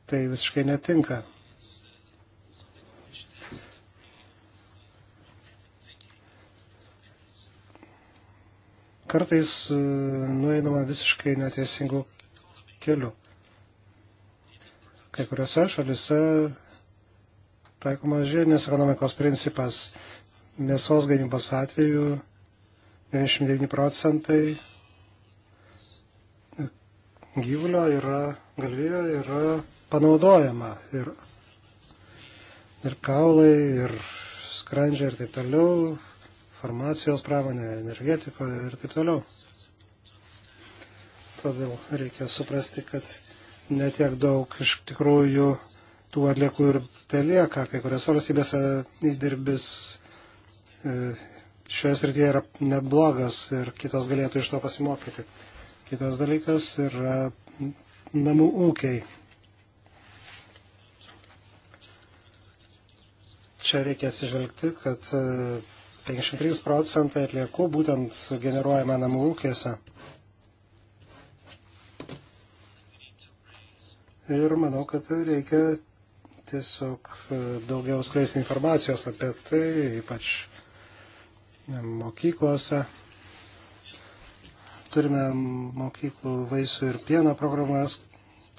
tai visiškai netinka. Kartais e, nueinama visiškai neteisingų kelių. Kai kuriuose šalise taikoma žiedinės ekonomikos principas. Mėsos gamybos atveju 99 procentai gyvulio yra, galvijo yra panaudojama. Ir, ir kaulai, ir skrandžiai, ir taip toliau, farmacijos pramonė, energetikoje ir taip toliau. Todėl reikia suprasti, kad netiek daug iš tikrųjų tų atliekų ir te lieka. Kai kurias valstybėse įdirbis e, šioje srityje yra neblogas ir kitos galėtų iš to pasimokyti. Kitas dalykas yra namų ūkiai. Čia reikia atsižvelgti, kad 53 e, procentai atliekų būtent generuojama namų ūkėse. Ir manau, kad reikia tiesiog e, daugiau skleisti informacijos apie tai, ypač e, mokyklose turime mokyklų vaisių ir pieno programas,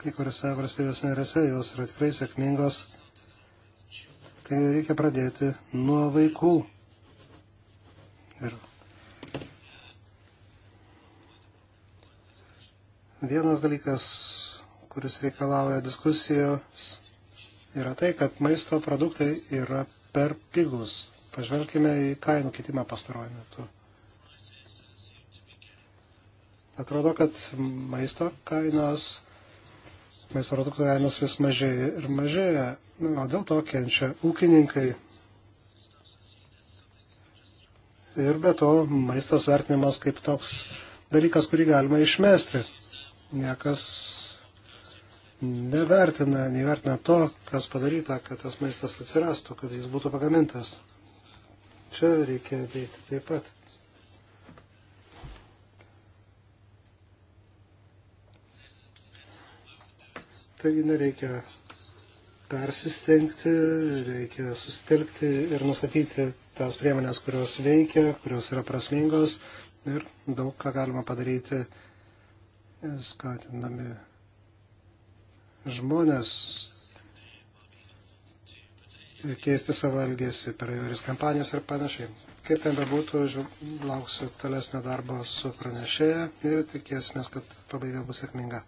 kai kuriuose valstybės narėse jos yra tikrai sėkmingos. Tai reikia pradėti nuo vaikų. Ir vienas dalykas, kuris reikalauja diskusijos, yra tai, kad maisto produktai yra per pigus. Pažvelkime į kainų kitimą pastaruoju metu. Atrodo, kad maisto kainos, maisto produktų kainos vis mažėja ir mažėja, o dėl to kenčia ūkininkai. Ir be to maistas vertinimas kaip toks dalykas, kurį galima išmesti. Niekas nevertina, nevertina to, kas padaryta, kad tas maistas atsirastų, kad jis būtų pagamintas. Čia reikia dėti taip pat. Taigi nereikia persistengti, reikia sustelkti ir nustatyti tas priemonės, kurios veikia, kurios yra prasmingos ir daug ką galima padaryti skatindami žmonės keisti savo elgesį per įvairias kampanijas ir panašiai. Kaip ten bebūtų, lauksiu tolesnio darbo su pranešėja ir tikėsime, kad pabaiga bus sėkminga.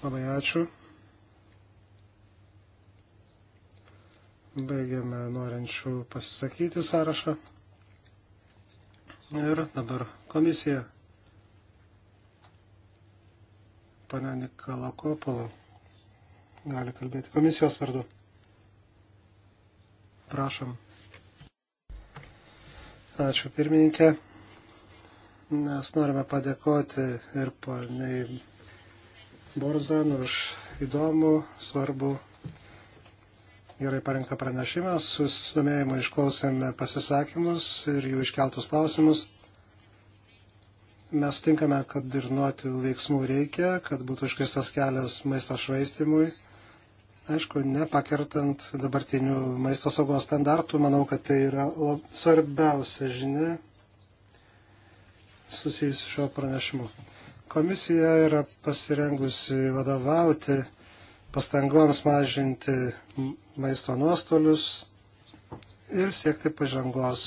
Labai ačiū. Baigiame norinčių pasisakyti sąrašą. Ir dabar komisija. Pane Nikola Kopolo gali kalbėti komisijos vardu. Prašom. Ačiū pirmininkė. Mes norime padėkoti ir poniai Borzan už įdomų, svarbų, gerai parengtą pranešimą. Su susidomėjimu išklausėme pasisakymus ir jų iškeltus klausimus. Mes tinkame, kad dirnuotų veiksmų reikia, kad būtų užkirstas kelias maisto švaistimui aišku, nepakertant dabartinių maisto saugos standartų, manau, kad tai yra lab, svarbiausia žinia susijusi šio pranešimu. Komisija yra pasirengusi vadovauti pastangoms mažinti maisto nuostolius ir siekti pažangos,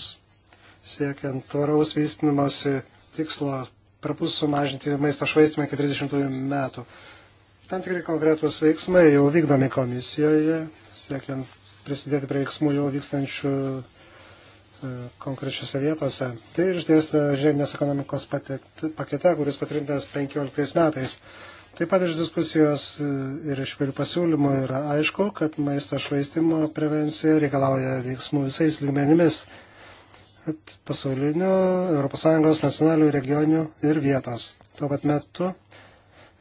siekiant tvaraus vystimosi tikslo perpus sumažinti maisto švaistimą iki 30 metų. Tam tikri konkretūs veiksmai jau vykdomi komisijoje, siekiant prisidėti prie veiksmų jau vykstančių konkrečiose vietose. Tai išdėsta žiedinės ekonomikos pakete, kuris patrintas 15 metais. Taip pat iš diskusijos e, ir iš vairių pasiūlymų yra aišku, kad maisto švaistimo prevencija reikalauja veiksmų visais lygmenimis - pasauliniu, ES, nacionaliu, regioniu ir vietos. Tuo pat metu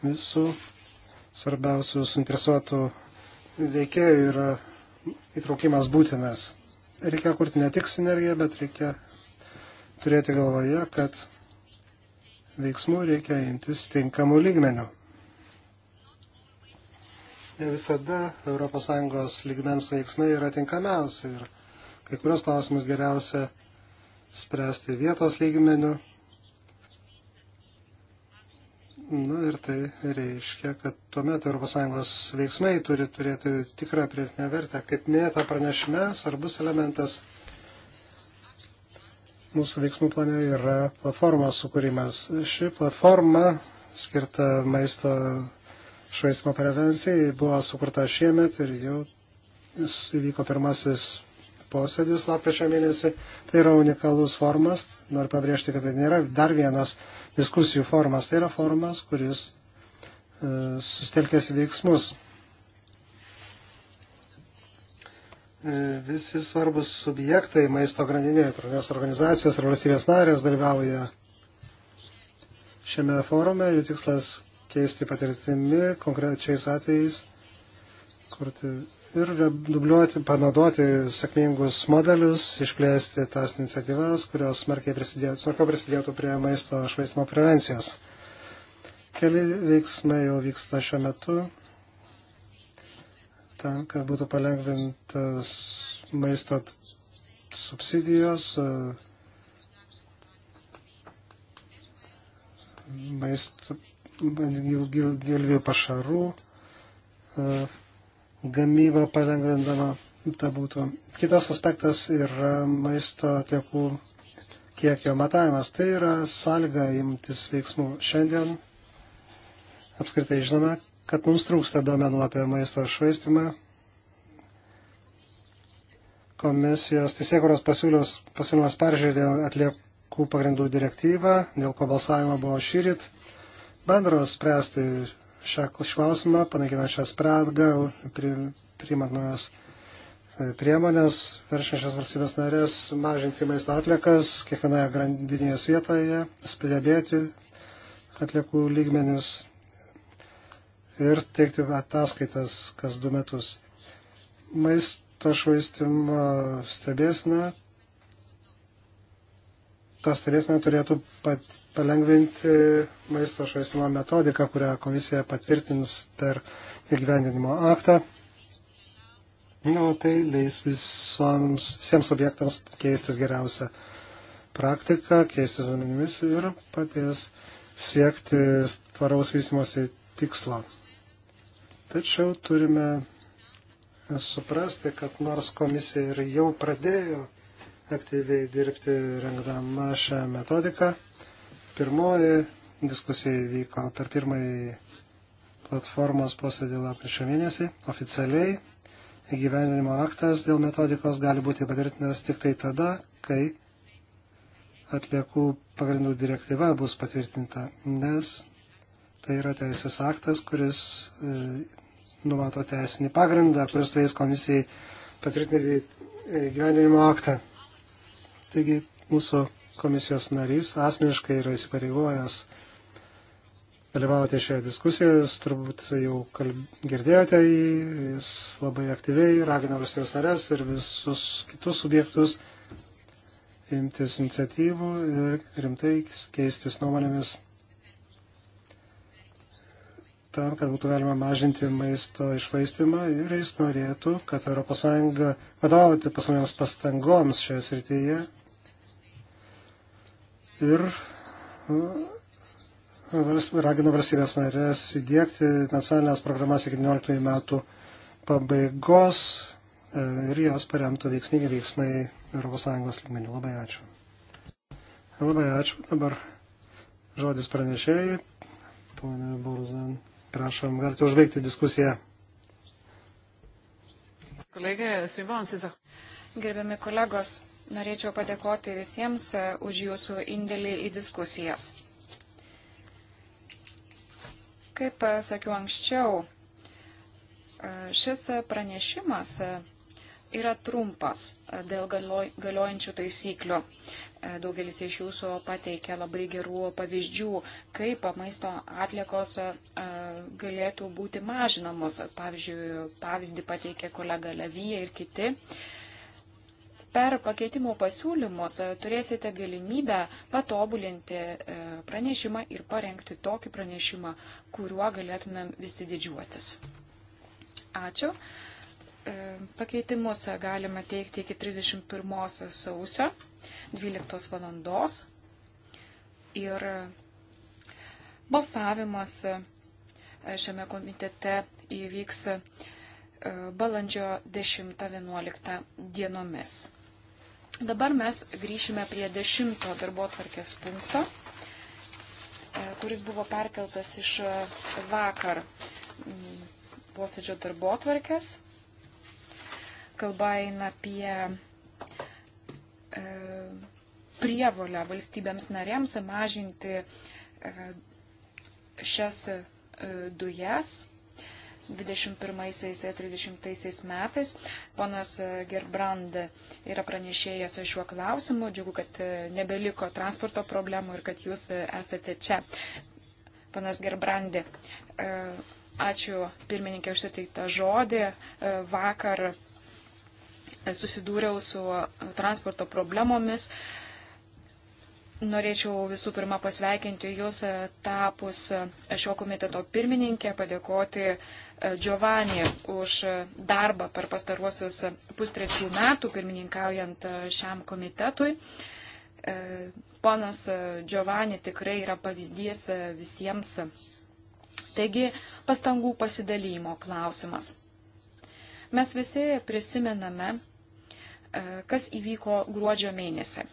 visų svarbiausių suinteresuotų veikėjų yra įtraukimas būtinas reikia kurti ne tik sinergiją, bet reikia turėti galvoje, kad veiksmų reikia imtis tinkamų lygmenių. Ne visada ES lygmens veiksmai yra tinkamiausi ir kai kurios klausimus geriausia spręsti vietos lygmenių, Na ir tai reiškia, kad tuomet ES veiksmai turi turėti tikrą prietinę vertę. Kaip minėta pranešime, svarbus elementas mūsų veiksmų plane yra platformos sukūrimas. Ši platforma skirta maisto švaistimo prevencijai buvo sukurta šiemet ir jau įvyko pirmasis posėdis lapkričio mėnesį. Tai yra unikalus formas. Noriu pabrėžti, kad tai nėra dar vienas diskusijų formas. Tai yra formas, kuris e, sustelkėsi veiksmus. E, visi svarbus subjektai maisto grandinėje, pradės organizacijos ir valstybės narės dalyvauja šiame forume. Jų tikslas keisti patirtimi konkrečiais atvejais, kurti ir dubliuoti, panaudoti sėkmingus modelius, išplėsti tas iniciatyvas, kurios smarkiai prisidėtų, smarkiai prisidėtų prie maisto švaistimo prevencijos. Keli veiksmai jau vyksta šiuo metu, tam, kad būtų palengvintas maisto subsidijos, maisto gyvulvių pašarų gamybą palengvindama ta būtų. Kitas aspektas yra maisto atliekų kiekio matavimas. Tai yra sąlyga imtis veiksmų. Šiandien apskritai žinome, kad mums trūksta duomenų apie maisto švaistimą. Komisijos teisėkuros pasiūlymas peržiūrėjo atliekų pagrindų direktyvą, dėl ko balsavimo buvo šyrit. Bendros spręsti šią klausimą, panaikinant šią spragą, priimant naujas e, priemonės, veršinčias valstybės narės, mažinti maisto atliekas kiekvienoje grandinės vietoje, stebėti atliekų lygmenius ir teikti ataskaitas kas du metus. Maisto švaistimo stebėsina, ta stebėsina turėtų pat palengvinti maisto švaistimo metodiką, kurią komisija patvirtins per įgyvendinimo aktą. Nu, tai leis visoms, visiems objektams keistis geriausią praktiką, keistis zamenimis ir padės siekti tvaraus vystimosi tikslo. Tačiau turime suprasti, kad nors komisija ir jau pradėjo aktyviai dirbti rengdama šią metodiką, Pirmoji diskusija vyko per pirmąjį platformos posėdį lapkričio mėnesį. Oficialiai įgyvendinimo aktas dėl metodikos gali būti patvirtintas tik tai tada, kai atliekų pagrindų direktyva bus patvirtinta, nes tai yra teisės aktas, kuris e, numato teisinį pagrindą, kuris leis komisijai patvirtinti gyvenimo aktą. Taigi mūsų komisijos narys asmeniškai yra įsipareigojęs dalyvauti šioje diskusijoje. Jūs turbūt jau kalb... girdėjote jį, jis labai aktyviai ragina valstybės narės ir visus kitus subjektus imtis iniciatyvų ir rimtai keistis nuomonėmis tam, kad būtų galima mažinti maisto išvaistimą ir jis norėtų, kad ES vadovauti pasaulinėms pastangoms šioje srityje ir nu, ragina valstybės narės įdėkti nacionalinės programas iki 19 metų pabaigos e, ir jas paremtų veiksmingi veiksmai ES lygmenių. Labai ačiū. Labai ačiū. Dabar žodis pranešėjai. Pone Borzan, prašom, galite užveikti diskusiją. Kolegė Svivon, Gerbiami kolegos, Norėčiau padėkoti visiems e, už jūsų indėlį į diskusijas. Kaip e, sakiau anksčiau, e, šis pranešimas yra trumpas dėl galiojančių taisyklių. Daugelis iš jūsų pateikė labai gerų pavyzdžių, kaip maisto atliekos galėtų būti mažinamos. Pavyzdžiui, pavyzdį pateikė kolega Levija ir kiti per pakeitimų pasiūlymus e, turėsite galimybę patobulinti e, pranešimą ir parengti tokį pranešimą, kuriuo galėtumėm visi didžiuotis. Ačiū. E, pakeitimus galima teikti iki 31 sausio 12 valandos ir balsavimas šiame komitete įvyks balandžio 10-11 dienomis. Dabar mes grįšime prie dešimto darbo tvarkės punkto, e, kuris buvo perkeltas iš e, vakar mm, posėdžio darbo tvarkės. Kalba eina apie e, prievolę valstybėms narėms mažinti šias dujas 21-30 metais. Ponas Gerbrand yra pranešėjęs šiuo klausimu. Džiugu, kad nebeliko transporto problemų ir kad jūs esate čia. Panas Gerbrandi, e, ačiū pirmininkė užsiteiktą žodį. E, vakar susidūriau su transporto problemomis, Norėčiau visų pirma pasveikinti Jūs e, tapus e, šio komiteto pirmininkė, padėkoti e, Giovanni už darbą per pastaruosius pustrečių metų pirmininkaujant šiam komitetui. Ponas Giovanni tikrai yra pavyzdys visiems. Taigi pastangų pasidalymo klausimas. Mes visi prisimename, kas įvyko gruodžio mėnesį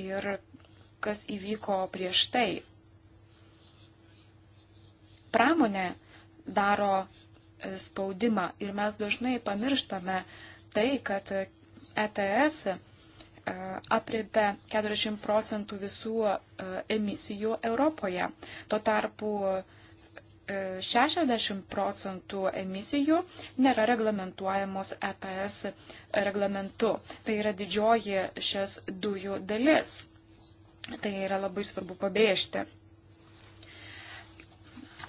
ir kas įvyko prieš tai. Pramonė daro e, spaudimą ir mes dažnai pamirštame tai, kad ETS apribė 40 procentų visų e, emisijų Europoje. Tuo tarpu 60 procentų emisijų nėra reglamentuojamos ETS reglamentu. Tai yra didžioji šias dujų dalis. Tai yra labai svarbu pabrėžti.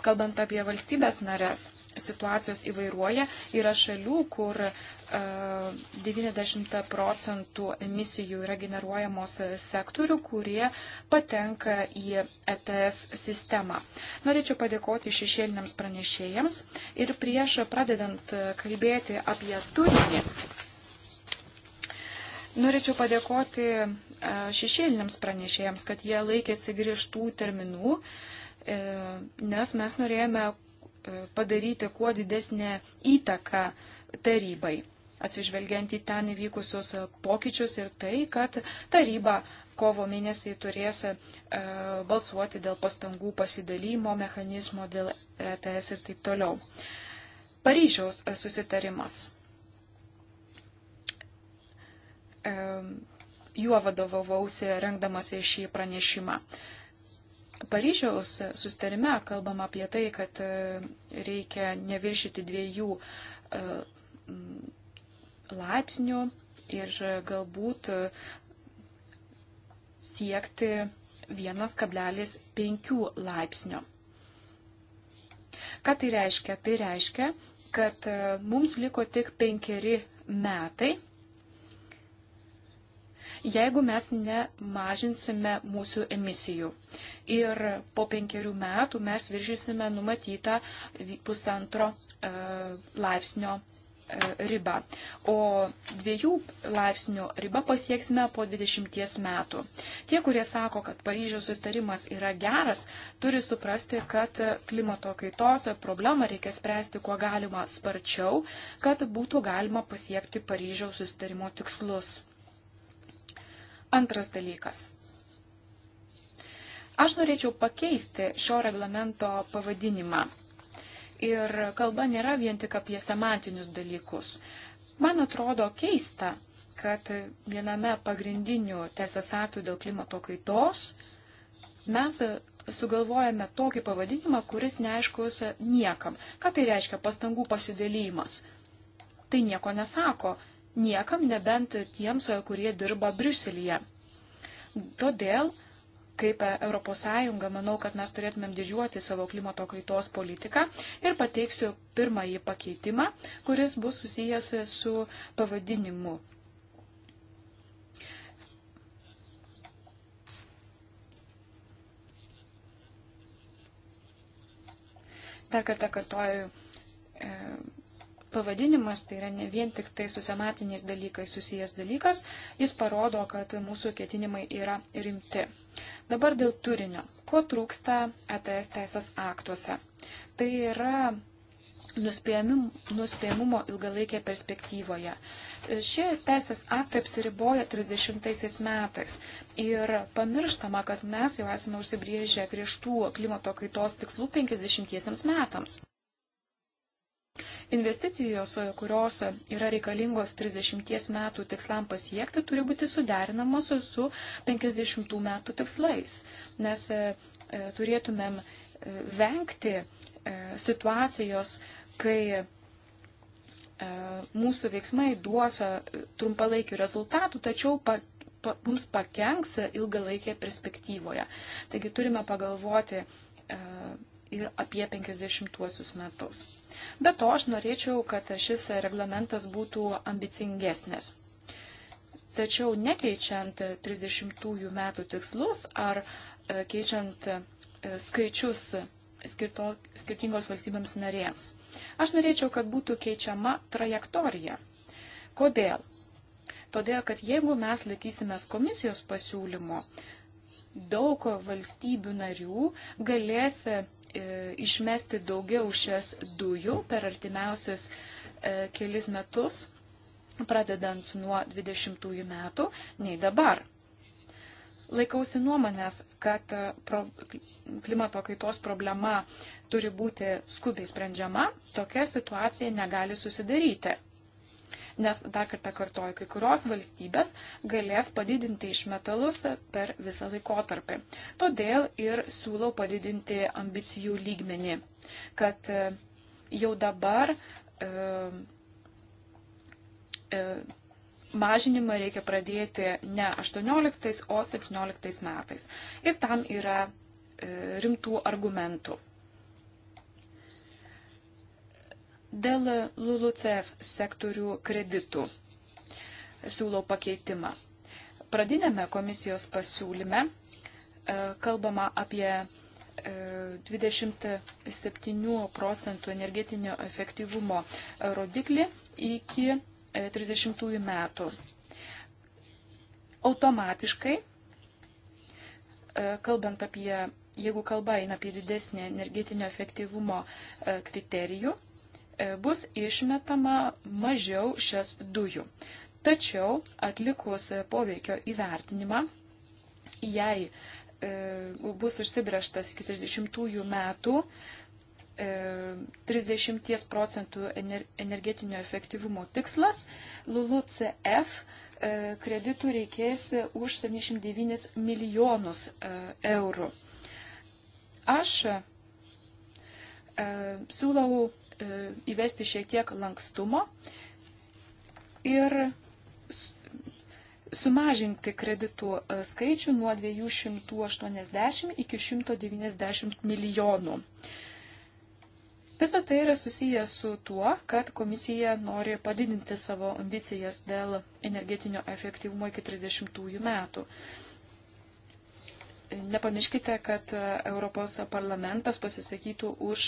Kalbant apie valstybės narės, situacijos įvairuoja, yra šalių, kur 90 procentų emisijų yra generuojamos sektorių, kurie patenka į ETS sistemą. Norėčiau padėkoti šešėliniams pranešėjams ir prieš pradedant kalbėti apie turinį, norėčiau padėkoti e, šešėliniams pranešėjams, kad jie laikėsi griežtų terminų, e, nes mes norėjome e, padaryti kuo didesnę įtaką tarybai atsižvelgiant į ten įvykusius e, pokyčius ir tai, kad taryba kovo mėnesį turės e, balsuoti dėl pastangų pasidalymo mechanizmo, dėl ETS ir taip toliau. Paryžiaus e, susitarimas. E, juo vadovavausi rengdamasi šį pranešimą. Paryžiaus e, sustarime kalbama apie tai, kad reikia neviršyti dviejų e, laipsnių ir galbūt siekti 1,5 laipsnio. Ką tai reiškia? Tai reiškia, kad e, mums liko tik penkeri metai, jeigu mes nemažinsime mūsų emisijų. Ir po penkerių metų mes viršysime numatytą pusantro e, laipsnio E, ribą, o dviejų laipsnių ribą pasieksime po 20 metų. Tie, kurie sako, kad Paryžiaus sustarimas yra geras, turi suprasti, kad klimato kaitos problemą reikia spręsti kuo galima sparčiau, kad būtų galima pasiekti Paryžiaus sustarimo tikslus. Antras dalykas. Aš norėčiau pakeisti šio reglamento pavadinimą. Ir kalba nėra vien tik apie semantinius dalykus. Man atrodo keista, kad viename pagrindinių teisės aktų dėl klimato kaitos mes sugalvojame tokį pavadinimą, kuris neaiškus niekam. Ką tai reiškia pastangų pasidalymas? Tai nieko nesako niekam, nebent tiems, kurie dirba Briuselyje. Todėl kaip ES, manau, kad mes turėtumėm didžiuoti savo klimato kaitos politiką ir pateiksiu pirmąjį pakeitimą, kuris bus susijęs su pavadinimu. Dar kartą kartoju, e, pavadinimas tai yra ne vien tik tai su sematiniais dalykais susijęs dalykas, jis parodo, kad mūsų ketinimai yra rimti. Dabar dėl turinio. Ko trūksta ETS teisės aktuose? Tai yra nuspėjimumo ilgalaikėje perspektyvoje. Šie teisės aktai apsiriboja 30 metais ir pamirštama, kad mes jau esame užsibrėžę griežtų klimato kaitos tikslų 50 metams. Investicijos, kurios yra reikalingos 30 metų tikslam pasiekti, turi būti suderinamos su 50 metų tikslais, nes e, e, turėtumėm e, vengti situacijos, kai mūsų veiksmai duos trumpalaikių rezultatų, tačiau pa, pa, mums pakenks ilgalaikėje perspektyvoje. Taigi turime pagalvoti ir apie 50-uosius metus. Be to, aš norėčiau, kad šis reglamentas būtų ambicingesnis. Tačiau nekeičiant 30-ųjų metų tikslus ar e, keičiant e, skaičius skirto, skirtingos valstybėms narėms. Aš norėčiau, kad būtų keičiama trajektorija. Kodėl? Todėl, kad jeigu mes laikysimės komisijos pasiūlymo, daug valstybių narių galės e, išmesti daugiau šias dujų per artimiausius e, kelis metus, pradedant nuo 20 metų, nei dabar. Laikausi nuomonės, kad e, pro, klimato kaitos problema turi būti skubiai sprendžiama, tokia situacija negali susidaryti nes dar kartą kartoju, kai kurios valstybės galės padidinti išmetalus per visą laikotarpį. Todėl ir siūlau padidinti ambicijų lygmenį, kad e, jau dabar e, e, mažinimą reikia pradėti ne 18, o 17 metais. Ir tam yra e, rimtų argumentų. Dėl LULUCF sektorių kreditų siūlau pakeitimą. Pradinėme komisijos pasiūlyme e, kalbama apie 27 e, procentų energetinio efektyvumo rodiklį iki 30 e, metų. Automatiškai, kalbant apie, jeigu kalba eina apie didesnį energetinio efektyvumo kriterijų, E, bus išmetama mažiau šias dujų. Tačiau atlikus poveikio įvertinimą, jei e, bus užsibrieštas iki 30 metų 30 e, procentų energetinio efektyvumo tikslas, LULUCF kreditų reikės už 79 milijonus eurų. Aš siūlau E, įvesti šiek tiek lankstumo ir sumažinti kreditų e, skaičių nuo 280 iki 190 milijonų. Visa tai yra susiję su tuo, kad komisija nori padidinti savo ambicijas dėl energetinio efektyvumo iki 30 metų. Nepamirškite, kad Europos parlamentas pasisakytų už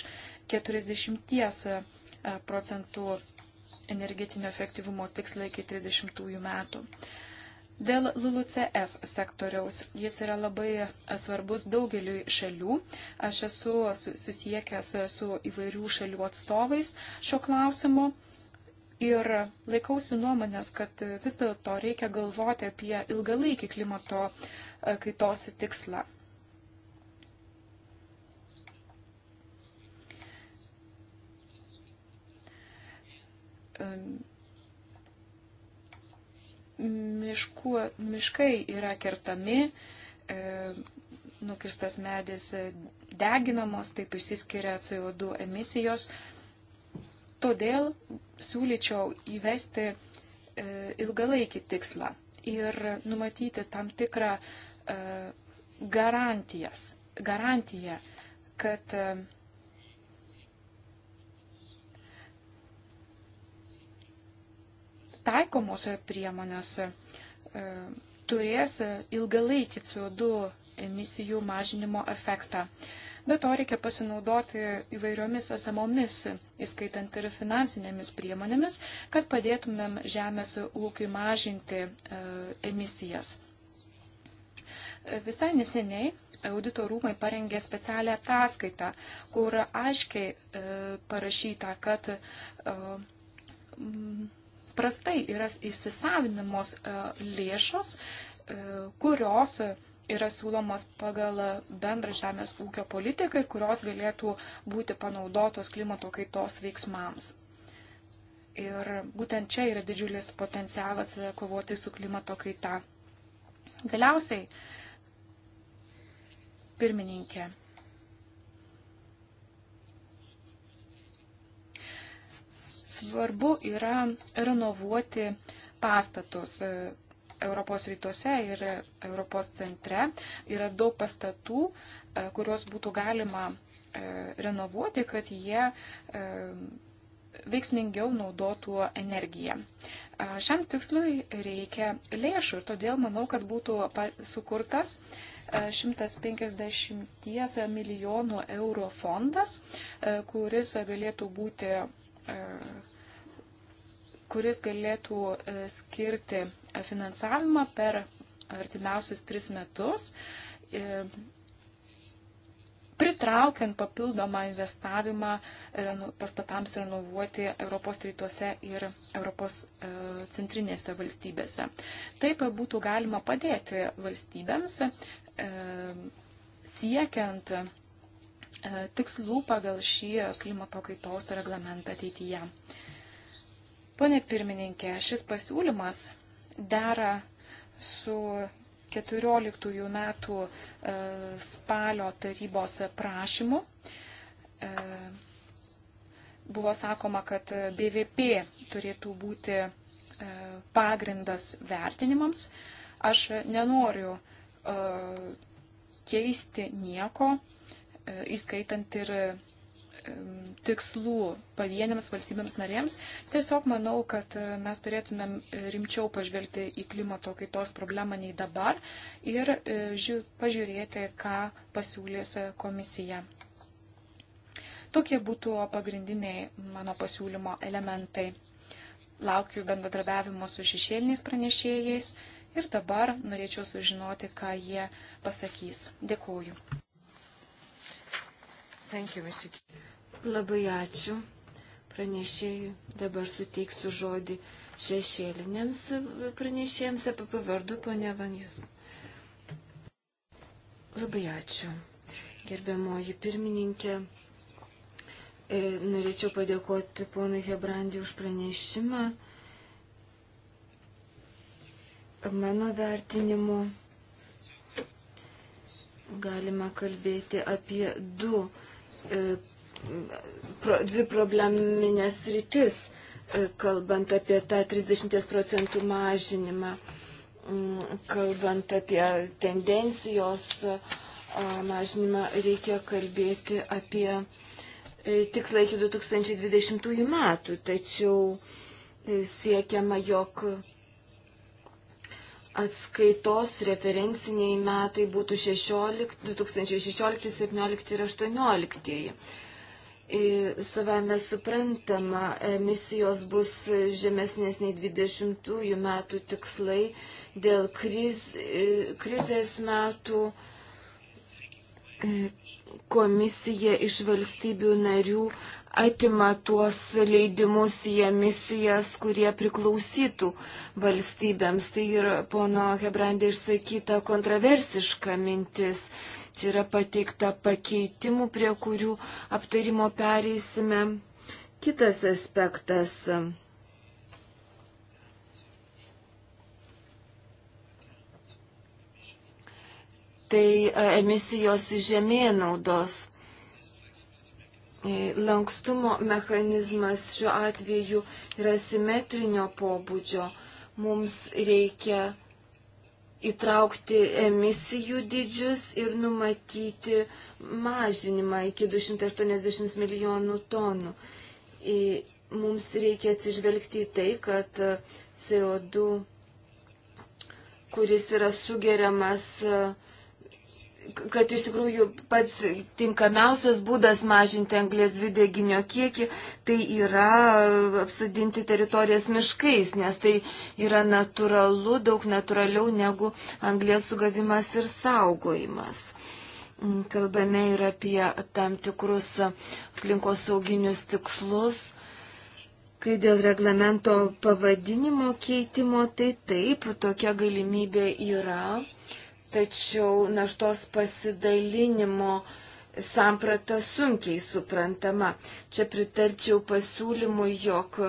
40 e, procentų energetinio efektyvumo tikslą iki 30 metų. Dėl LULUCF sektoriaus jis yra labai svarbus daugeliui šalių. Aš esu susiekęs su įvairių šalių atstovais šio klausimu ir laikausi nuomonės, kad vis dėlto reikia galvoti apie ilgalaikį klimato uh, E, kaitos tikslą. Mišku, miškai yra kertami, e, nukirstas medis deginamos, taip išsiskiria CO2 emisijos. Todėl siūlyčiau įvesti e, ilgalaikį tikslą ir numatyti tam tikrą E, garantijas, garantiją, kad e, taikomos priemonės e, turės ilgalaikį CO2 emisijų mažinimo efektą. Be to reikia pasinaudoti įvairiomis esamomis, įskaitant ir finansinėmis priemonėmis, kad padėtumėm žemės ūkiui mažinti e, emisijas. Visai neseniai audito rūmai parengė specialią ataskaitą, kur aiškiai e, parašyta, kad e, prastai yra įsisavinamos e, lėšos, e, kurios yra siūlomas pagal bendrą žemės ūkio politiką ir kurios galėtų būti panaudotos klimato kaitos veiksmams. Ir būtent čia yra didžiulis potencialas kovoti su klimato kaita. Galiausiai pirmininkė. Svarbu yra renovuoti pastatus. E, Europos rytuose ir Europos centre yra daug pastatų, e, kuriuos būtų galima e, renovuoti, kad jie veiksmingiau naudotų energiją. Šiam tikslui reikia lėšų ir todėl manau, kad būtų sukurtas uh, 150 milijonų eurų fondas, e, kuris galėtų būti e, kuris galėtų e, skirti finansavimą per artimiausius tris metus, pritraukiant papildomą investavimą pastatams renovuoti Europos rytuose ir Europos centrinėse valstybėse. Taip būtų galima padėti valstybėms E, siekiant e, tikslų pagal šį klimato kaitos reglamentą ateityje. Pone pirmininkė, šis pasiūlymas dera su 14 metų e, spalio tarybos prašymu. Buvo sakoma, kad BVP turėtų būti pagrindas vertinimams. Aš nenoriu uh, keisti nieko, e, įskaitant ir e, tikslų pavieniams valstybėms narėms. Tiesiog manau, kad e, mes turėtumėm rimčiau pažvelgti į klimato kaitos problemą nei dabar ir pažiūrėti, ką pasiūlės komisija. Tokie būtų pagrindiniai mano pasiūlymo elementai. Laukiu bendradarbiavimo su šešėliniais pranešėjais Ir dabar norėčiau sužinoti, ką jie pasakys. Dėkuoju. Labai ačiū pranešėjui. Dabar suteiksiu žodį šešėliniams pranešėjams apie pavardų, ponia Vanjus. Labai ačiū. Gerbiamoji pirmininkė, e, norėčiau padėkoti ponui Hebrandi už pranešimą. Mano vertinimu galima kalbėti apie du, e, dvi probleminės rytis, e, kalbant apie tą 30 procentų mažinimą, mm, kalbant apie tendencijos e, mažinimą, reikia kalbėti apie tikslą iki 2020 metų, tačiau siekiama, jog atskaitos referenciniai metai būtų 16, 2016, 2017 ir 2018. E, savame suprantama, emisijos bus žemesnės nei 20 metų tikslai dėl kriz, e, krizės metų. E, komisija iš valstybių narių atima tuos leidimus į emisijas, kurie priklausytų uh, valstybėms. Tai ir pono Hebrandė išsakyta kontroversiška mintis. Čia yra pateikta pakeitimų, prie kurių aptarimo pereisime. Kitas aspektas. Tai e, emisijos žemėnaudos e, lankstumo mechanizmas šiuo atveju yra simetrinio pobūdžio. Mums reikia įtraukti emisijų dydžius ir numatyti mažinimą iki 280 milijonų tonų. Ir mums reikia atsižvelgti į tai, kad e, CO2, kuris yra sugeriamas uh, kad iš tikrųjų pats tinkamiausias būdas mažinti anglės dvideginio kiekį, tai yra apsudinti teritorijas miškais, nes tai yra natūralu, daug natūraliau negu anglės sugavimas ir saugojimas. Kalbame ir apie tam tikrus aplinkos sauginius tikslus. Kai dėl reglamento pavadinimo keitimo, tai taip, tokia galimybė yra tačiau naštos pasidalinimo samprata sunkiai suprantama. Čia pritarčiau pasiūlymui, jog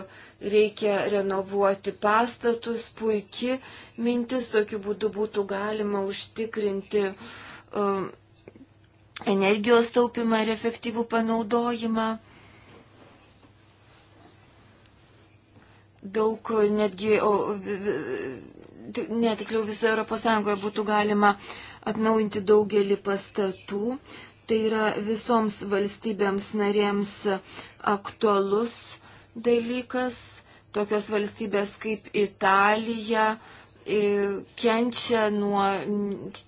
reikia renovuoti pastatus, puikiai mintis, tokiu būdu būtų galima užtikrinti um, energijos taupimą ir efektyvų panaudojimą. Daug netgi o, v, v, netiksliau visoje Europos Sąjungoje būtų galima atnaujinti daugelį pastatų. Tai yra visoms valstybėms narėms aktualus dalykas. Tokios valstybės kaip Italija kenčia nuo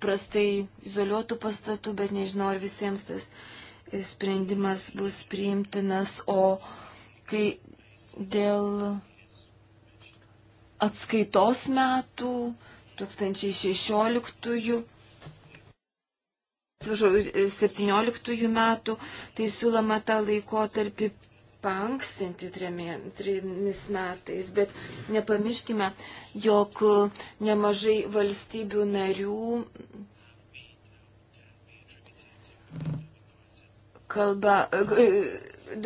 prastai izoliuotų pastatų, bet nežinau, ar visiems tas sprendimas bus priimtinas. O kai dėl atskaitos metų, 2016, 2017 metų, tai siūloma tą laikotarpį pankstinti trimis metais, bet nepamirškime, jog nemažai valstybių narių kalba,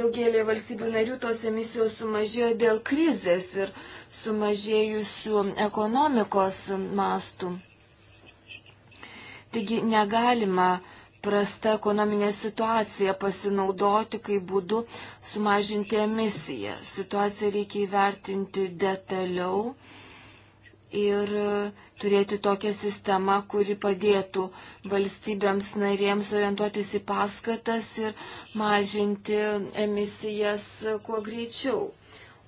daugelį valstybių narių tos emisijos sumažėjo dėl krizės ir uh, sumažėjusių ekonomikos mastų. Taigi negalima prasta ekonominė situacija pasinaudoti kaip būdu sumažinti emisiją. Situaciją reikia įvertinti detaliau ir turėti tokią sistemą, kuri padėtų valstybėms narėms orientuotis į paskatas ir mažinti emisijas kuo greičiau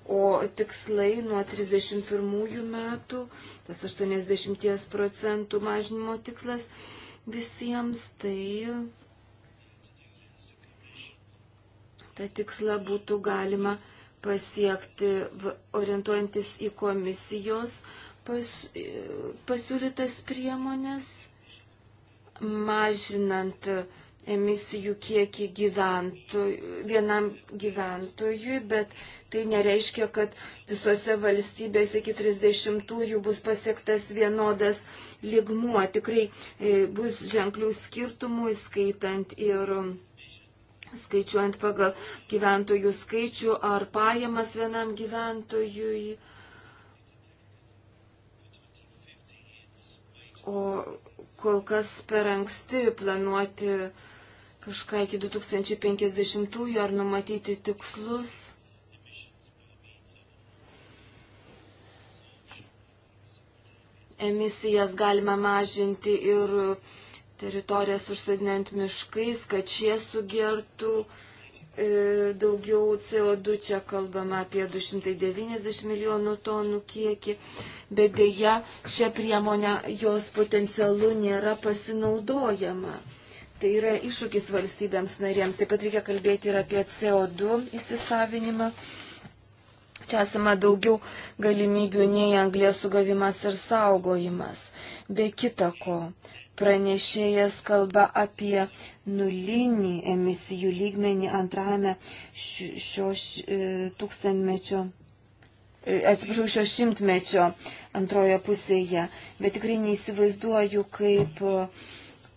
o tikslai nuo 31 metų, tas 80 procentų mažinimo tikslas visiems, tai tą tikslą būtų galima pasiekti orientuojantis į komisijos pas, pasiūlytas priemonės, mažinant emisijų kiekį gyventojų, vienam gyventojui, bet tai nereiškia, kad visose valstybėse iki 30-ųjų bus pasiektas vienodas ligmuo. Tikrai e, bus ženklių skirtumų, skaitant ir skaičiuojant pagal gyventojų skaičių ar pajamas vienam gyventojui. O kol kas per anksti planuoti kažką iki 2050-ųjų ar numatyti tikslus emisijas galima mažinti ir teritorijas užsodinant miškais, kad šie sugertų e, daugiau CO2. Čia kalbama apie 290 milijonų tonų kiekį, bet dėja šią priemonę jos potencialu nėra pasinaudojama. Tai yra iššūkis valstybėms narėms. Taip pat reikia kalbėti ir apie CO2 įsisavinimą esame daugiau galimybių nei anglės sugavimas ir saugojimas. Be kita ko, pranešėjas kalba apie nulinį emisijų lygmenį antrajame šio e, tūkstantmečio. E, atsiprašau, šio šimtmečio antroje pusėje, bet tikrai neįsivaizduoju, kaip uh,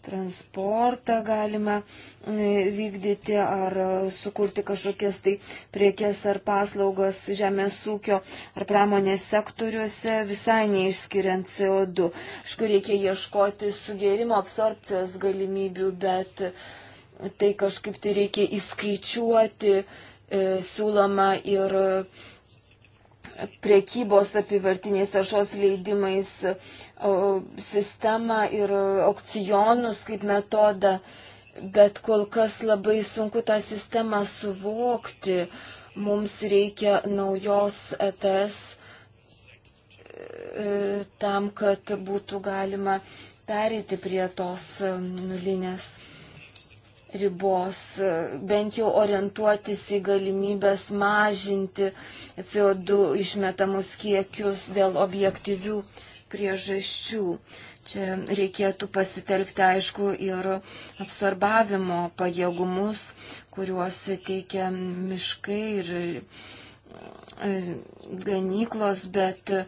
transportą galima e, vykdyti ar e, sukurti kažkokias tai priekes ar paslaugas žemės ūkio ar pramonės sektoriuose, visai neišskiriant CO2. Iš kur reikia ieškoti sugerimo absorpcijos galimybių, bet tai kažkaip tai reikia įskaičiuoti, e, siūloma ir priekybos apivartiniais taršos leidimais e, sistemą ir aukcionus kaip metodą, bet kol kas labai sunku tą sistemą suvokti. Mums reikia naujos ETS e, tam, kad būtų galima perėti prie tos e, nulinės ribos, bent jau orientuotis į galimybės mažinti CO2 išmetamus kiekius dėl objektyvių priežasčių. Čia reikėtų pasitelkti, aišku, ir absorbavimo pajėgumus, kuriuos teikia miškai ir e, e, ganyklos, bet e,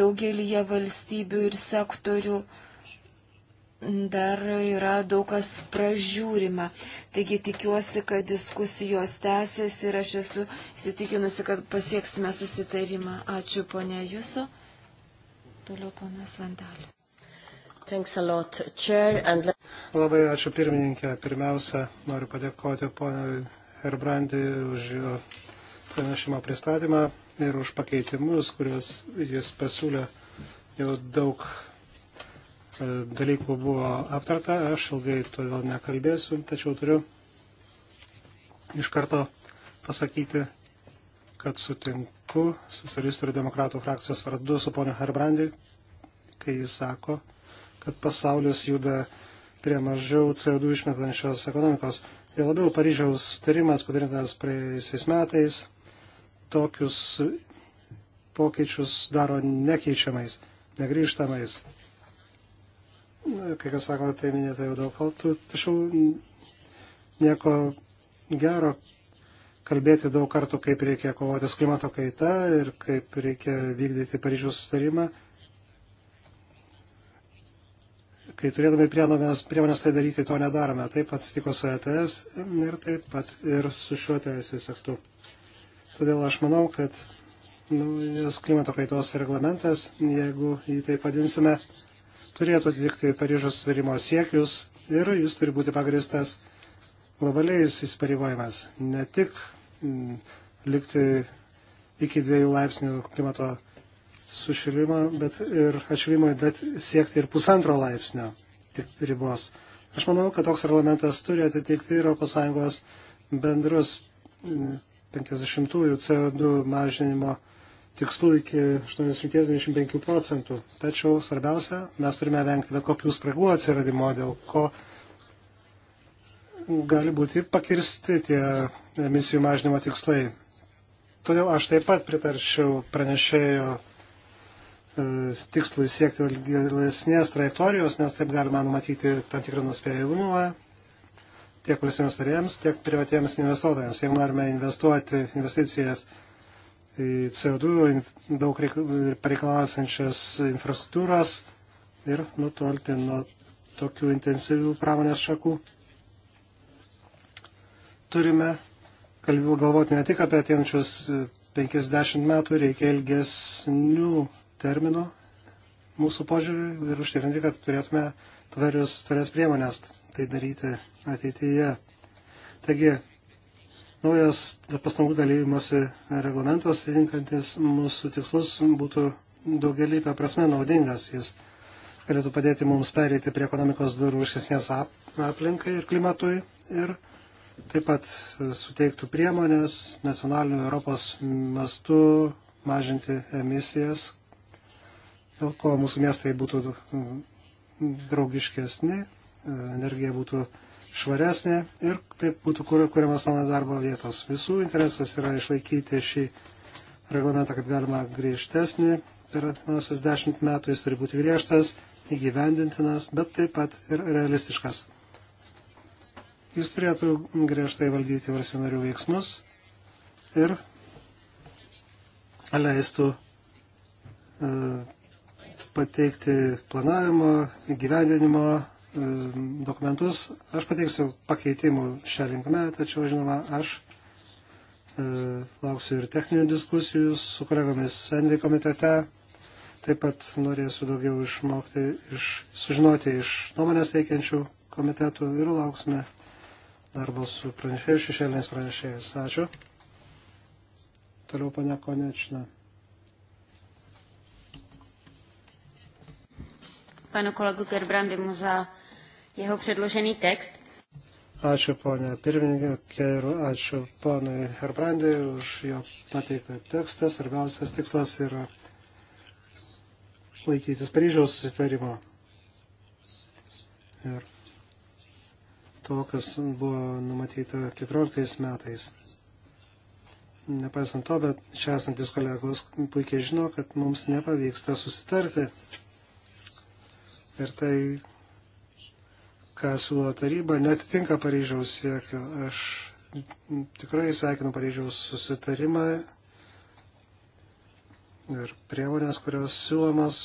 daugelį valstybių ir sektorių dar yra daug kas pražiūrima. Taigi tikiuosi, kad diskusijos tęsis ir aš esu įsitikinusi, kad pasieksime susitarimą. Ačiū ponė Jūsų. Toliau ponas Vandalė. Lot, and... Labai ačiū pirmininkė. Pirmiausia, noriu padėkoti ponui Herbrandi už jo pranešimo pristatymą ir už pakeitimus, kuriuos jis pasiūlė jau daug E, dalykų buvo aptarta, aš ilgai todėl nekalbėsiu, tačiau turiu iš karto pasakyti, kad sutinku socialistų ir demokratų frakcijos vardu su ponia Herbrandi, kai jis sako, kad pasaulis juda prie mažiau CO2 išmetančios ekonomikos. Ir labiau Paryžiaus sutarimas padarytas praėjusiais metais tokius pokyčius daro nekeičiamais, negrįžtamais kai kas sakoma, tai minėta jau daug kaltų, tačiau nieko gero kalbėti daug kartų, kaip reikia kovoti su klimato kaita ir kaip reikia vykdyti Paryžiaus sustarimą. Kai turėdami priemonės, priemonės tai daryti, to nedarome. Taip atsitiko su ETS ir taip pat ir su šiuo teisės aktu. Todėl aš manau, kad naujas klimato kaitos reglamentas, jeigu jį tai padinsime, turėtų atitikti Paryžiaus sutarimo siekius ir jis turi būti pagristas globaliais įsipareigojimas, ne tik mm, likti iki dviejų laipsnių klimato sušilimą, bet ir atšilimą, bet siekti ir pusantro laipsnio tik ribos. Aš manau, kad toks reglamentas turi atitikti ES bendrus 50-ųjų mm, CO2 mažinimo tikslų iki 80-95 procentų. Tačiau svarbiausia, mes turime vengti bet kokių spragų atsiradimo, dėl ko gali būti pakirsti tie emisijų mažinimo tikslai. Todėl aš taip pat pritarčiau pranešėjo e, tikslui siekti gilesnės trajektorijos, nes taip galima numatyti tam tikrą nuspėjimumą tiek valstybės narėms, tiek privatiems investuotojams. Jeigu norime investuoti investicijas į CO2 daug pareikalausiančias infrastruktūras ir nutolti nuo tokių intensyvių pramonės šakų. Turime kalbėjau galvoti ne tik apie atėjančius 50 e, metų, reikia ilgesnių terminų mūsų požiūriui ir užtikrinti, kad turėtume tvarius, tvarias priemonės tai daryti ateityje. Taigi, Naujas pastangų dalymosi reglamentas, tinkantis mūsų tikslus, būtų daugelįpę prasme naudingas. Jis galėtų padėti mums pereiti prie ekonomikos durų išesnės aplinkai ir klimatui ir taip pat suteiktų priemonės nacionalinių Europos mastų mažinti emisijas, dėl ko mūsų miestai būtų draugiškesni, energija būtų švaresnė ir taip būtų kuriamas nauja darbo vietos. Visų interesas yra išlaikyti šį reglamentą kaip galima griežtesnį. Per atminusius dešimt metų jis turi būti griežtas, įgyvendintinas, bet taip pat ir realistiškas. Jis turėtų griežtai valdyti varsinarių veiksmus ir leistų e, pateikti planavimo, įgyvendinimo E, dokumentus. Aš pateiksiu pakeitimų šią linkmę, tačiau, žinoma, aš e, lauksiu ir techninių diskusijų su kolegomis Envi komitete. Taip pat norėsiu daugiau išmokti, iš, sužinoti iš nuomonės teikiančių komitetų ir lauksime darbo su pranešėjais, šešėliniais pranešėjais. Ačiū. Toliau pane Konečna. Panu kolegu Gerbrandimu za jeho předložený text. Ačiū ponė pirmininkė ir ačiū ponui Herbrandai už jo pateiktą tekstą. Svarbiausias tikslas yra laikytis Paryžiaus susitarimo ir to, kas buvo numatyta 14 metais nepaisant to, bet čia esantis kolegos puikiai žino, kad mums nepavyksta susitarti. Ir tai ką siūlo taryba, netitinka Paryžiaus siekio. Aš tikrai sveikinu Paryžiaus susitarimą ir priemonės, kurios siūlomas,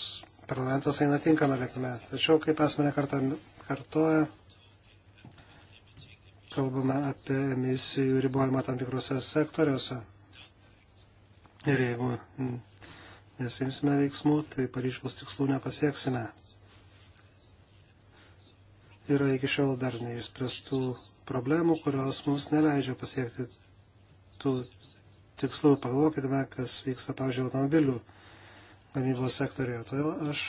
parlamentas eina tinkamą linkme. Tačiau, kaip esame nekartą kartoja, kalbame apie emisijų ribojimą tam tikrose sektoriuose. Ir jeigu nesimsime veiksmų, tai Paryžiaus tikslų nepasieksime yra iki šiol dar neišspręstų problemų, kurios mums neleidžia pasiekti tų tikslų. Pagalvokime, kas vyksta, pavyzdžiui, automobilių gamybos sektorėje. Todėl aš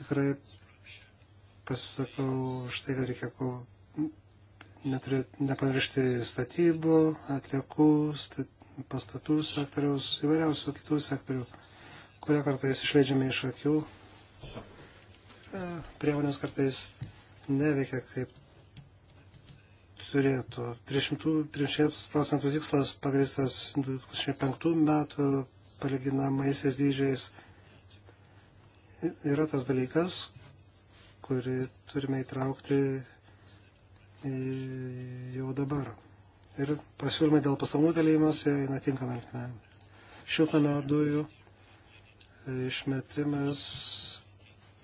tikrai pasisakau už tai, kad reikia ko neturi, nepamiršti statybų, atliekų, stat, pastatų sektoriaus, įvairiausių kitų sektorių, kurie kartais išleidžiame iš akių. E, priemonės kartais neveikia kaip turėtų. 300 procentų tikslas pagristas 2005 metų palyginamaisiais dydžiais yra tas dalykas, kurį turime įtraukti jau dabar. Ir pasiūlymai dėl pastangų dalymas eina tinkama linkme. Šiltnamio dujų išmetimas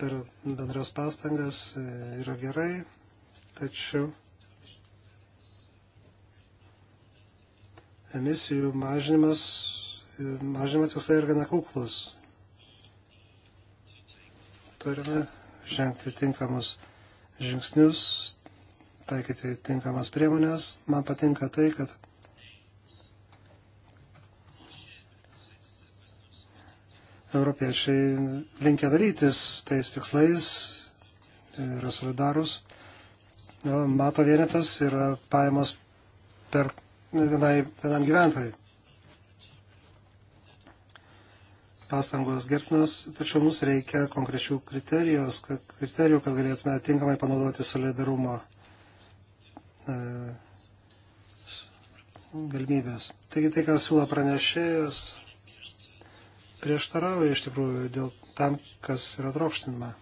per bendras pastangas e, yra gerai, tačiau emisijų mažinimas, e, mažinimo tikslai yra gana kuklus. Turime žengti tinkamus žingsnius, taikyti tinkamas priemonės. Man patinka tai, kad europiečiai linkia darytis tais tikslais, tai yra solidarus. Mato vienetas yra pajamos per vienai, vienam gyventojui. Pastangos gerbtinos, tačiau mums reikia konkrečių kriterijos, kad, kriterijų, kad galėtume tinkamai panaudoti solidarumo e, galimybės. Taigi tai, ką siūlo pranešėjas, prieštarauja iš tikrųjų dėl tam, kas yra trokštinama.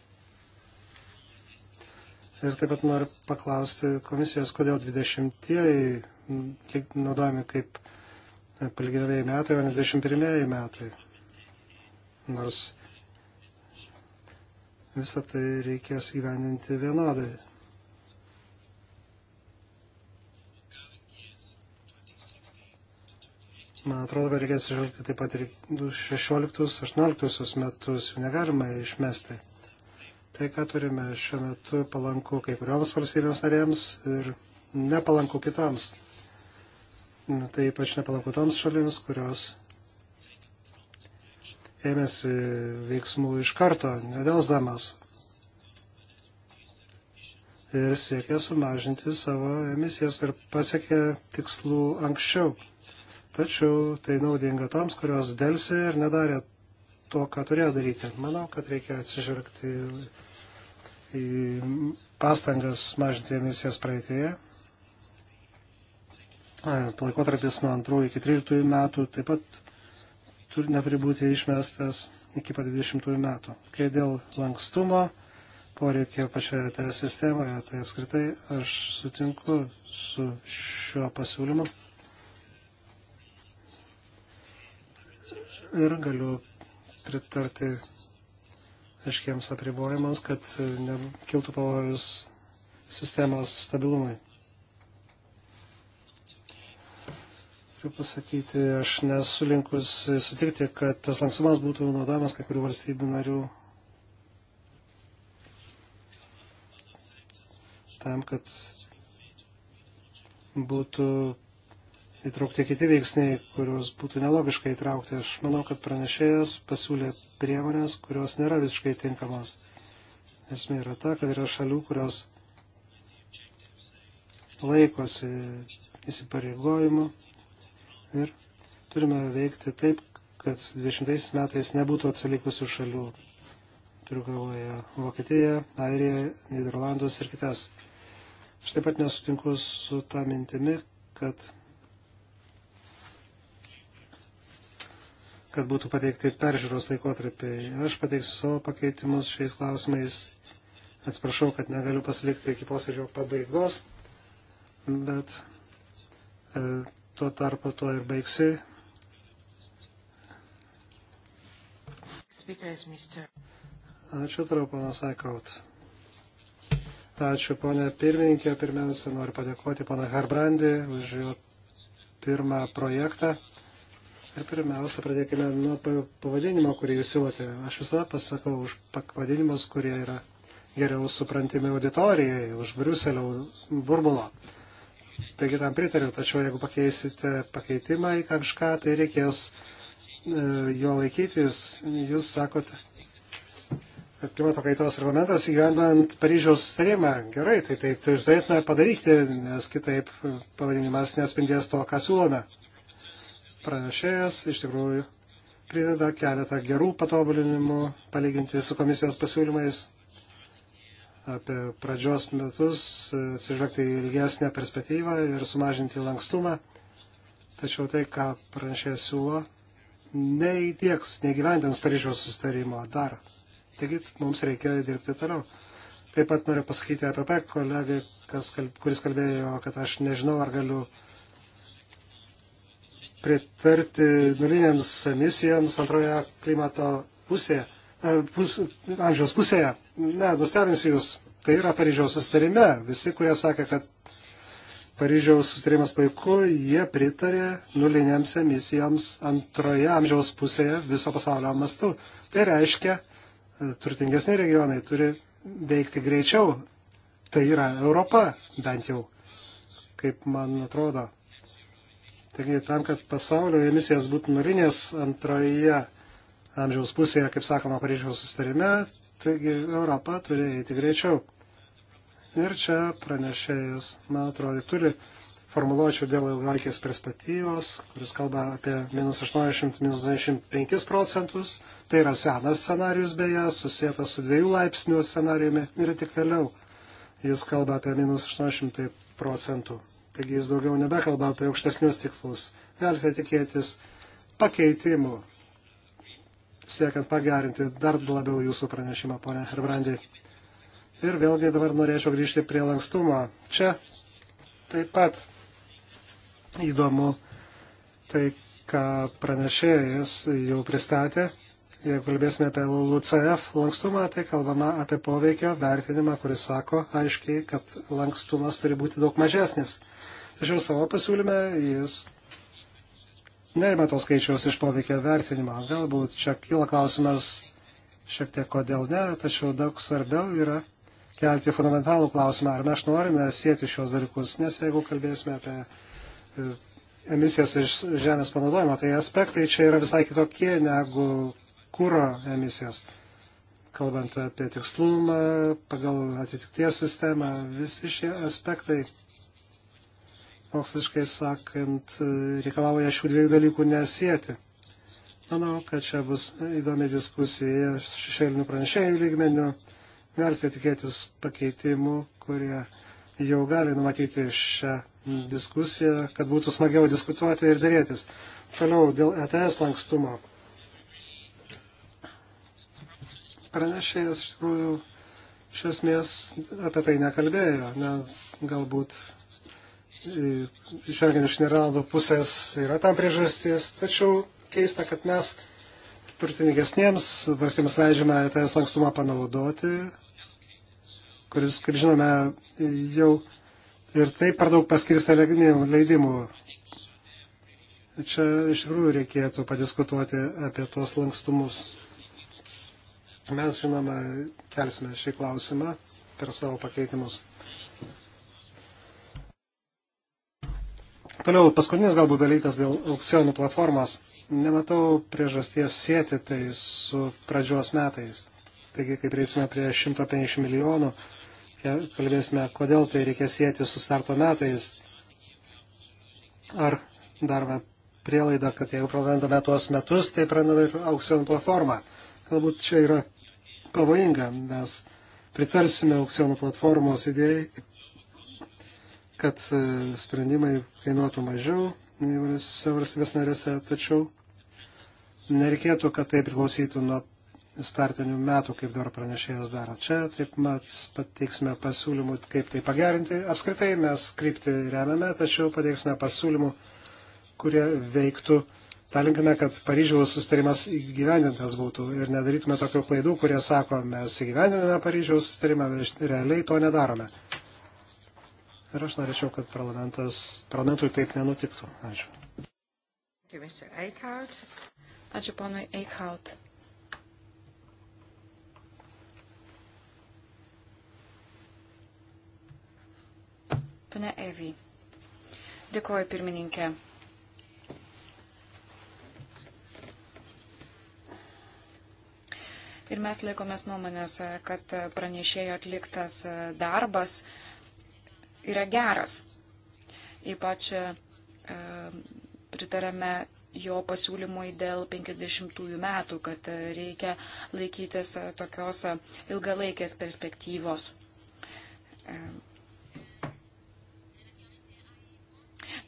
Ir taip pat noriu paklausti komisijos, kodėl 20-ieji naudojami kaip palgyvėjai metai, o ne 21-ieji metai. Nors visą tai reikės gyveninti vienodai. man atrodo, kad reikės žvelgti taip pat ir 16-18 metus, jų negalima išmesti. Tai, ką turime šiuo metu, palanku kai kurioms valstybėms narėms ir nepalanku kitoms. Tai ypač nepalanku toms šalims, kurios ėmėsi veiksmų iš karto, nedelsdamas. Ir siekė sumažinti savo emisijas ir pasiekė tikslų anksčiau. Tačiau tai naudinga toms, kurios dėlsi ir nedarė to, ką turėjo daryti. Manau, kad reikia atsižvelgti į pastangas mažinti emisijas praeitėje. Laikotarpis nuo 2 iki 13 metų taip pat turi, neturi būti išmestas iki pat 20 metų. Kai dėl lankstumo poreikio pačioje toje sistemoje, tai apskritai aš sutinku su šiuo pasiūlymu. ir galiu pritarti aiškiems apribojimams, kad nekiltų pavojus sistemos stabilumui. Turiu pasakyti, aš nesu linkus sutikti, kad tas lankstumas būtų naudojamas kai kurių valstybių narių tam, kad būtų įtraukti kiti veiksniai, kuriuos būtų nelogiškai įtraukti. Aš manau, kad pranešėjas pasiūlė priemonės, kurios nėra visiškai tinkamos. Esmė yra ta, kad yra šalių, kurios laikosi įsipareigojimų ir turime veikti taip, kad 20 metais nebūtų atsilikusių šalių. Turiu galvoje Vokietiją, Airiją, Niderlandus ir kitas. Aš taip pat nesutinku su tą mintimi, kad kad būtų pateikti peržiūros laikotarpiai. Aš pateiksiu savo pakeitimus šiais klausimais. Atsiprašau, kad negaliu pasilikti iki posėdžio pabaigos, bet e, tuo tarpu tuo ir baigsi. Ačiū, tarau, panas Aikaut. Ačiū, ponė pirmininkė. Pirmiausia, noriu padėkoti pana Harbrandį už jo pirmą projektą. Ir pirmiausia, pradėkime nuo pavadinimo, kurį jūs siūlote. Aš visada pasakau už pavadinimus, kurie yra geriau suprantami auditorijai, už Briuselio burbulo. Taigi tam pritariu, tačiau jeigu pakeisite pakeitimą į kažką, tai reikės e, jo laikytis. Jūs sakot, kad klimato kaitos reglamentas įgyvendant Paryžiaus sutarimą. Gerai, tai taip tai turėtume padaryti, nes kitaip pavadinimas nespindės to, ką siūlome pranešėjas iš tikrųjų prideda keletą gerų patobulinimų palyginti su komisijos pasiūlymais apie pradžios metus, atsižvelgti į ilgesnę perspektyvą ir sumažinti lankstumą. Tačiau tai, ką pranešėjas siūlo, neįtieks, negyvendins Paryžiaus sustarimo dar. Taigi mums reikia dirbti toliau. Taip pat noriu pasakyti apie kolegai, kas, kuris kalbėjo, kad aš nežinau, ar galiu pritarti nulinėms emisijoms antroje klimato pusėje, e, pus, amžiaus pusėje. Ne, nustebins jūs, tai yra Paryžiaus sustarime. Visi, kurie sakė, kad Paryžiaus sustarimas puiku, jie pritarė nulinėms emisijoms antroje amžiaus pusėje viso pasaulio mastu. Tai reiškia, e, turtingesni regionai turi veikti greičiau. Tai yra Europa, bent jau, kaip man atrodo. Taigi tam, kad pasaulio emisijas būtų nulinės antroje amžiaus pusėje, kaip sakoma, Paryžiaus sustarime, taigi Europa turi eiti greičiau. Ir čia pranešėjas, man atrodo, turi formuluočių dėl ilgalaikės perspektyvos, kuris kalba apie minus 80, minus 95 procentus. Tai yra senas scenarius beje, susijęs su dviejų laipsnių scenariumi ir tik vėliau jis kalba apie minus 80 procentų. Taigi jis daugiau nebekalba apie aukštesnius tikslus. Galite tikėtis pakeitimų, siekiant pagerinti dar labiau jūsų pranešimą, ponė Herbrandi. Ir vėlgi dabar norėčiau grįžti prie lankstumo. Čia taip pat įdomu tai, ką pranešėjas jau pristatė jeigu kalbėsime apie LUCF lankstumą, tai kalbama apie poveikio vertinimą, kuris sako aiškiai, kad lankstumas turi būti daug mažesnis. Tačiau savo pasiūlyme jis neima to skaičiaus iš poveikio vertinimo. Galbūt čia kyla klausimas šiek tiek kodėl ne, tačiau daug svarbiau yra kelti fundamentalų klausimą, ar mes norime sėti šios dalykus, nes jeigu kalbėsime apie e, emisijas iš žemės panaudojimo, tai aspektai čia yra visai kitokie negu kūro emisijas. Kalbant apie tikslumą, pagal atitikties sistemą, visi šie aspektai, moksliškai sakant, reikalauja šių dviejų dalykų nesėti. Manau, kad čia bus įdomi diskusija šešėlinių pranešėjų lygmenių. Galite tikėtis pakeitimų, kurie jau gali numatyti šią diskusiją, kad būtų smagiau diskutuoti ir dėrėtis. Toliau dėl ETS lankstumo. Pranešėjas iš tikrųjų iš esmės apie tai nekalbėjo, nes galbūt išvelgiant e, iš Neraldo pusės yra tam priežasties, tačiau keista, kad mes turtingesniems valstybėms leidžiame ETS lankstumą panaudoti, kuris, kaip žinome, jau ir taip per daug paskirsta leidimų. Čia iš tikrųjų reikėtų padiskutuoti apie tuos lankstumus. Mes, žinoma, kelsime šį klausimą per savo pakeitimus. Toliau, paskutinis galbūt dalykas dėl aukcionų platformos. Nematau priežasties sėti tai su pradžios metais. Taigi, kai prieisime prie 150 milijonų, kalbėsime, kodėl tai reikia sėti su starto metais. Ar darome prielaidą, kad jeigu prarandame tuos metus, tai prarandame ir aukcionų platformą galbūt čia yra pavojinga. Mes pritarsime aukcionų platformos idėjai, kad e, sprendimai kainuotų mažiau įvairiose valstybės narėse, tačiau nereikėtų, kad tai priklausytų nuo startinių metų, kaip dar pranešėjas daro. Čia taip mes pateiksime pasiūlymų, kaip tai pagerinti. Apskritai mes krypti remiame, tačiau pateiksime pasiūlymų, kurie veiktų uh, tą linkime, kad Paryžiaus sustarimas įgyvendintas būtų ir nedarytume tokių klaidų, kurie sako, mes įgyvendiname Paryžiaus sustarimą, bet realiai to nedarome. Ir aš norėčiau, kad parlamentui taip nenutiktų. Ačiū. Ačiū ponui Eichhaut. Pane Evy. Dėkuoju pirmininkė. Ir mes laikomės nuomonės, kad pranešėjo atliktas darbas yra geras. Ypač e, pritarame jo pasiūlymui dėl 50-ųjų metų, kad reikia laikytis tokios ilgalaikės perspektyvos. E,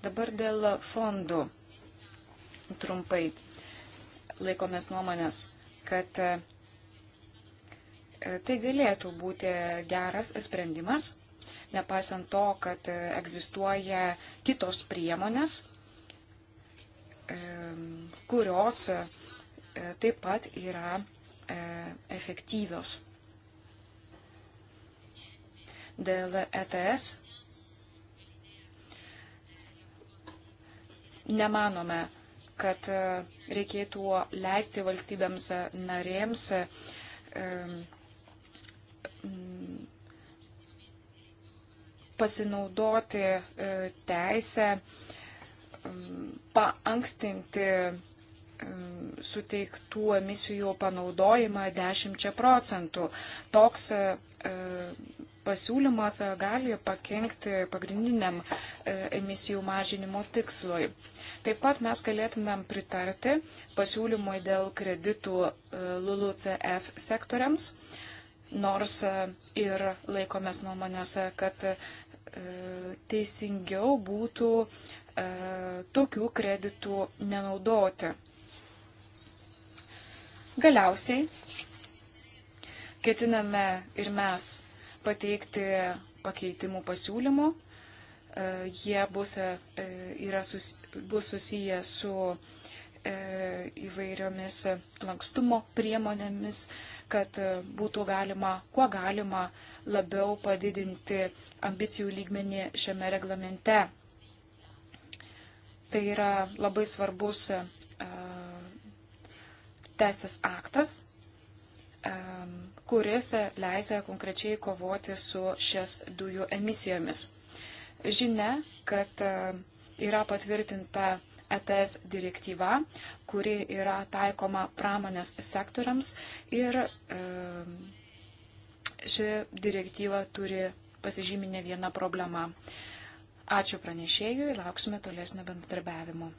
dabar dėl fondų trumpai laikomės nuomonės, kad E, tai galėtų būti geras sprendimas, nepaisant to, kad egzistuoja kitos priemonės, e, kurios e, taip pat yra efektyvios. Dėl ETS nemanome, kad reikėtų leisti valstybėms narėms pasinaudoti e, teisę paankstinti suteiktų emisijų panaudojimą 10 procentų. Toks e, e, pasiūlymas gali pakengti pagrindiniam emisijų mažinimo tikslui. Taip pat mes galėtumėm pritarti pasiūlymui dėl kreditų LULUCF sektoriams. sektoriams nors e, ir laikomės nuomonės, e, kad e, teisingiau būtų tokių kreditų nenaudoti. Galiausiai ketiname ir mes pateikti pakeitimų pasiūlymų. Jie bus, yra sus, bus susiję su E, įvairiomis lankstumo priemonėmis, kad e, būtų galima, kuo galima labiau padidinti ambicijų lygmenį šiame reglamente. Tai yra labai svarbus e, teisės aktas, kuris leisė konkrečiai kovoti su šias dujų emisijomis. Žinia, kad yra patvirtinta ETS direktyva, kuri yra taikoma pramonės sektoriams ir e, ši direktyva turi pasižymį ne vieną problemą. Ačiū pranešėjui, lauksime tolesnio bendradarbiavimo.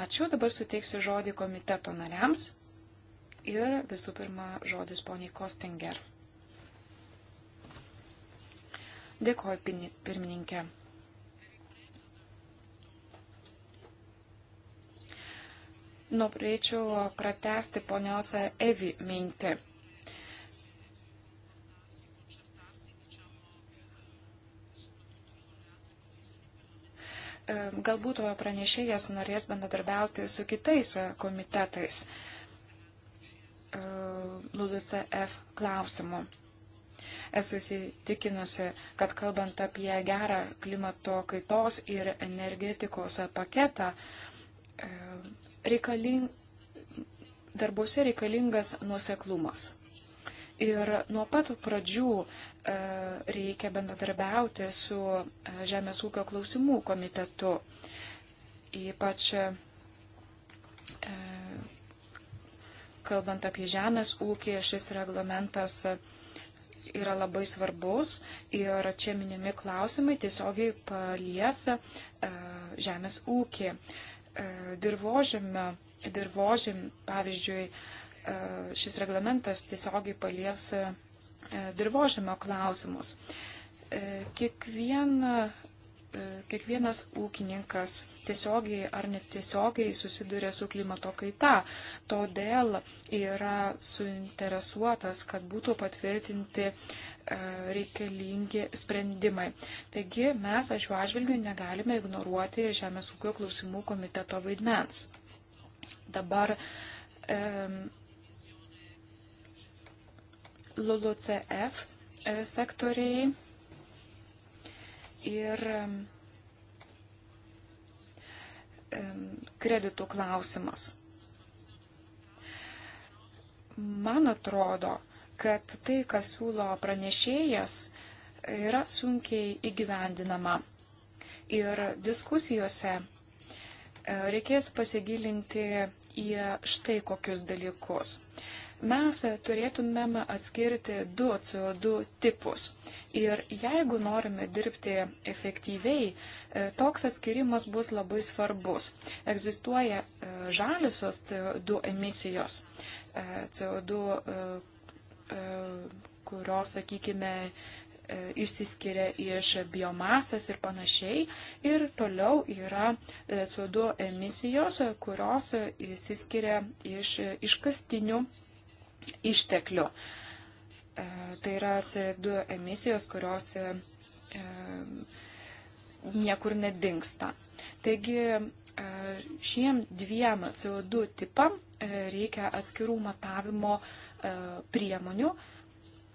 Ačiū, dabar suteiksiu žodį komiteto nariams ir visų pirma žodis poniai Kostinger. Dėkoju, pirmininkė. Nu, norėčiau pratesti ponios Evi mintį. Galbūt pranešėjas norės bendradarbiauti su kitais komitetais LUDCF klausimu. Esu įsitikinusi, kad kalbant apie gerą klimato kaitos ir energetikos paketą, e, reikaling, darbuose reikalingas nuoseklumas. Ir nuo pat pradžių e, reikia bendradarbiauti su e, Žemės ūkio klausimų komitetu. Ypač kalbant apie žemės ūkį, šis reglamentas yra labai svarbus ir čia minimi klausimai tiesiogiai palies e, žemės ūkį. Dirbožėme, dirbožėm, pavyzdžiui, e, šis reglamentas tiesiogiai palies e, dirbožėmio klausimus. Kiekviena E, kiekvienas ūkininkas tiesiogiai ar netiesiogiai susiduria su klimato kaita. Todėl yra suinteresuotas, kad būtų patvirtinti e, reikalingi sprendimai. Taigi mes šiuo atžvilgiu negalime ignoruoti Žemės ūkio klausimų komiteto vaidmens. Dabar e, LULUCF e, sektoriai ir kreditų klausimas. Man atrodo, kad tai, kas siūlo pranešėjas, yra sunkiai įgyvendinama. Ir diskusijose e, reikės pasigilinti į štai kokius dalykus mes turėtumėm atskirti du CO2 tipus. Ir jeigu norime dirbti efektyviai, e, toks atskirimas bus labai svarbus. Egzistuoja e, žaliosios CO2 emisijos, e, CO2, kurios, sakykime, išsiskiria iš biomasės ir panašiai. Ir toliau yra CO2 emisijos, kurios išsiskiria iš iškastinių išteklių. E, tai yra CO2 emisijos, kurios e, e, niekur nedingsta. Taigi šiem dviem CO2 tipam reikia atskirų matavimo priemonių.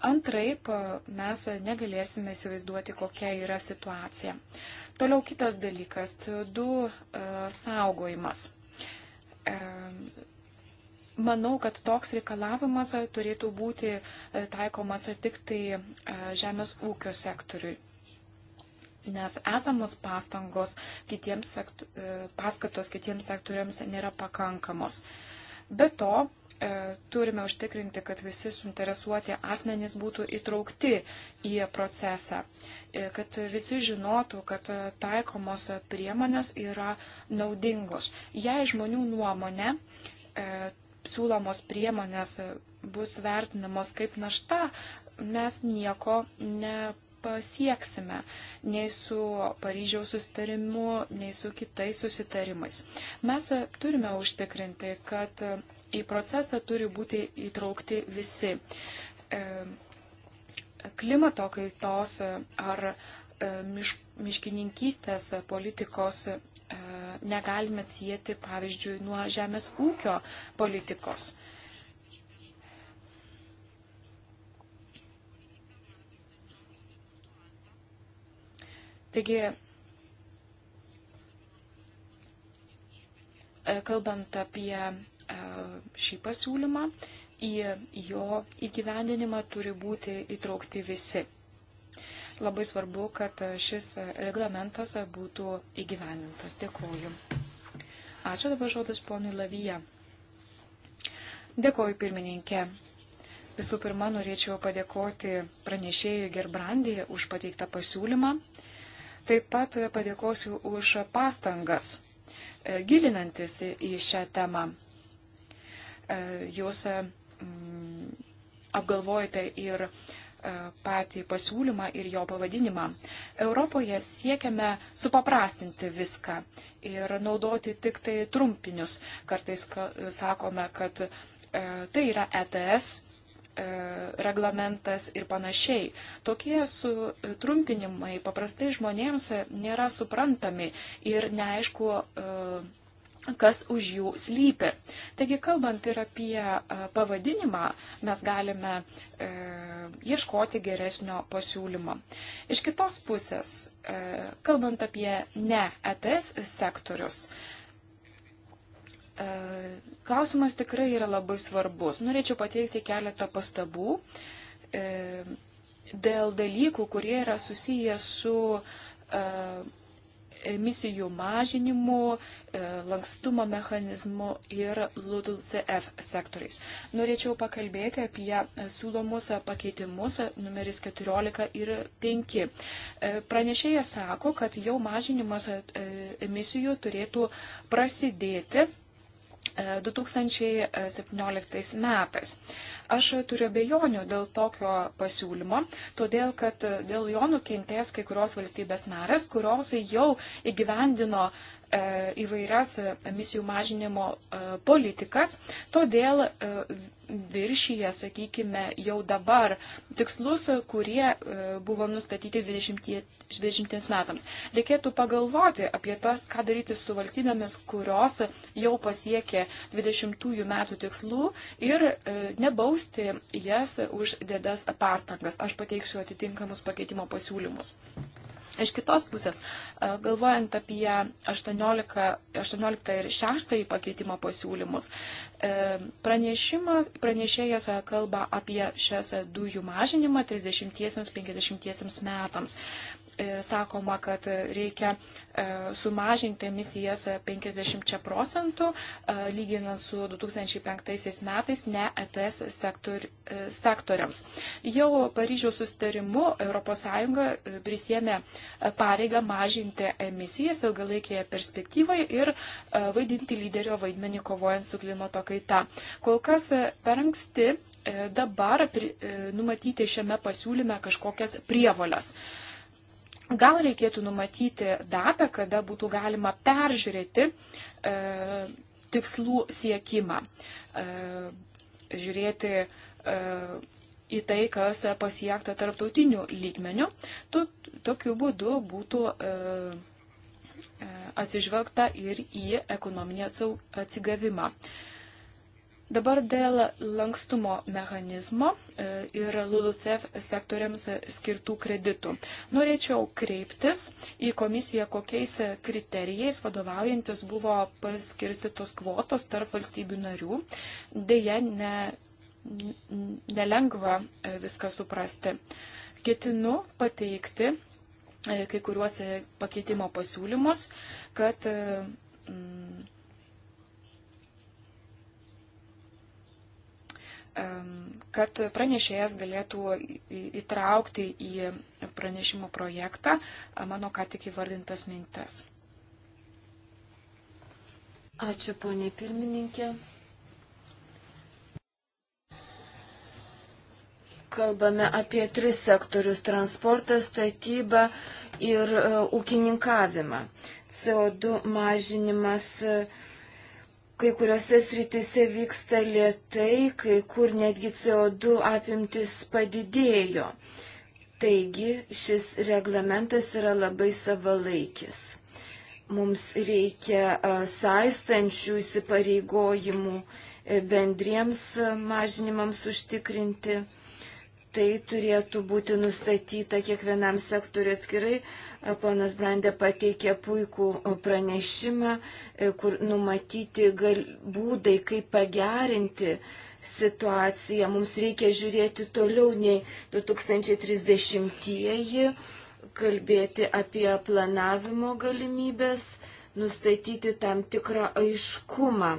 Antraip mes negalėsime įsivaizduoti, kokia yra situacija. Toliau kitas dalykas - CO2 saugojimas. Manau, kad toks reikalavimas turėtų būti e, taikomas tik tai e, žemės ūkio sektoriui. Nes esamos pastangos kitiems sektu, e, paskatos kitiems sektoriams nėra pakankamos. Be to, turime užtikrinti, kad visi suinteresuoti asmenys būtų įtraukti į procesą, kad visi žinotų, kad taikomos priemonės yra naudingos. Jei žmonių nuomonė siūlomos priemonės bus vertinamos kaip našta, mes nieko nepasieksime nei su Paryžiaus susitarimu, nei su kitais susitarimais. Mes turime užtikrinti, kad į procesą turi būti įtraukti visi. E, klimato kaitos ar e, miškininkystės politikos negalime atsijėti, pavyzdžiui, nuo žemės ūkio politikos. Taigi, e, kalbant apie e, šį pasiūlymą, į jo įgyvendinimą turi būti įtraukti visi Labai svarbu, kad šis reglamentas būtų įgyvenintas. Dėkuoju. Ačiū dabar žodis ponui Lavyje. Dėkuoju pirmininkė. Visų pirma, norėčiau padėkoti pranešėjui Gerbrandį už pateiktą pasiūlymą. Taip pat padėkosiu už pastangas e, gilinantis į šią temą. E, Jūs apgalvojate ir E, patį pasiūlymą ir jo pavadinimą. Europoje siekiame supaprastinti viską ir naudoti tik tai trumpinius. Kartais sakome, kad e, tai yra ETS e, reglamentas ir panašiai. Tokie sutrumpinimai paprastai žmonėms nėra suprantami ir neaišku, kas už jų slypi. Taigi, kalbant ir apie e, pavadinimą, mes galime e, ieškoti geresnio pasiūlymo. Iš kitos pusės, e, kalbant apie ne ETS sektorius, e, klausimas tikrai yra labai svarbus. Norėčiau pateikti keletą pastabų e, dėl dalykų, kurie yra susiję su e, emisijų mažinimu, e, lankstumo mechanizmu ir LUDLCF sektoriais. Norėčiau pakalbėti apie siūlomus pakeitimus numeris 14 ir 5. E, pranešėjas sako, kad jau mažinimas e, emisijų turėtų prasidėti 2017 e, metais. Aš turiu bejonių dėl tokio pasiūlymo, todėl kad e, dėl jo nukentės kai kurios valstybės narės, kurios jau įgyvendino e, įvairias emisijų mažinimo politikas, todėl viršyje, sakykime, jau dabar tikslus, kurie buvo nustatyti 20 20 metams. Reikėtų pagalvoti apie tas, ką daryti su valstybėmis, kurios jau pasiekė 20 metų tikslų ir e, nebausti jas už dėdas pastangas. Aš pateiksiu atitinkamus pakeitimo pasiūlymus. Iš kitos pusės, e, galvojant apie 18, 18 ir 6 pakeitimo pasiūlymus, e, pranešėjas kalba apie šias dujų mažinimą 30-50 metams. E, sakoma, kad reikia e, sumažinti emisijas 50 procentų, e, lyginant su 2005 metais ne ETS sektor, sektoriams. Jau Paryžiaus sustarimu ES prisėmė pareigą mažinti emisijas ilgalaikėje perspektyvoje ir vaidinti lyderio vaidmenį kovojant su klimato kaita. Kol kas per anksti dabar numatyti šiame pasiūlyme kažkokias prievolės. Gal reikėtų numatyti datą, kada būtų galima peržiūrėti e, tikslų siekimą, e, žiūrėti e, į tai, kas pasiekta tarptautiniu lygmeniu. Tu, tokiu būdu būtų e, e atsižvelgta ir į ekonominį atsigavimą. E, Dabar dėl lankstumo mechanizmo e, ir LULUCEF sektoriams skirtų kreditų. Norėčiau kreiptis į komisiją, kokiais kriterijais vadovaujantis buvo paskirstytos kvotos tarp valstybių narių. Deja, ne, nelengva e, viską suprasti. Ketinu pateikti e, kai kuriuos pakeitimo pasiūlymus, kad mm, kad pranešėjas galėtų įtraukti į pranešimo projektą mano ką tik įvardintas mintas. Ačiū, ponė pirmininkė. Kalbame apie tris sektorius - transportą, statybą ir e, ūkininkavimą. CO2 mažinimas. Uh, kai kuriuose sritise vyksta lietai, kai kur netgi CO2 apimtis padidėjo. Taigi šis reglamentas yra labai savalaikis. Mums reikia saistančių įsipareigojimų e, bendriems mažinimams užtikrinti Tai turėtų būti nustatyta kiekvienam sektoriu atskirai. E, ponas Brandė pateikė puikų e, pranešimą, e, kur numatyti gal, būdai, kaip pagerinti situaciją. Mums reikia žiūrėti toliau nei 2030-ieji, kalbėti apie planavimo galimybės, nustatyti tam tikrą aiškumą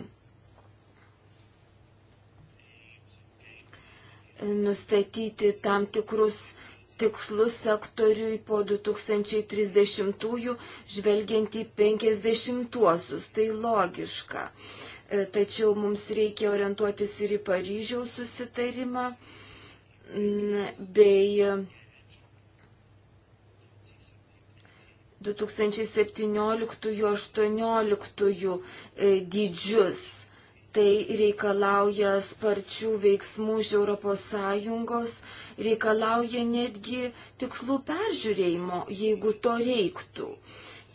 nustatyti tam tikrus tikslus sektoriui po 2030-ųjų, žvelgiant į 50-uosius. Tai logiška. E, tačiau mums reikia orientuotis ir į Paryžiaus susitarimą bei 2017-2018 e, dydžius Tai reikalauja sparčių veiksmų iš ES, reikalauja netgi tikslų peržiūrėjimo, jeigu to reiktų.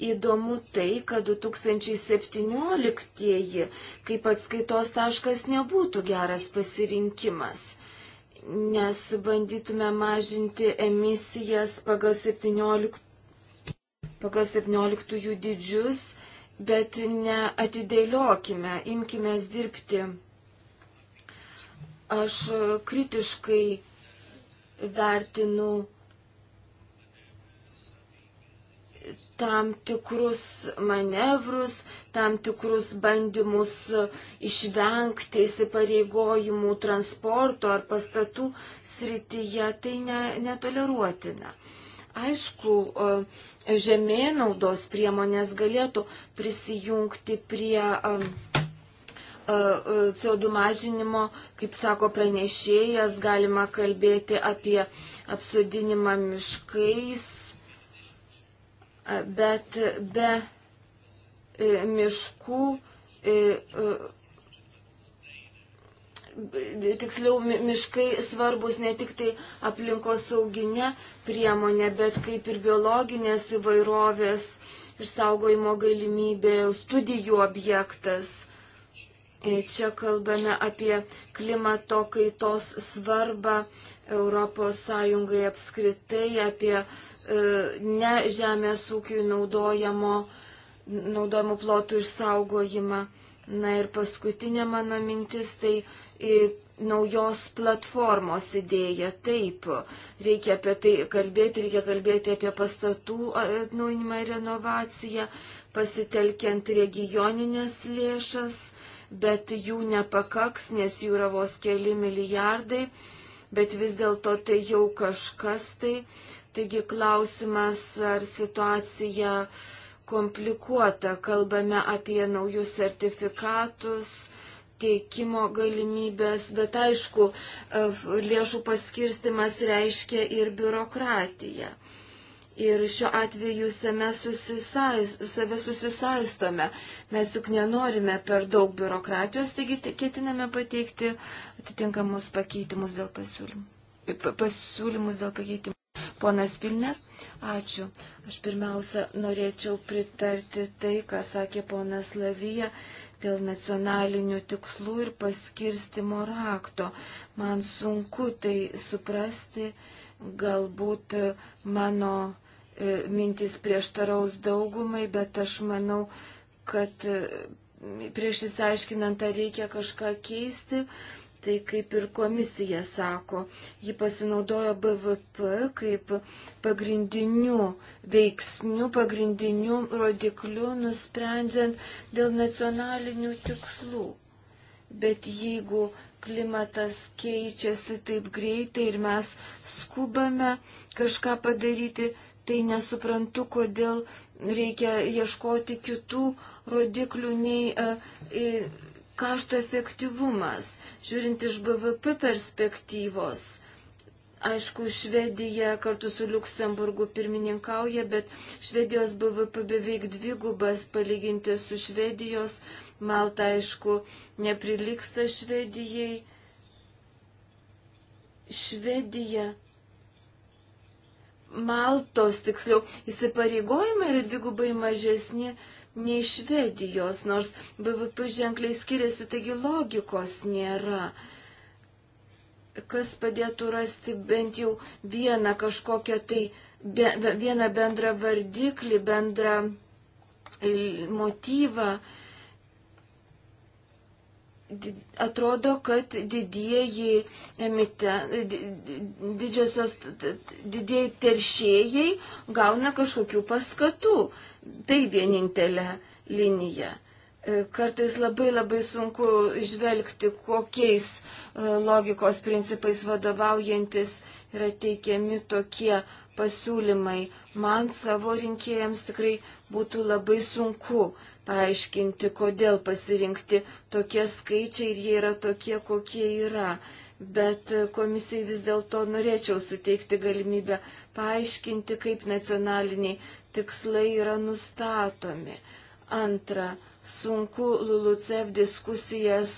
Įdomu tai, kad 2017-ieji kaip atskaitos taškas nebūtų geras pasirinkimas, nes bandytume mažinti emisijas pagal 17 pagal 17 dydžius bet neatidėliokime, imkime dirbti. Aš kritiškai vertinu tam tikrus manevrus, tam tikrus bandymus išvengti įsipareigojimų transporto ar pastatų srityje, tai ne, netoleruotina. Aišku, žemėnaudos priemonės galėtų prisijungti prie um, uh, uh, CO2 mažinimo, kaip sako pranešėjas, galima kalbėti apie apsodinimą miškais, uh, bet be miškų tiksliau, miškai svarbus ne tik tai aplinkos sauginė priemonė, bet kaip ir biologinės įvairovės išsaugojimo galimybė, studijų objektas. E, čia kalbame apie klimato kaitos svarbą ES apskritai, apie e, ne žemės ūkiui naudojamo, naudojamo plotų išsaugojimą. Na ir paskutinė mano mintis tai e, naujos platformos idėja. Taip, reikia apie tai kalbėti, reikia kalbėti apie pastatų atnaujinimą ir renovaciją, pasitelkiant regioninės lėšas, bet jų nepakaks, nes jų yra vos keli milijardai, bet vis dėlto tai jau kažkas tai. Taigi klausimas, ar situacija uh, komplikuota. Kalbame apie naujus sertifikatus, teikimo galimybės, bet aišku, lėšų paskirstimas reiškia ir biurokratiją. Ir šiuo atveju save susisaistome. Mes juk nenorime per daug biurokratijos, taigi ketiname pateikti atitinkamus pakeitimus dėl pasiūlymų. Pasiūlymus dėl pakeitimų. Ponas Vilne, ačiū. Aš pirmiausia norėčiau pritarti tai, ką sakė ponas Lavija dėl nacionalinių tikslų ir paskirstimo rakto. Man sunku tai suprasti, galbūt mano e, mintis prieštaraus daugumai, bet aš manau, kad e, prieš įsiaiškinant, ar reikia kažką keisti, Tai kaip ir komisija sako, ji pasinaudojo BVP kaip pagrindiniu veiksniu, pagrindiniu rodikliu, nusprendžiant dėl nacionalinių tikslų. Bet jeigu klimatas keičiasi taip greitai ir mes skubame kažką padaryti, tai nesuprantu, kodėl reikia ieškoti kitų rodiklių nei. Uh, kašto efektyvumas, žiūrint iš BVP perspektyvos. Aišku, Švedija kartu su Luksemburgu pirmininkauja, bet Švedijos BVP beveik dvigubas palyginti su Švedijos. Malta, aišku, neprilyksta Švedijai. Švedija. Maltos, tiksliau, įsipareigojimai yra dvigubai mažesni nei Švedijos, nors BVP ženkliai skiriasi, taigi logikos nėra kas padėtų rasti bent jau vieną kažkokią tai, be, be, vieną bendrą vardiklį, bendrą e, motyvą. Atrodo, kad didieji emite, e, didžiosios, didieji teršėjai gauna kažkokių paskatų tai vienintelė linija. E, kartais labai labai sunku žvelgti, kokiais e, logikos principais vadovaujantis yra teikiami tokie pasiūlymai. Man savo rinkėjams tikrai būtų labai sunku paaiškinti, kodėl pasirinkti tokie skaičiai ir jie yra tokie, kokie yra bet e, komisijai vis dėlto norėčiau suteikti galimybę paaiškinti, kaip nacionaliniai tikslai yra nustatomi. Antra, sunku LULUCEF diskusijas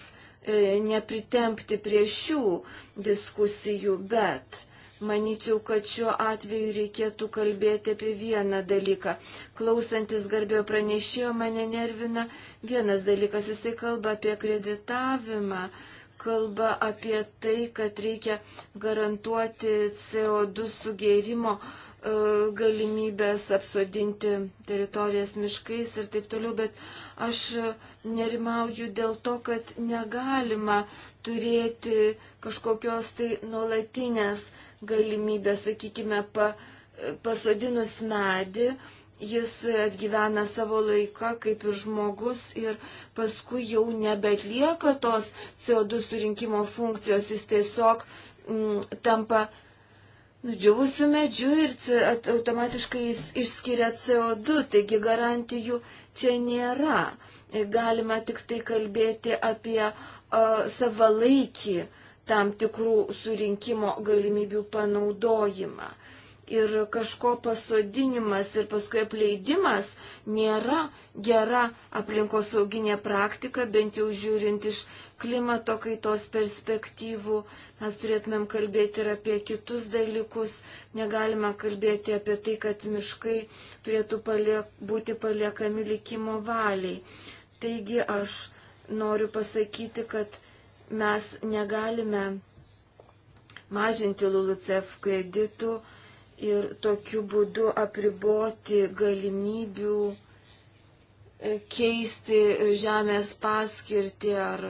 e, nepritempti prie šių diskusijų, bet Maničiau, kad šiuo atveju reikėtų kalbėti apie vieną dalyką. Klausantis garbėjo pranešėjo mane nervina vienas dalykas. Jisai kalba apie kreditavimą, kalba apie tai, kad reikia garantuoti CO2 sugerimo E, galimybės apsodinti teritorijas miškais ir taip toliau, bet aš nerimauju dėl to, kad negalima turėti kažkokios tai nuolatinės galimybės, sakykime, pa, pasodinus medį, jis atgyvena savo laiką kaip ir žmogus ir paskui jau nebetlieka tos CO2 surinkimo funkcijos, jis tiesiog m, mm, tampa nudžiūvusių medžių ir automatiškai jis išskiria CO2, taigi garantijų čia nėra. Galima tik tai kalbėti apie uh, savalaikį tam tikrų surinkimo galimybių panaudojimą ir kažko pasodinimas ir paskui apleidimas nėra gera aplinkosauginė praktika, bent jau žiūrint iš klimato kaitos perspektyvų. Mes turėtumėm kalbėti ir apie kitus dalykus. Negalime kalbėti apie tai, kad miškai turėtų paliek, būti paliekami likimo valiai. Taigi aš noriu pasakyti, kad mes negalime mažinti LULUCEF kreditų ir tokiu būdu apriboti galimybių e, keisti žemės paskirtį ar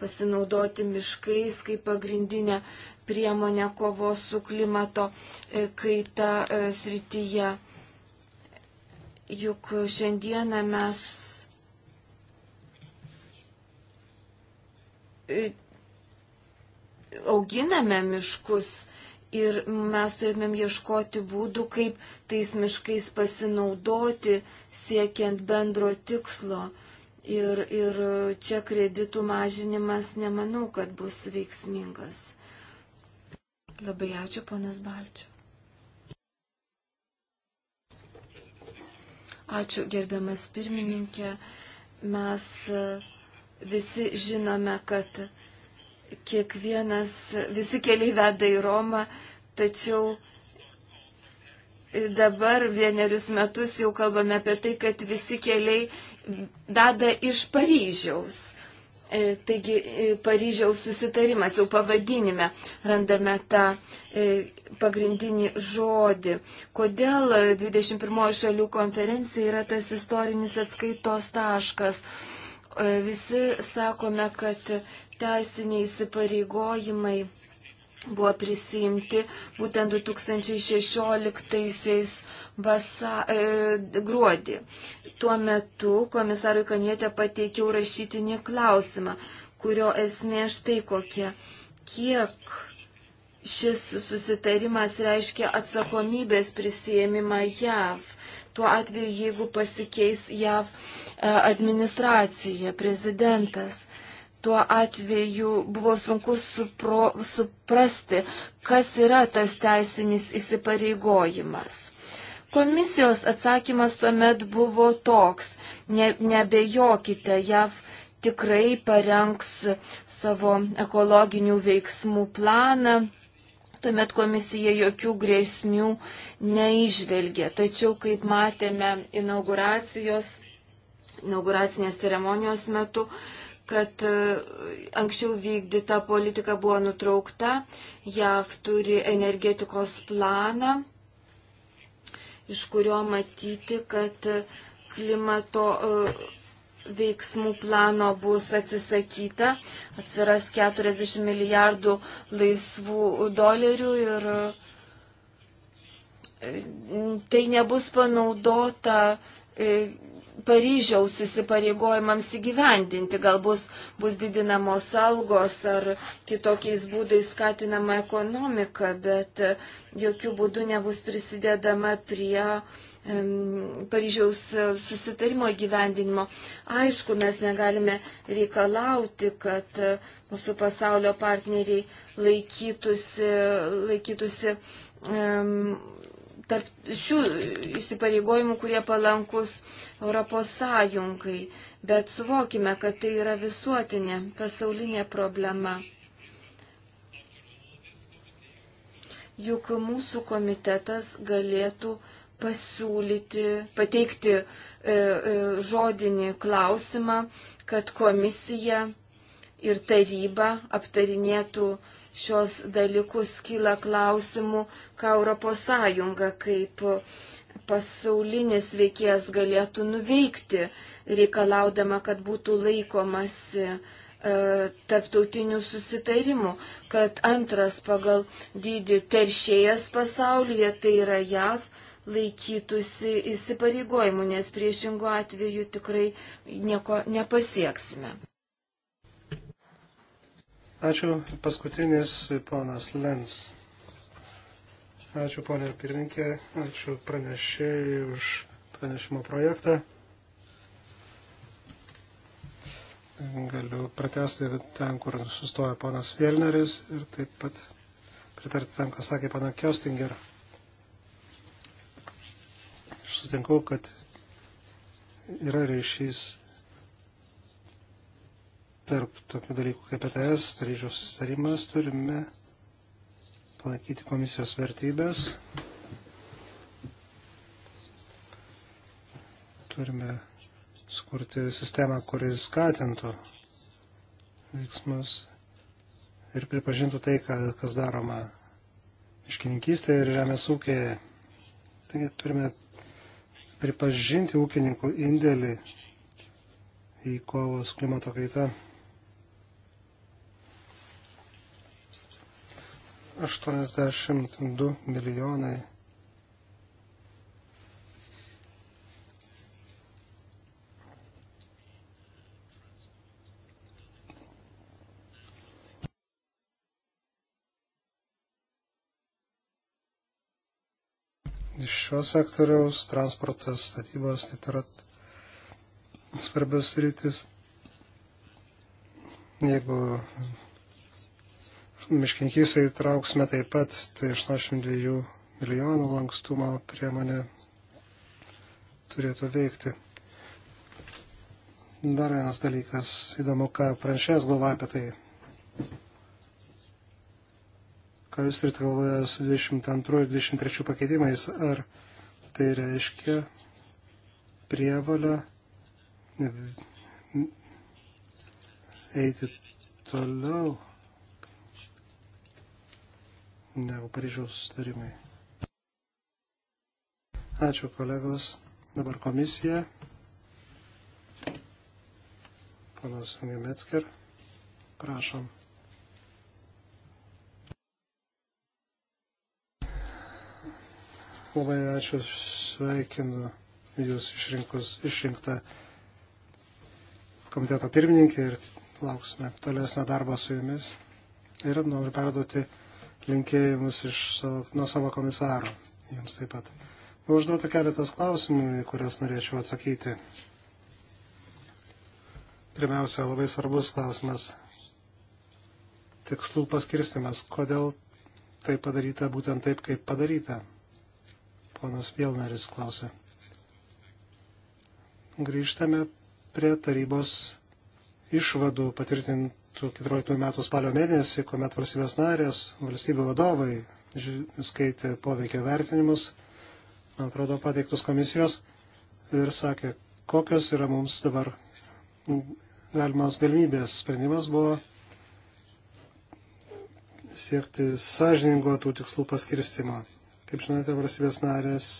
pasinaudoti miškais kaip pagrindinę priemonę kovos su klimato e, kaita e, srityje. Juk šiandieną mes auginame miškus ir mes turėtumėm ieškoti būdų, kaip tais miškais pasinaudoti, siekiant bendro tikslo. Ir, ir čia kreditų mažinimas nemanau, kad bus veiksmingas. Labai ačiū, ponas Balčiu. Ačiū, gerbiamas pirmininkė. Mes e, visi žinome, kad kiekvienas, visi keliai veda į Romą, tačiau dabar vienerius metus jau kalbame apie tai, kad visi keliai veda iš Paryžiaus. E, taigi e, Paryžiaus susitarimas jau pavadinime randame tą e, pagrindinį žodį. Kodėl 21 šalių konferencija yra tas istorinis atskaitos taškas? Visi sakome, kad teisiniai įsipareigojimai buvo prisimti būtent 2016 vasa, e, gruodį. Tuo metu komisarui Kanietė pateikiau rašytinį klausimą, kurio esmė štai kokia. Kiek šis susitarimas reiškia atsakomybės prisėmimą JAV? Tuo atveju, jeigu pasikeis JAV e, administracija, prezidentas tuo atveju buvo sunku supro, suprasti, kas yra tas teisinis įsipareigojimas. Komisijos atsakymas tuomet buvo toks, ne, nebejokite, JAV tikrai parengs savo ekologinių veiksmų planą, tuomet komisija jokių grėsmių neižvelgė. Tačiau, kaip matėme inauguracijos, inauguracinės ceremonijos metu, kad e, anksčiau vykdyta politika buvo nutraukta, JAV turi energetikos planą, iš kurio matyti, kad klimato e, veiksmų plano bus atsisakyta, atsiras 40 milijardų laisvų dolerių ir e, tai nebus panaudota Paryžiaus įsipareigojimams įgyvendinti, gal bus, bus didinamos algos ar kitokiais būdais skatinama ekonomika, bet e, jokių būdų nebus prisidedama prie um, Paryžiaus e, susitarimo įgyvendinimo. Aišku, mes negalime reikalauti, kad e, mūsų pasaulio partneriai laikytųsi, laikytųsi um, tarp šių įsipareigojimų, kurie palankus Europos Sąjungai, bet suvokime, kad tai yra visuotinė pasaulinė problema. Juk mūsų komitetas galėtų pasiūlyti, pateikti e, e, žodinį klausimą, kad komisija ir taryba aptarinėtų e, šios dalykus kyla klausimų, ką ES kaip pasaulinis veikėjas galėtų nuveikti, reikalaudama, kad būtų laikomasi e, tarptautinių susitarimų, kad antras pagal dydį teršėjas pasaulyje, tai yra JAV, laikytųsi įsipareigojimų, nes priešingų atveju tikrai nieko nepasieksime. Ačiū. Paskutinis ponas Lens. Ačiū ponė pirminkė, ačiū pranešėjai už pranešimo projektą. Galiu pratesti ten, kur sustoja ponas Vėlneris ir taip pat pritarti tam, ką sakė pana Kjostinger. Aš sutinku, kad yra ryšys tarp tokių dalykų kaip ETS, Paryžiaus sustarimas, turime palaikyti komisijos vertybės. Turime skurti sistemą, kuris skatintų veiksmus ir pripažintų tai, kas daroma iškininkystėje ir žemės ūkėje. Taigi turime pripažinti ūkininkų indėlį į kovos klimato kaitą. 82 milijonai. Iš šios sektoriaus transportas, statybos, taip yra svarbios rytis. Jeigu miškininkysą įtrauksime taip pat, tai 82 milijonų lankstumo priemonė turėtų veikti. Dar vienas dalykas, įdomu, ką pranšės galva apie tai. Ką jūs turite galvoje su 22 ir 23 pakeitimais, ar tai reiškia prievalę eiti toliau? negu Paryžiaus sutarimai. Ačiū kolegos. Dabar komisija. Panas Ungemetsker. Prašom. Labai ačiū, sveikinu Jūs išrinkus, išrinktą komiteto pirmininkį ir lauksime tolesnio darbo su Jumis. Ir noriu perduoti linkėjimus iš savo, nuo savo komisaro jums taip pat. Užduota keletas klausimų, į kurias norėčiau atsakyti. Pirmiausia, labai svarbus klausimas - tikslų paskirstimas. Kodėl tai padaryta būtent taip, kaip padaryta? Ponas Vilneris klausė. Grįžtame prie tarybos išvadų patvirtinti 2014 m. spalio mėnesį, kuomet valstybės narės, valstybių vadovai skaitė poveikio vertinimus, man atrodo, pateiktus komisijos ir sakė, kokios yra mums dabar galimas galimybės. Sprendimas buvo siekti sąžiningo tų tikslų paskirstimo. Kaip žinote, valstybės narės,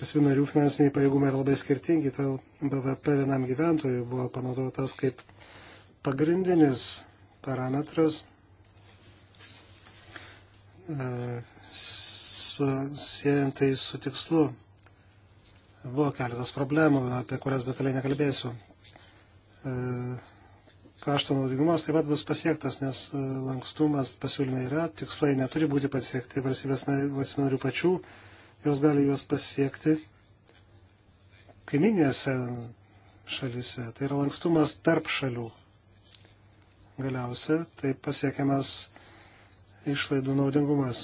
valstybių narių finansiniai pajėgumai yra labai skirtingi, todėl BVP vienam gyventojui buvo panaudotas kaip pagrindinis parametras e, su, siejantai su tikslu. Buvo keletas problemų, apie kurias detaliai nekalbėsiu. E, Kašto naudingumas taip pat bus pasiektas, nes e, lankstumas pasiūlyme yra, tikslai neturi būti pasiekti valstybės narių pačių, jos gali juos pasiekti kaiminėse šalyse. Tai yra lankstumas tarp šalių. Galiausia, tai pasiekiamas išlaidų naudingumas.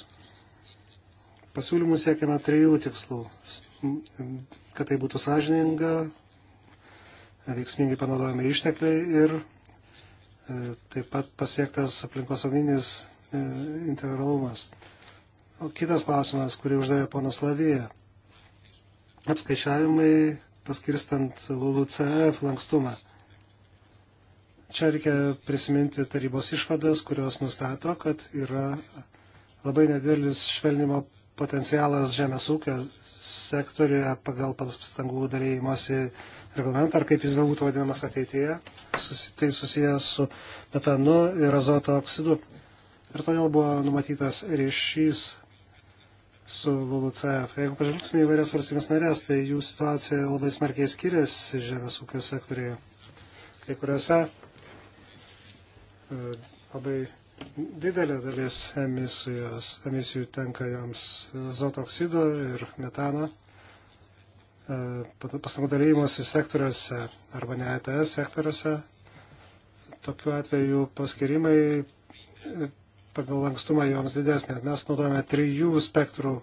Pasiūlymų siekiama trijų tikslų - kad tai būtų sąžininga, veiksmingai panaudojami ištekliai ir e, taip pat pasiektas aplinkosauginis e, integralumas. O kitas klausimas, kurį uždavė ponas Lavija - apskaičiavimai paskirstant LULUCF lankstumą. Čia reikia prisiminti tarybos išvadas, kurios nustato, kad yra labai nedėlis švelnimo potencialas žemės ūkio sektoriuje pagal pastangų dalymosi reglamentą, ar kaip jis bebūtų vadinamas ateityje, tai susijęs su metanu ir azoto oksidu. Ir todėl buvo numatytas ryšys su LULUCF. Jeigu pažvelgsime į vairias valstybės narės, tai jų situacija labai smarkiai skiriasi žemės ūkio sektoriuje. Kai kuriuose labai didelė dalis emisijos, emisijų tenka joms azotoksido ir metano e, pasamudalėjimuose sektoriuose arba ne ETS sektoriuose. Tokiu atveju paskirimai e, pagal lankstumą joms didesnė. Mes naudojame trijų spektrų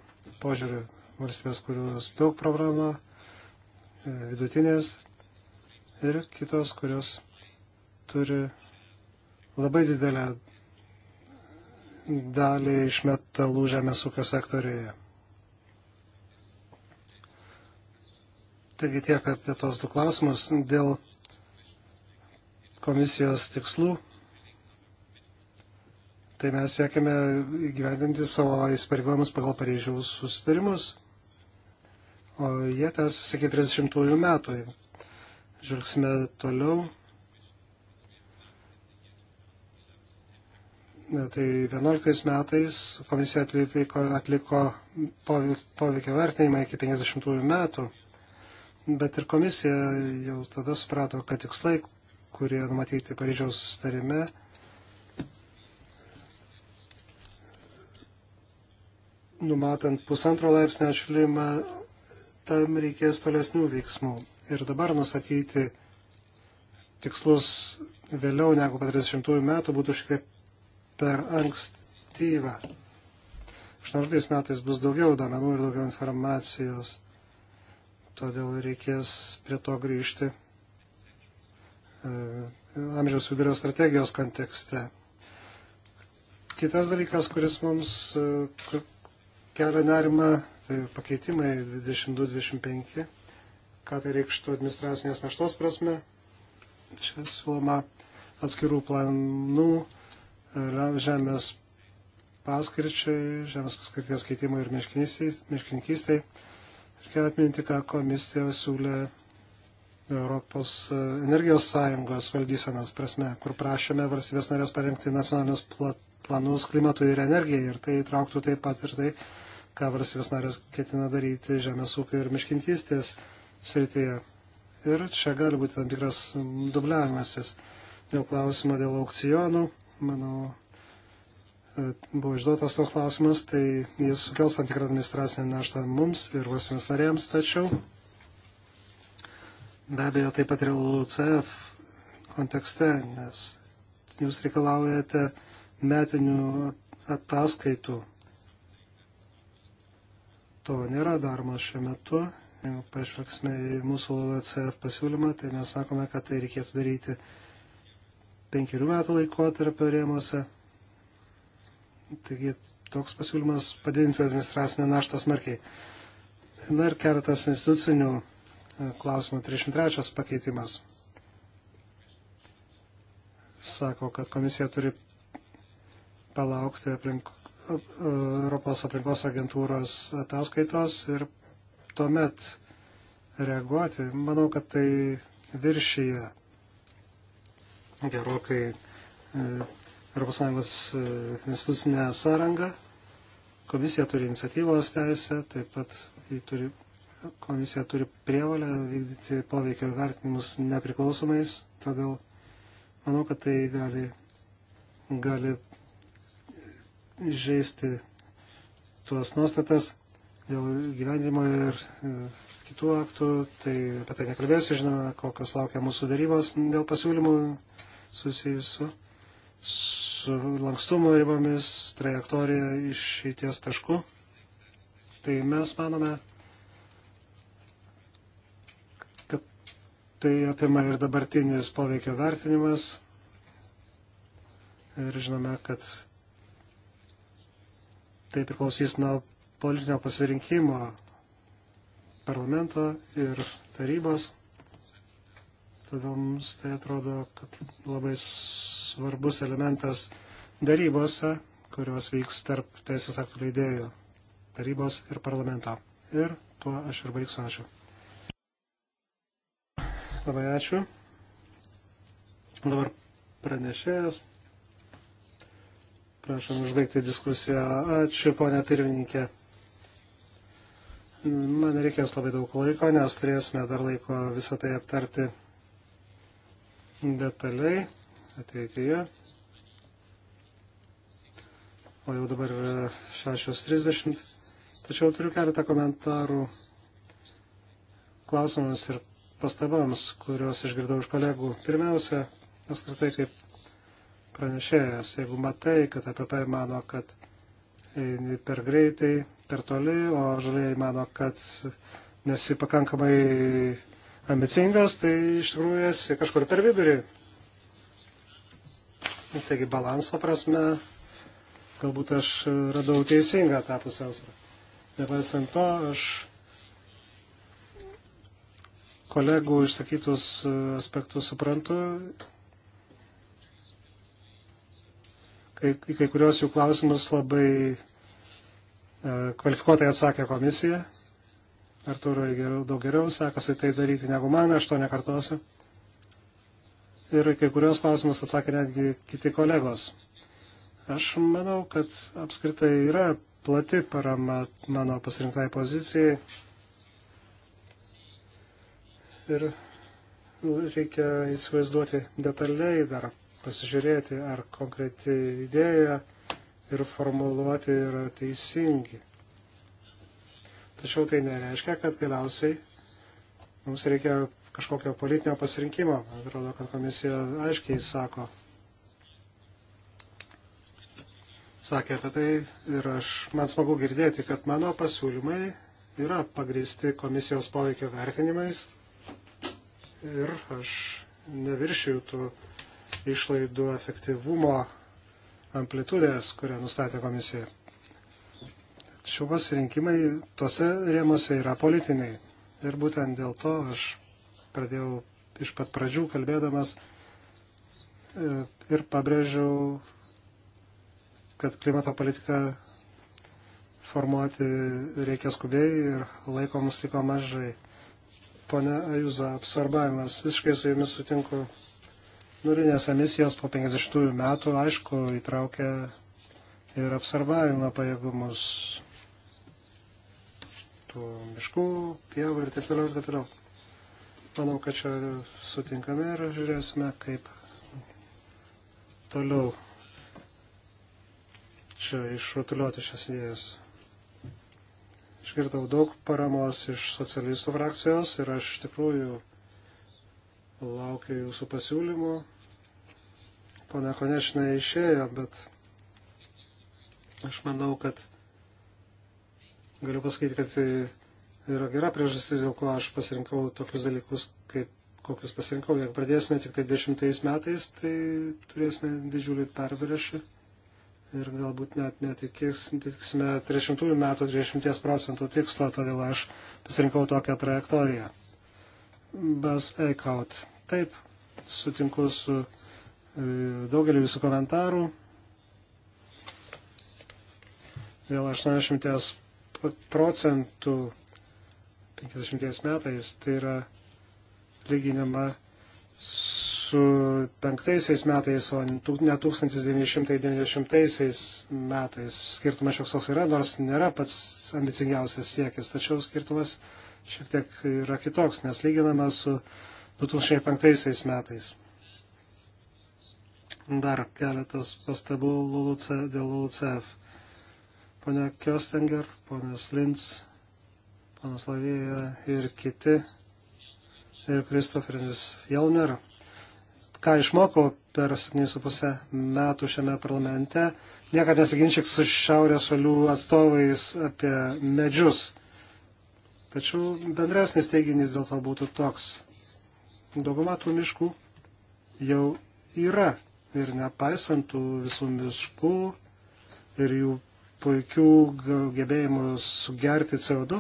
požiūrių valstybės, kurios daug problemų, vidutinės ir kitos, kurios turi labai didelę dalį išmetalų žemės ūkio sektorijoje. Taigi tiek apie tos du klausimus. Dėl komisijos tikslų, tai mes siekime įgyvendinti savo įsipareigojimus pagal Paryžiaus susitarimus, o jie tęsiasi iki 30 metų. Žvelgsime toliau. Tai 11 metais komisija atliko, atliko poveikio vertinimą iki 50 metų, bet ir komisija jau tada suprato, kad tikslai, kurie numatyti Paryžiaus sustarime, numatant pusantro laipsnio atšilimą, tam reikės tolesnių veiksmų. Ir dabar nustatyti tikslus vėliau negu po 30 metų būtų šiek tiek per ankstyva. 18 metais bus daugiau domenų ir daugiau informacijos, todėl reikės prie to grįžti e, amžiaus vidurio strategijos kontekste. Kitas dalykas, kuris mums e, kelia nerima, tai pakeitimai 22-25, ką tai reikštų administracinės naštos prasme. Čia siūloma atskirų planų žemės paskirčiai, žemės paskirties keitimui ir miškininkystai. Reikia atminti, ką komisija siūlė Europos e, energijos sąjungos valdysenos prasme, kur prašėme valstybės narės parengti nacionalinius planus klimatui ir energijai. Ir tai trauktų taip pat ir tai, ką valstybės narės ketina daryti žemės ūkio ir miškintystės srityje. Ir čia gali būti tam tikras dubliavimasis dėl klausimo dėl aukcijonų manau, e, buvo išduotas toks klausimas, tai jis sukels tam tikrą administracinę naštą mums ir valstybės narėms, tačiau be abejo taip pat ir LUCF kontekste, nes jūs reikalaujate metinių ataskaitų. To nėra daroma šiuo metu. Jeigu pažvelgsime į mūsų LCF pasiūlymą, tai mes sakome, kad tai reikėtų daryti penkerių metų laikotarpio rėmose. Taigi toks pasiūlymas padidintų administracinę naštą smarkiai. Na ir keletas institucinių e, klausimų. 33 pakeitimas. Sako, kad komisija turi palaukti aplink, e, Europos aplinkos agentūros ataskaitos ir tuomet reaguoti. Manau, kad tai viršyje gerokai e, ES e, institucinę sąrangą. Komisija turi iniciatyvos teisę, taip pat turi, komisija turi prievalę vykdyti poveikio vertinimus nepriklausomais, todėl manau, kad tai gali, gali žaisti tuos nuostatas dėl gyvenimo ir e, kitų aktų, tai apie tai nekalbėsiu, žinome, kokios laukia mūsų darybos dėl pasiūlymų susijusių su lankstumo ribomis, trajektorija išeities taškų. Tai mes manome, kad tai apima ir dabartinis poveikio vertinimas. Ir žinome, kad tai priklausys nuo politinio pasirinkimo parlamento ir tarybos. Todėl mums tai atrodo, kad labai svarbus elementas darybose, kurios vyks tarp teisės aktų leidėjų tarybos ir parlamento. Ir tuo aš ir baigsiu. Ačiū. Labai ačiū. Dabar pranešėjas. Prašom užbaigti diskusiją. Ačiū, ponia pirmininkė man reikės labai daug laiko, nes turėsime dar laiko visą tai aptarti detaliai ateityje. O jau dabar 6.30. Tačiau turiu keletą komentarų klausimams ir pastabams, kuriuos išgirdau iš kolegų. Pirmiausia, apskritai kaip pranešėjas, jeigu matai, kad apie tai mano, kad per greitai per toli, o žalieji mano, kad nesi pakankamai ambicingas, tai iš tikrųjų esi kažkur per vidurį. Taigi balanso prasme, galbūt aš radau teisingą tą pusiausvyrą. Nepaisant to, aš kolegų išsakytus aspektus suprantu. Kai, kai kurios jų klausimus labai E, kvalifikuotai atsakė komisija. Arturui geriau, daug geriau sekasi tai daryti negu man, aš to nekartosiu. Ir kai kurios klausimus atsakė netgi kiti kolegos. Aš manau, kad apskritai yra plati parama mano pasirinktai pozicijai. Ir reikia įsivaizduoti detaliai dar, pasižiūrėti, ar konkreti idėja ir formuluoti yra teisingi. Tačiau tai nereiškia, kad galiausiai mums reikia kažkokio politinio pasirinkimo. Man atrodo, kad komisija aiškiai sako. Sakė apie tai ir aš, man smagu girdėti, kad mano pasiūlymai yra pagristi komisijos poveikio vertinimais ir aš neviršiu tų išlaidų efektyvumo amplitudės, kurią nustatė komisija. Tačiau pasirinkimai tuose rėmose yra politiniai. Ir būtent dėl to aš pradėjau iš pat pradžių kalbėdamas e, ir pabrėžiau, kad klimato politiką formuoti reikia skubiai ir laiko mums liko mažai. Pone Ajuza, apsvarbavimas. Visiškai su jumis sutinku nulinės emisijos po 50 metų, aišku, įtraukia ir apsarbavimo pajėgumus tų miškų, pievų ir taip toliau ir taip toliau. Manau, kad čia sutinkame ir žiūrėsime, kaip toliau čia išrutuliuoti šias idėjas. Išgirdau daug paramos iš socialistų frakcijos ir aš iš tikrųjų laukiu jūsų pasiūlymų. Pane Konešinė išėjo, bet aš manau, kad galiu pasakyti, kad tai yra gera priežastis, dėl ko aš pasirinkau tokius dalykus, kaip kokius pasirinkau. Jeigu pradėsime tik tai dešimtais metais, tai turėsime didžiulį perviršį ir galbūt net netikėsime 300 metų 30 procentų tikslo, todėl aš pasirinkau tokią trajektoriją. Bas Eikaut. Taip, sutinku su E, daugelį visų komentarų. Dėl 80 procentų 50 metais tai yra lyginama su penktaisiais metais, o ne 1990 metais. Skirtumas šioks toks yra, nors nėra pats ambicingiausias siekis, tačiau skirtumas šiek tiek yra kitoks, nes lyginama su 2005 metais. Dar keletas pastabų LULUCE, dėl LULUCF. Pone Kjostinger, ponas Lins, ponas Lavija ir kiti, ir Kristoferis Jelner. Ką išmokau per 7,5 metų šiame parlamente, niekada nesiginčyk su šiaurės šalių atstovais apie medžius. Tačiau bendresnis teiginys dėl to būtų toks. Dauguma tų miškų jau yra ir nepaisant tų visų miškų ir jų puikių gebėjimų sugerti CO2,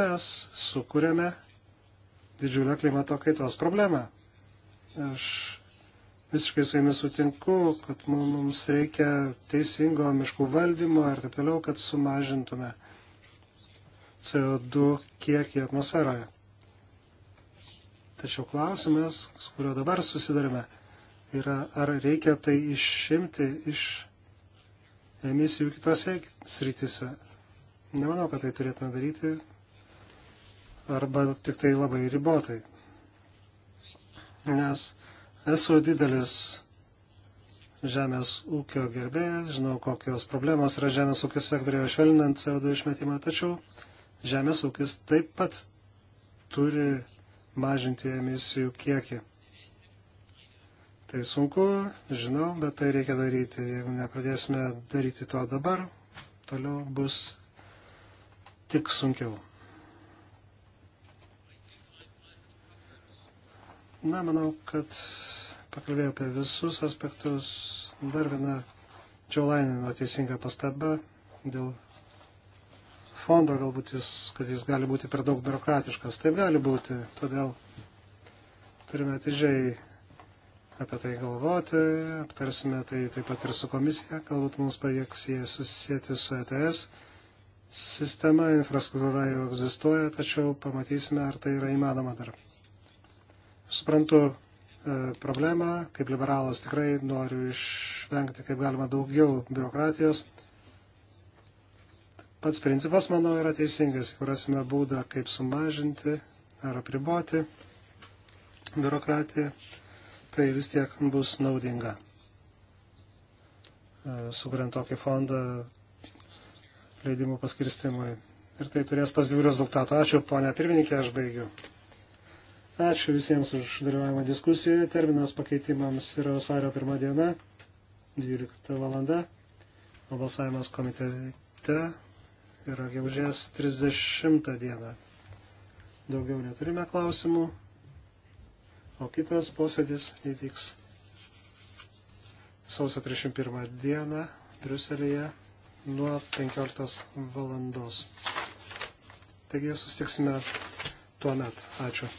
mes sukūrėme didžiulę klimato kaitos problemą. Aš visiškai su jumis sutinku, kad mums reikia teisingo miškų valdymo ir taip toliau, kad sumažintume CO2 kiekį atmosferoje. Tačiau klausimas, su kuriuo dabar susidarime, yra, ar reikia tai išimti iš emisijų kitose sritise. Nemanau, kad tai turėtume daryti arba tik tai labai ribotai. Nes esu didelis žemės ūkio gerbėjas, žinau, kokios problemos yra žemės ūkio sektorijoje švelninant CO2 išmetimą, tačiau žemės ūkis taip pat turi mažinti emisijų kiekį. Tai sunku, žinau, bet tai reikia daryti. Jeigu nepradėsime daryti to dabar, toliau bus tik sunkiau. Na, manau, kad pakalbėjau apie visus aspektus. Dar viena Džiaulainino teisinga pastaba dėl fondo, galbūt jis, kad jis gali būti per daug biurokratiškas. Taip gali būti, todėl turime atidžiai apie tai galvoti, aptarsime tai taip pat ir su komisija, galbūt mums pavyks jie susijęti su ETS. Sistema, infrastruktūra jau egzistuoja, tačiau pamatysime, ar tai yra įmanoma dar. Suprantu e, problemą, kaip liberalas tikrai noriu išvengti kaip galima daugiau biurokratijos. Pats principas, manau, yra teisingas, rasime būdą, kaip sumažinti ar apriboti biurokratiją tai vis tiek bus naudinga. E, sukuriant tokį fondą leidimų paskirstimui. Ir tai turės pozityvių rezultatų. Ačiū, ponia pirmininkė, aš baigiu. Ačiū visiems už dalyvavimą diskusijoje. Terminas pakeitimams yra vasario pirmą dieną, 12 valanda. O balsavimas komitete yra gegužės 30 dieną. Daugiau neturime klausimų o kitas posėdis įvyks sausio 31 dieną Briuselėje nuo 15 valandos. Taigi susitiksime tuo met. Ačiū.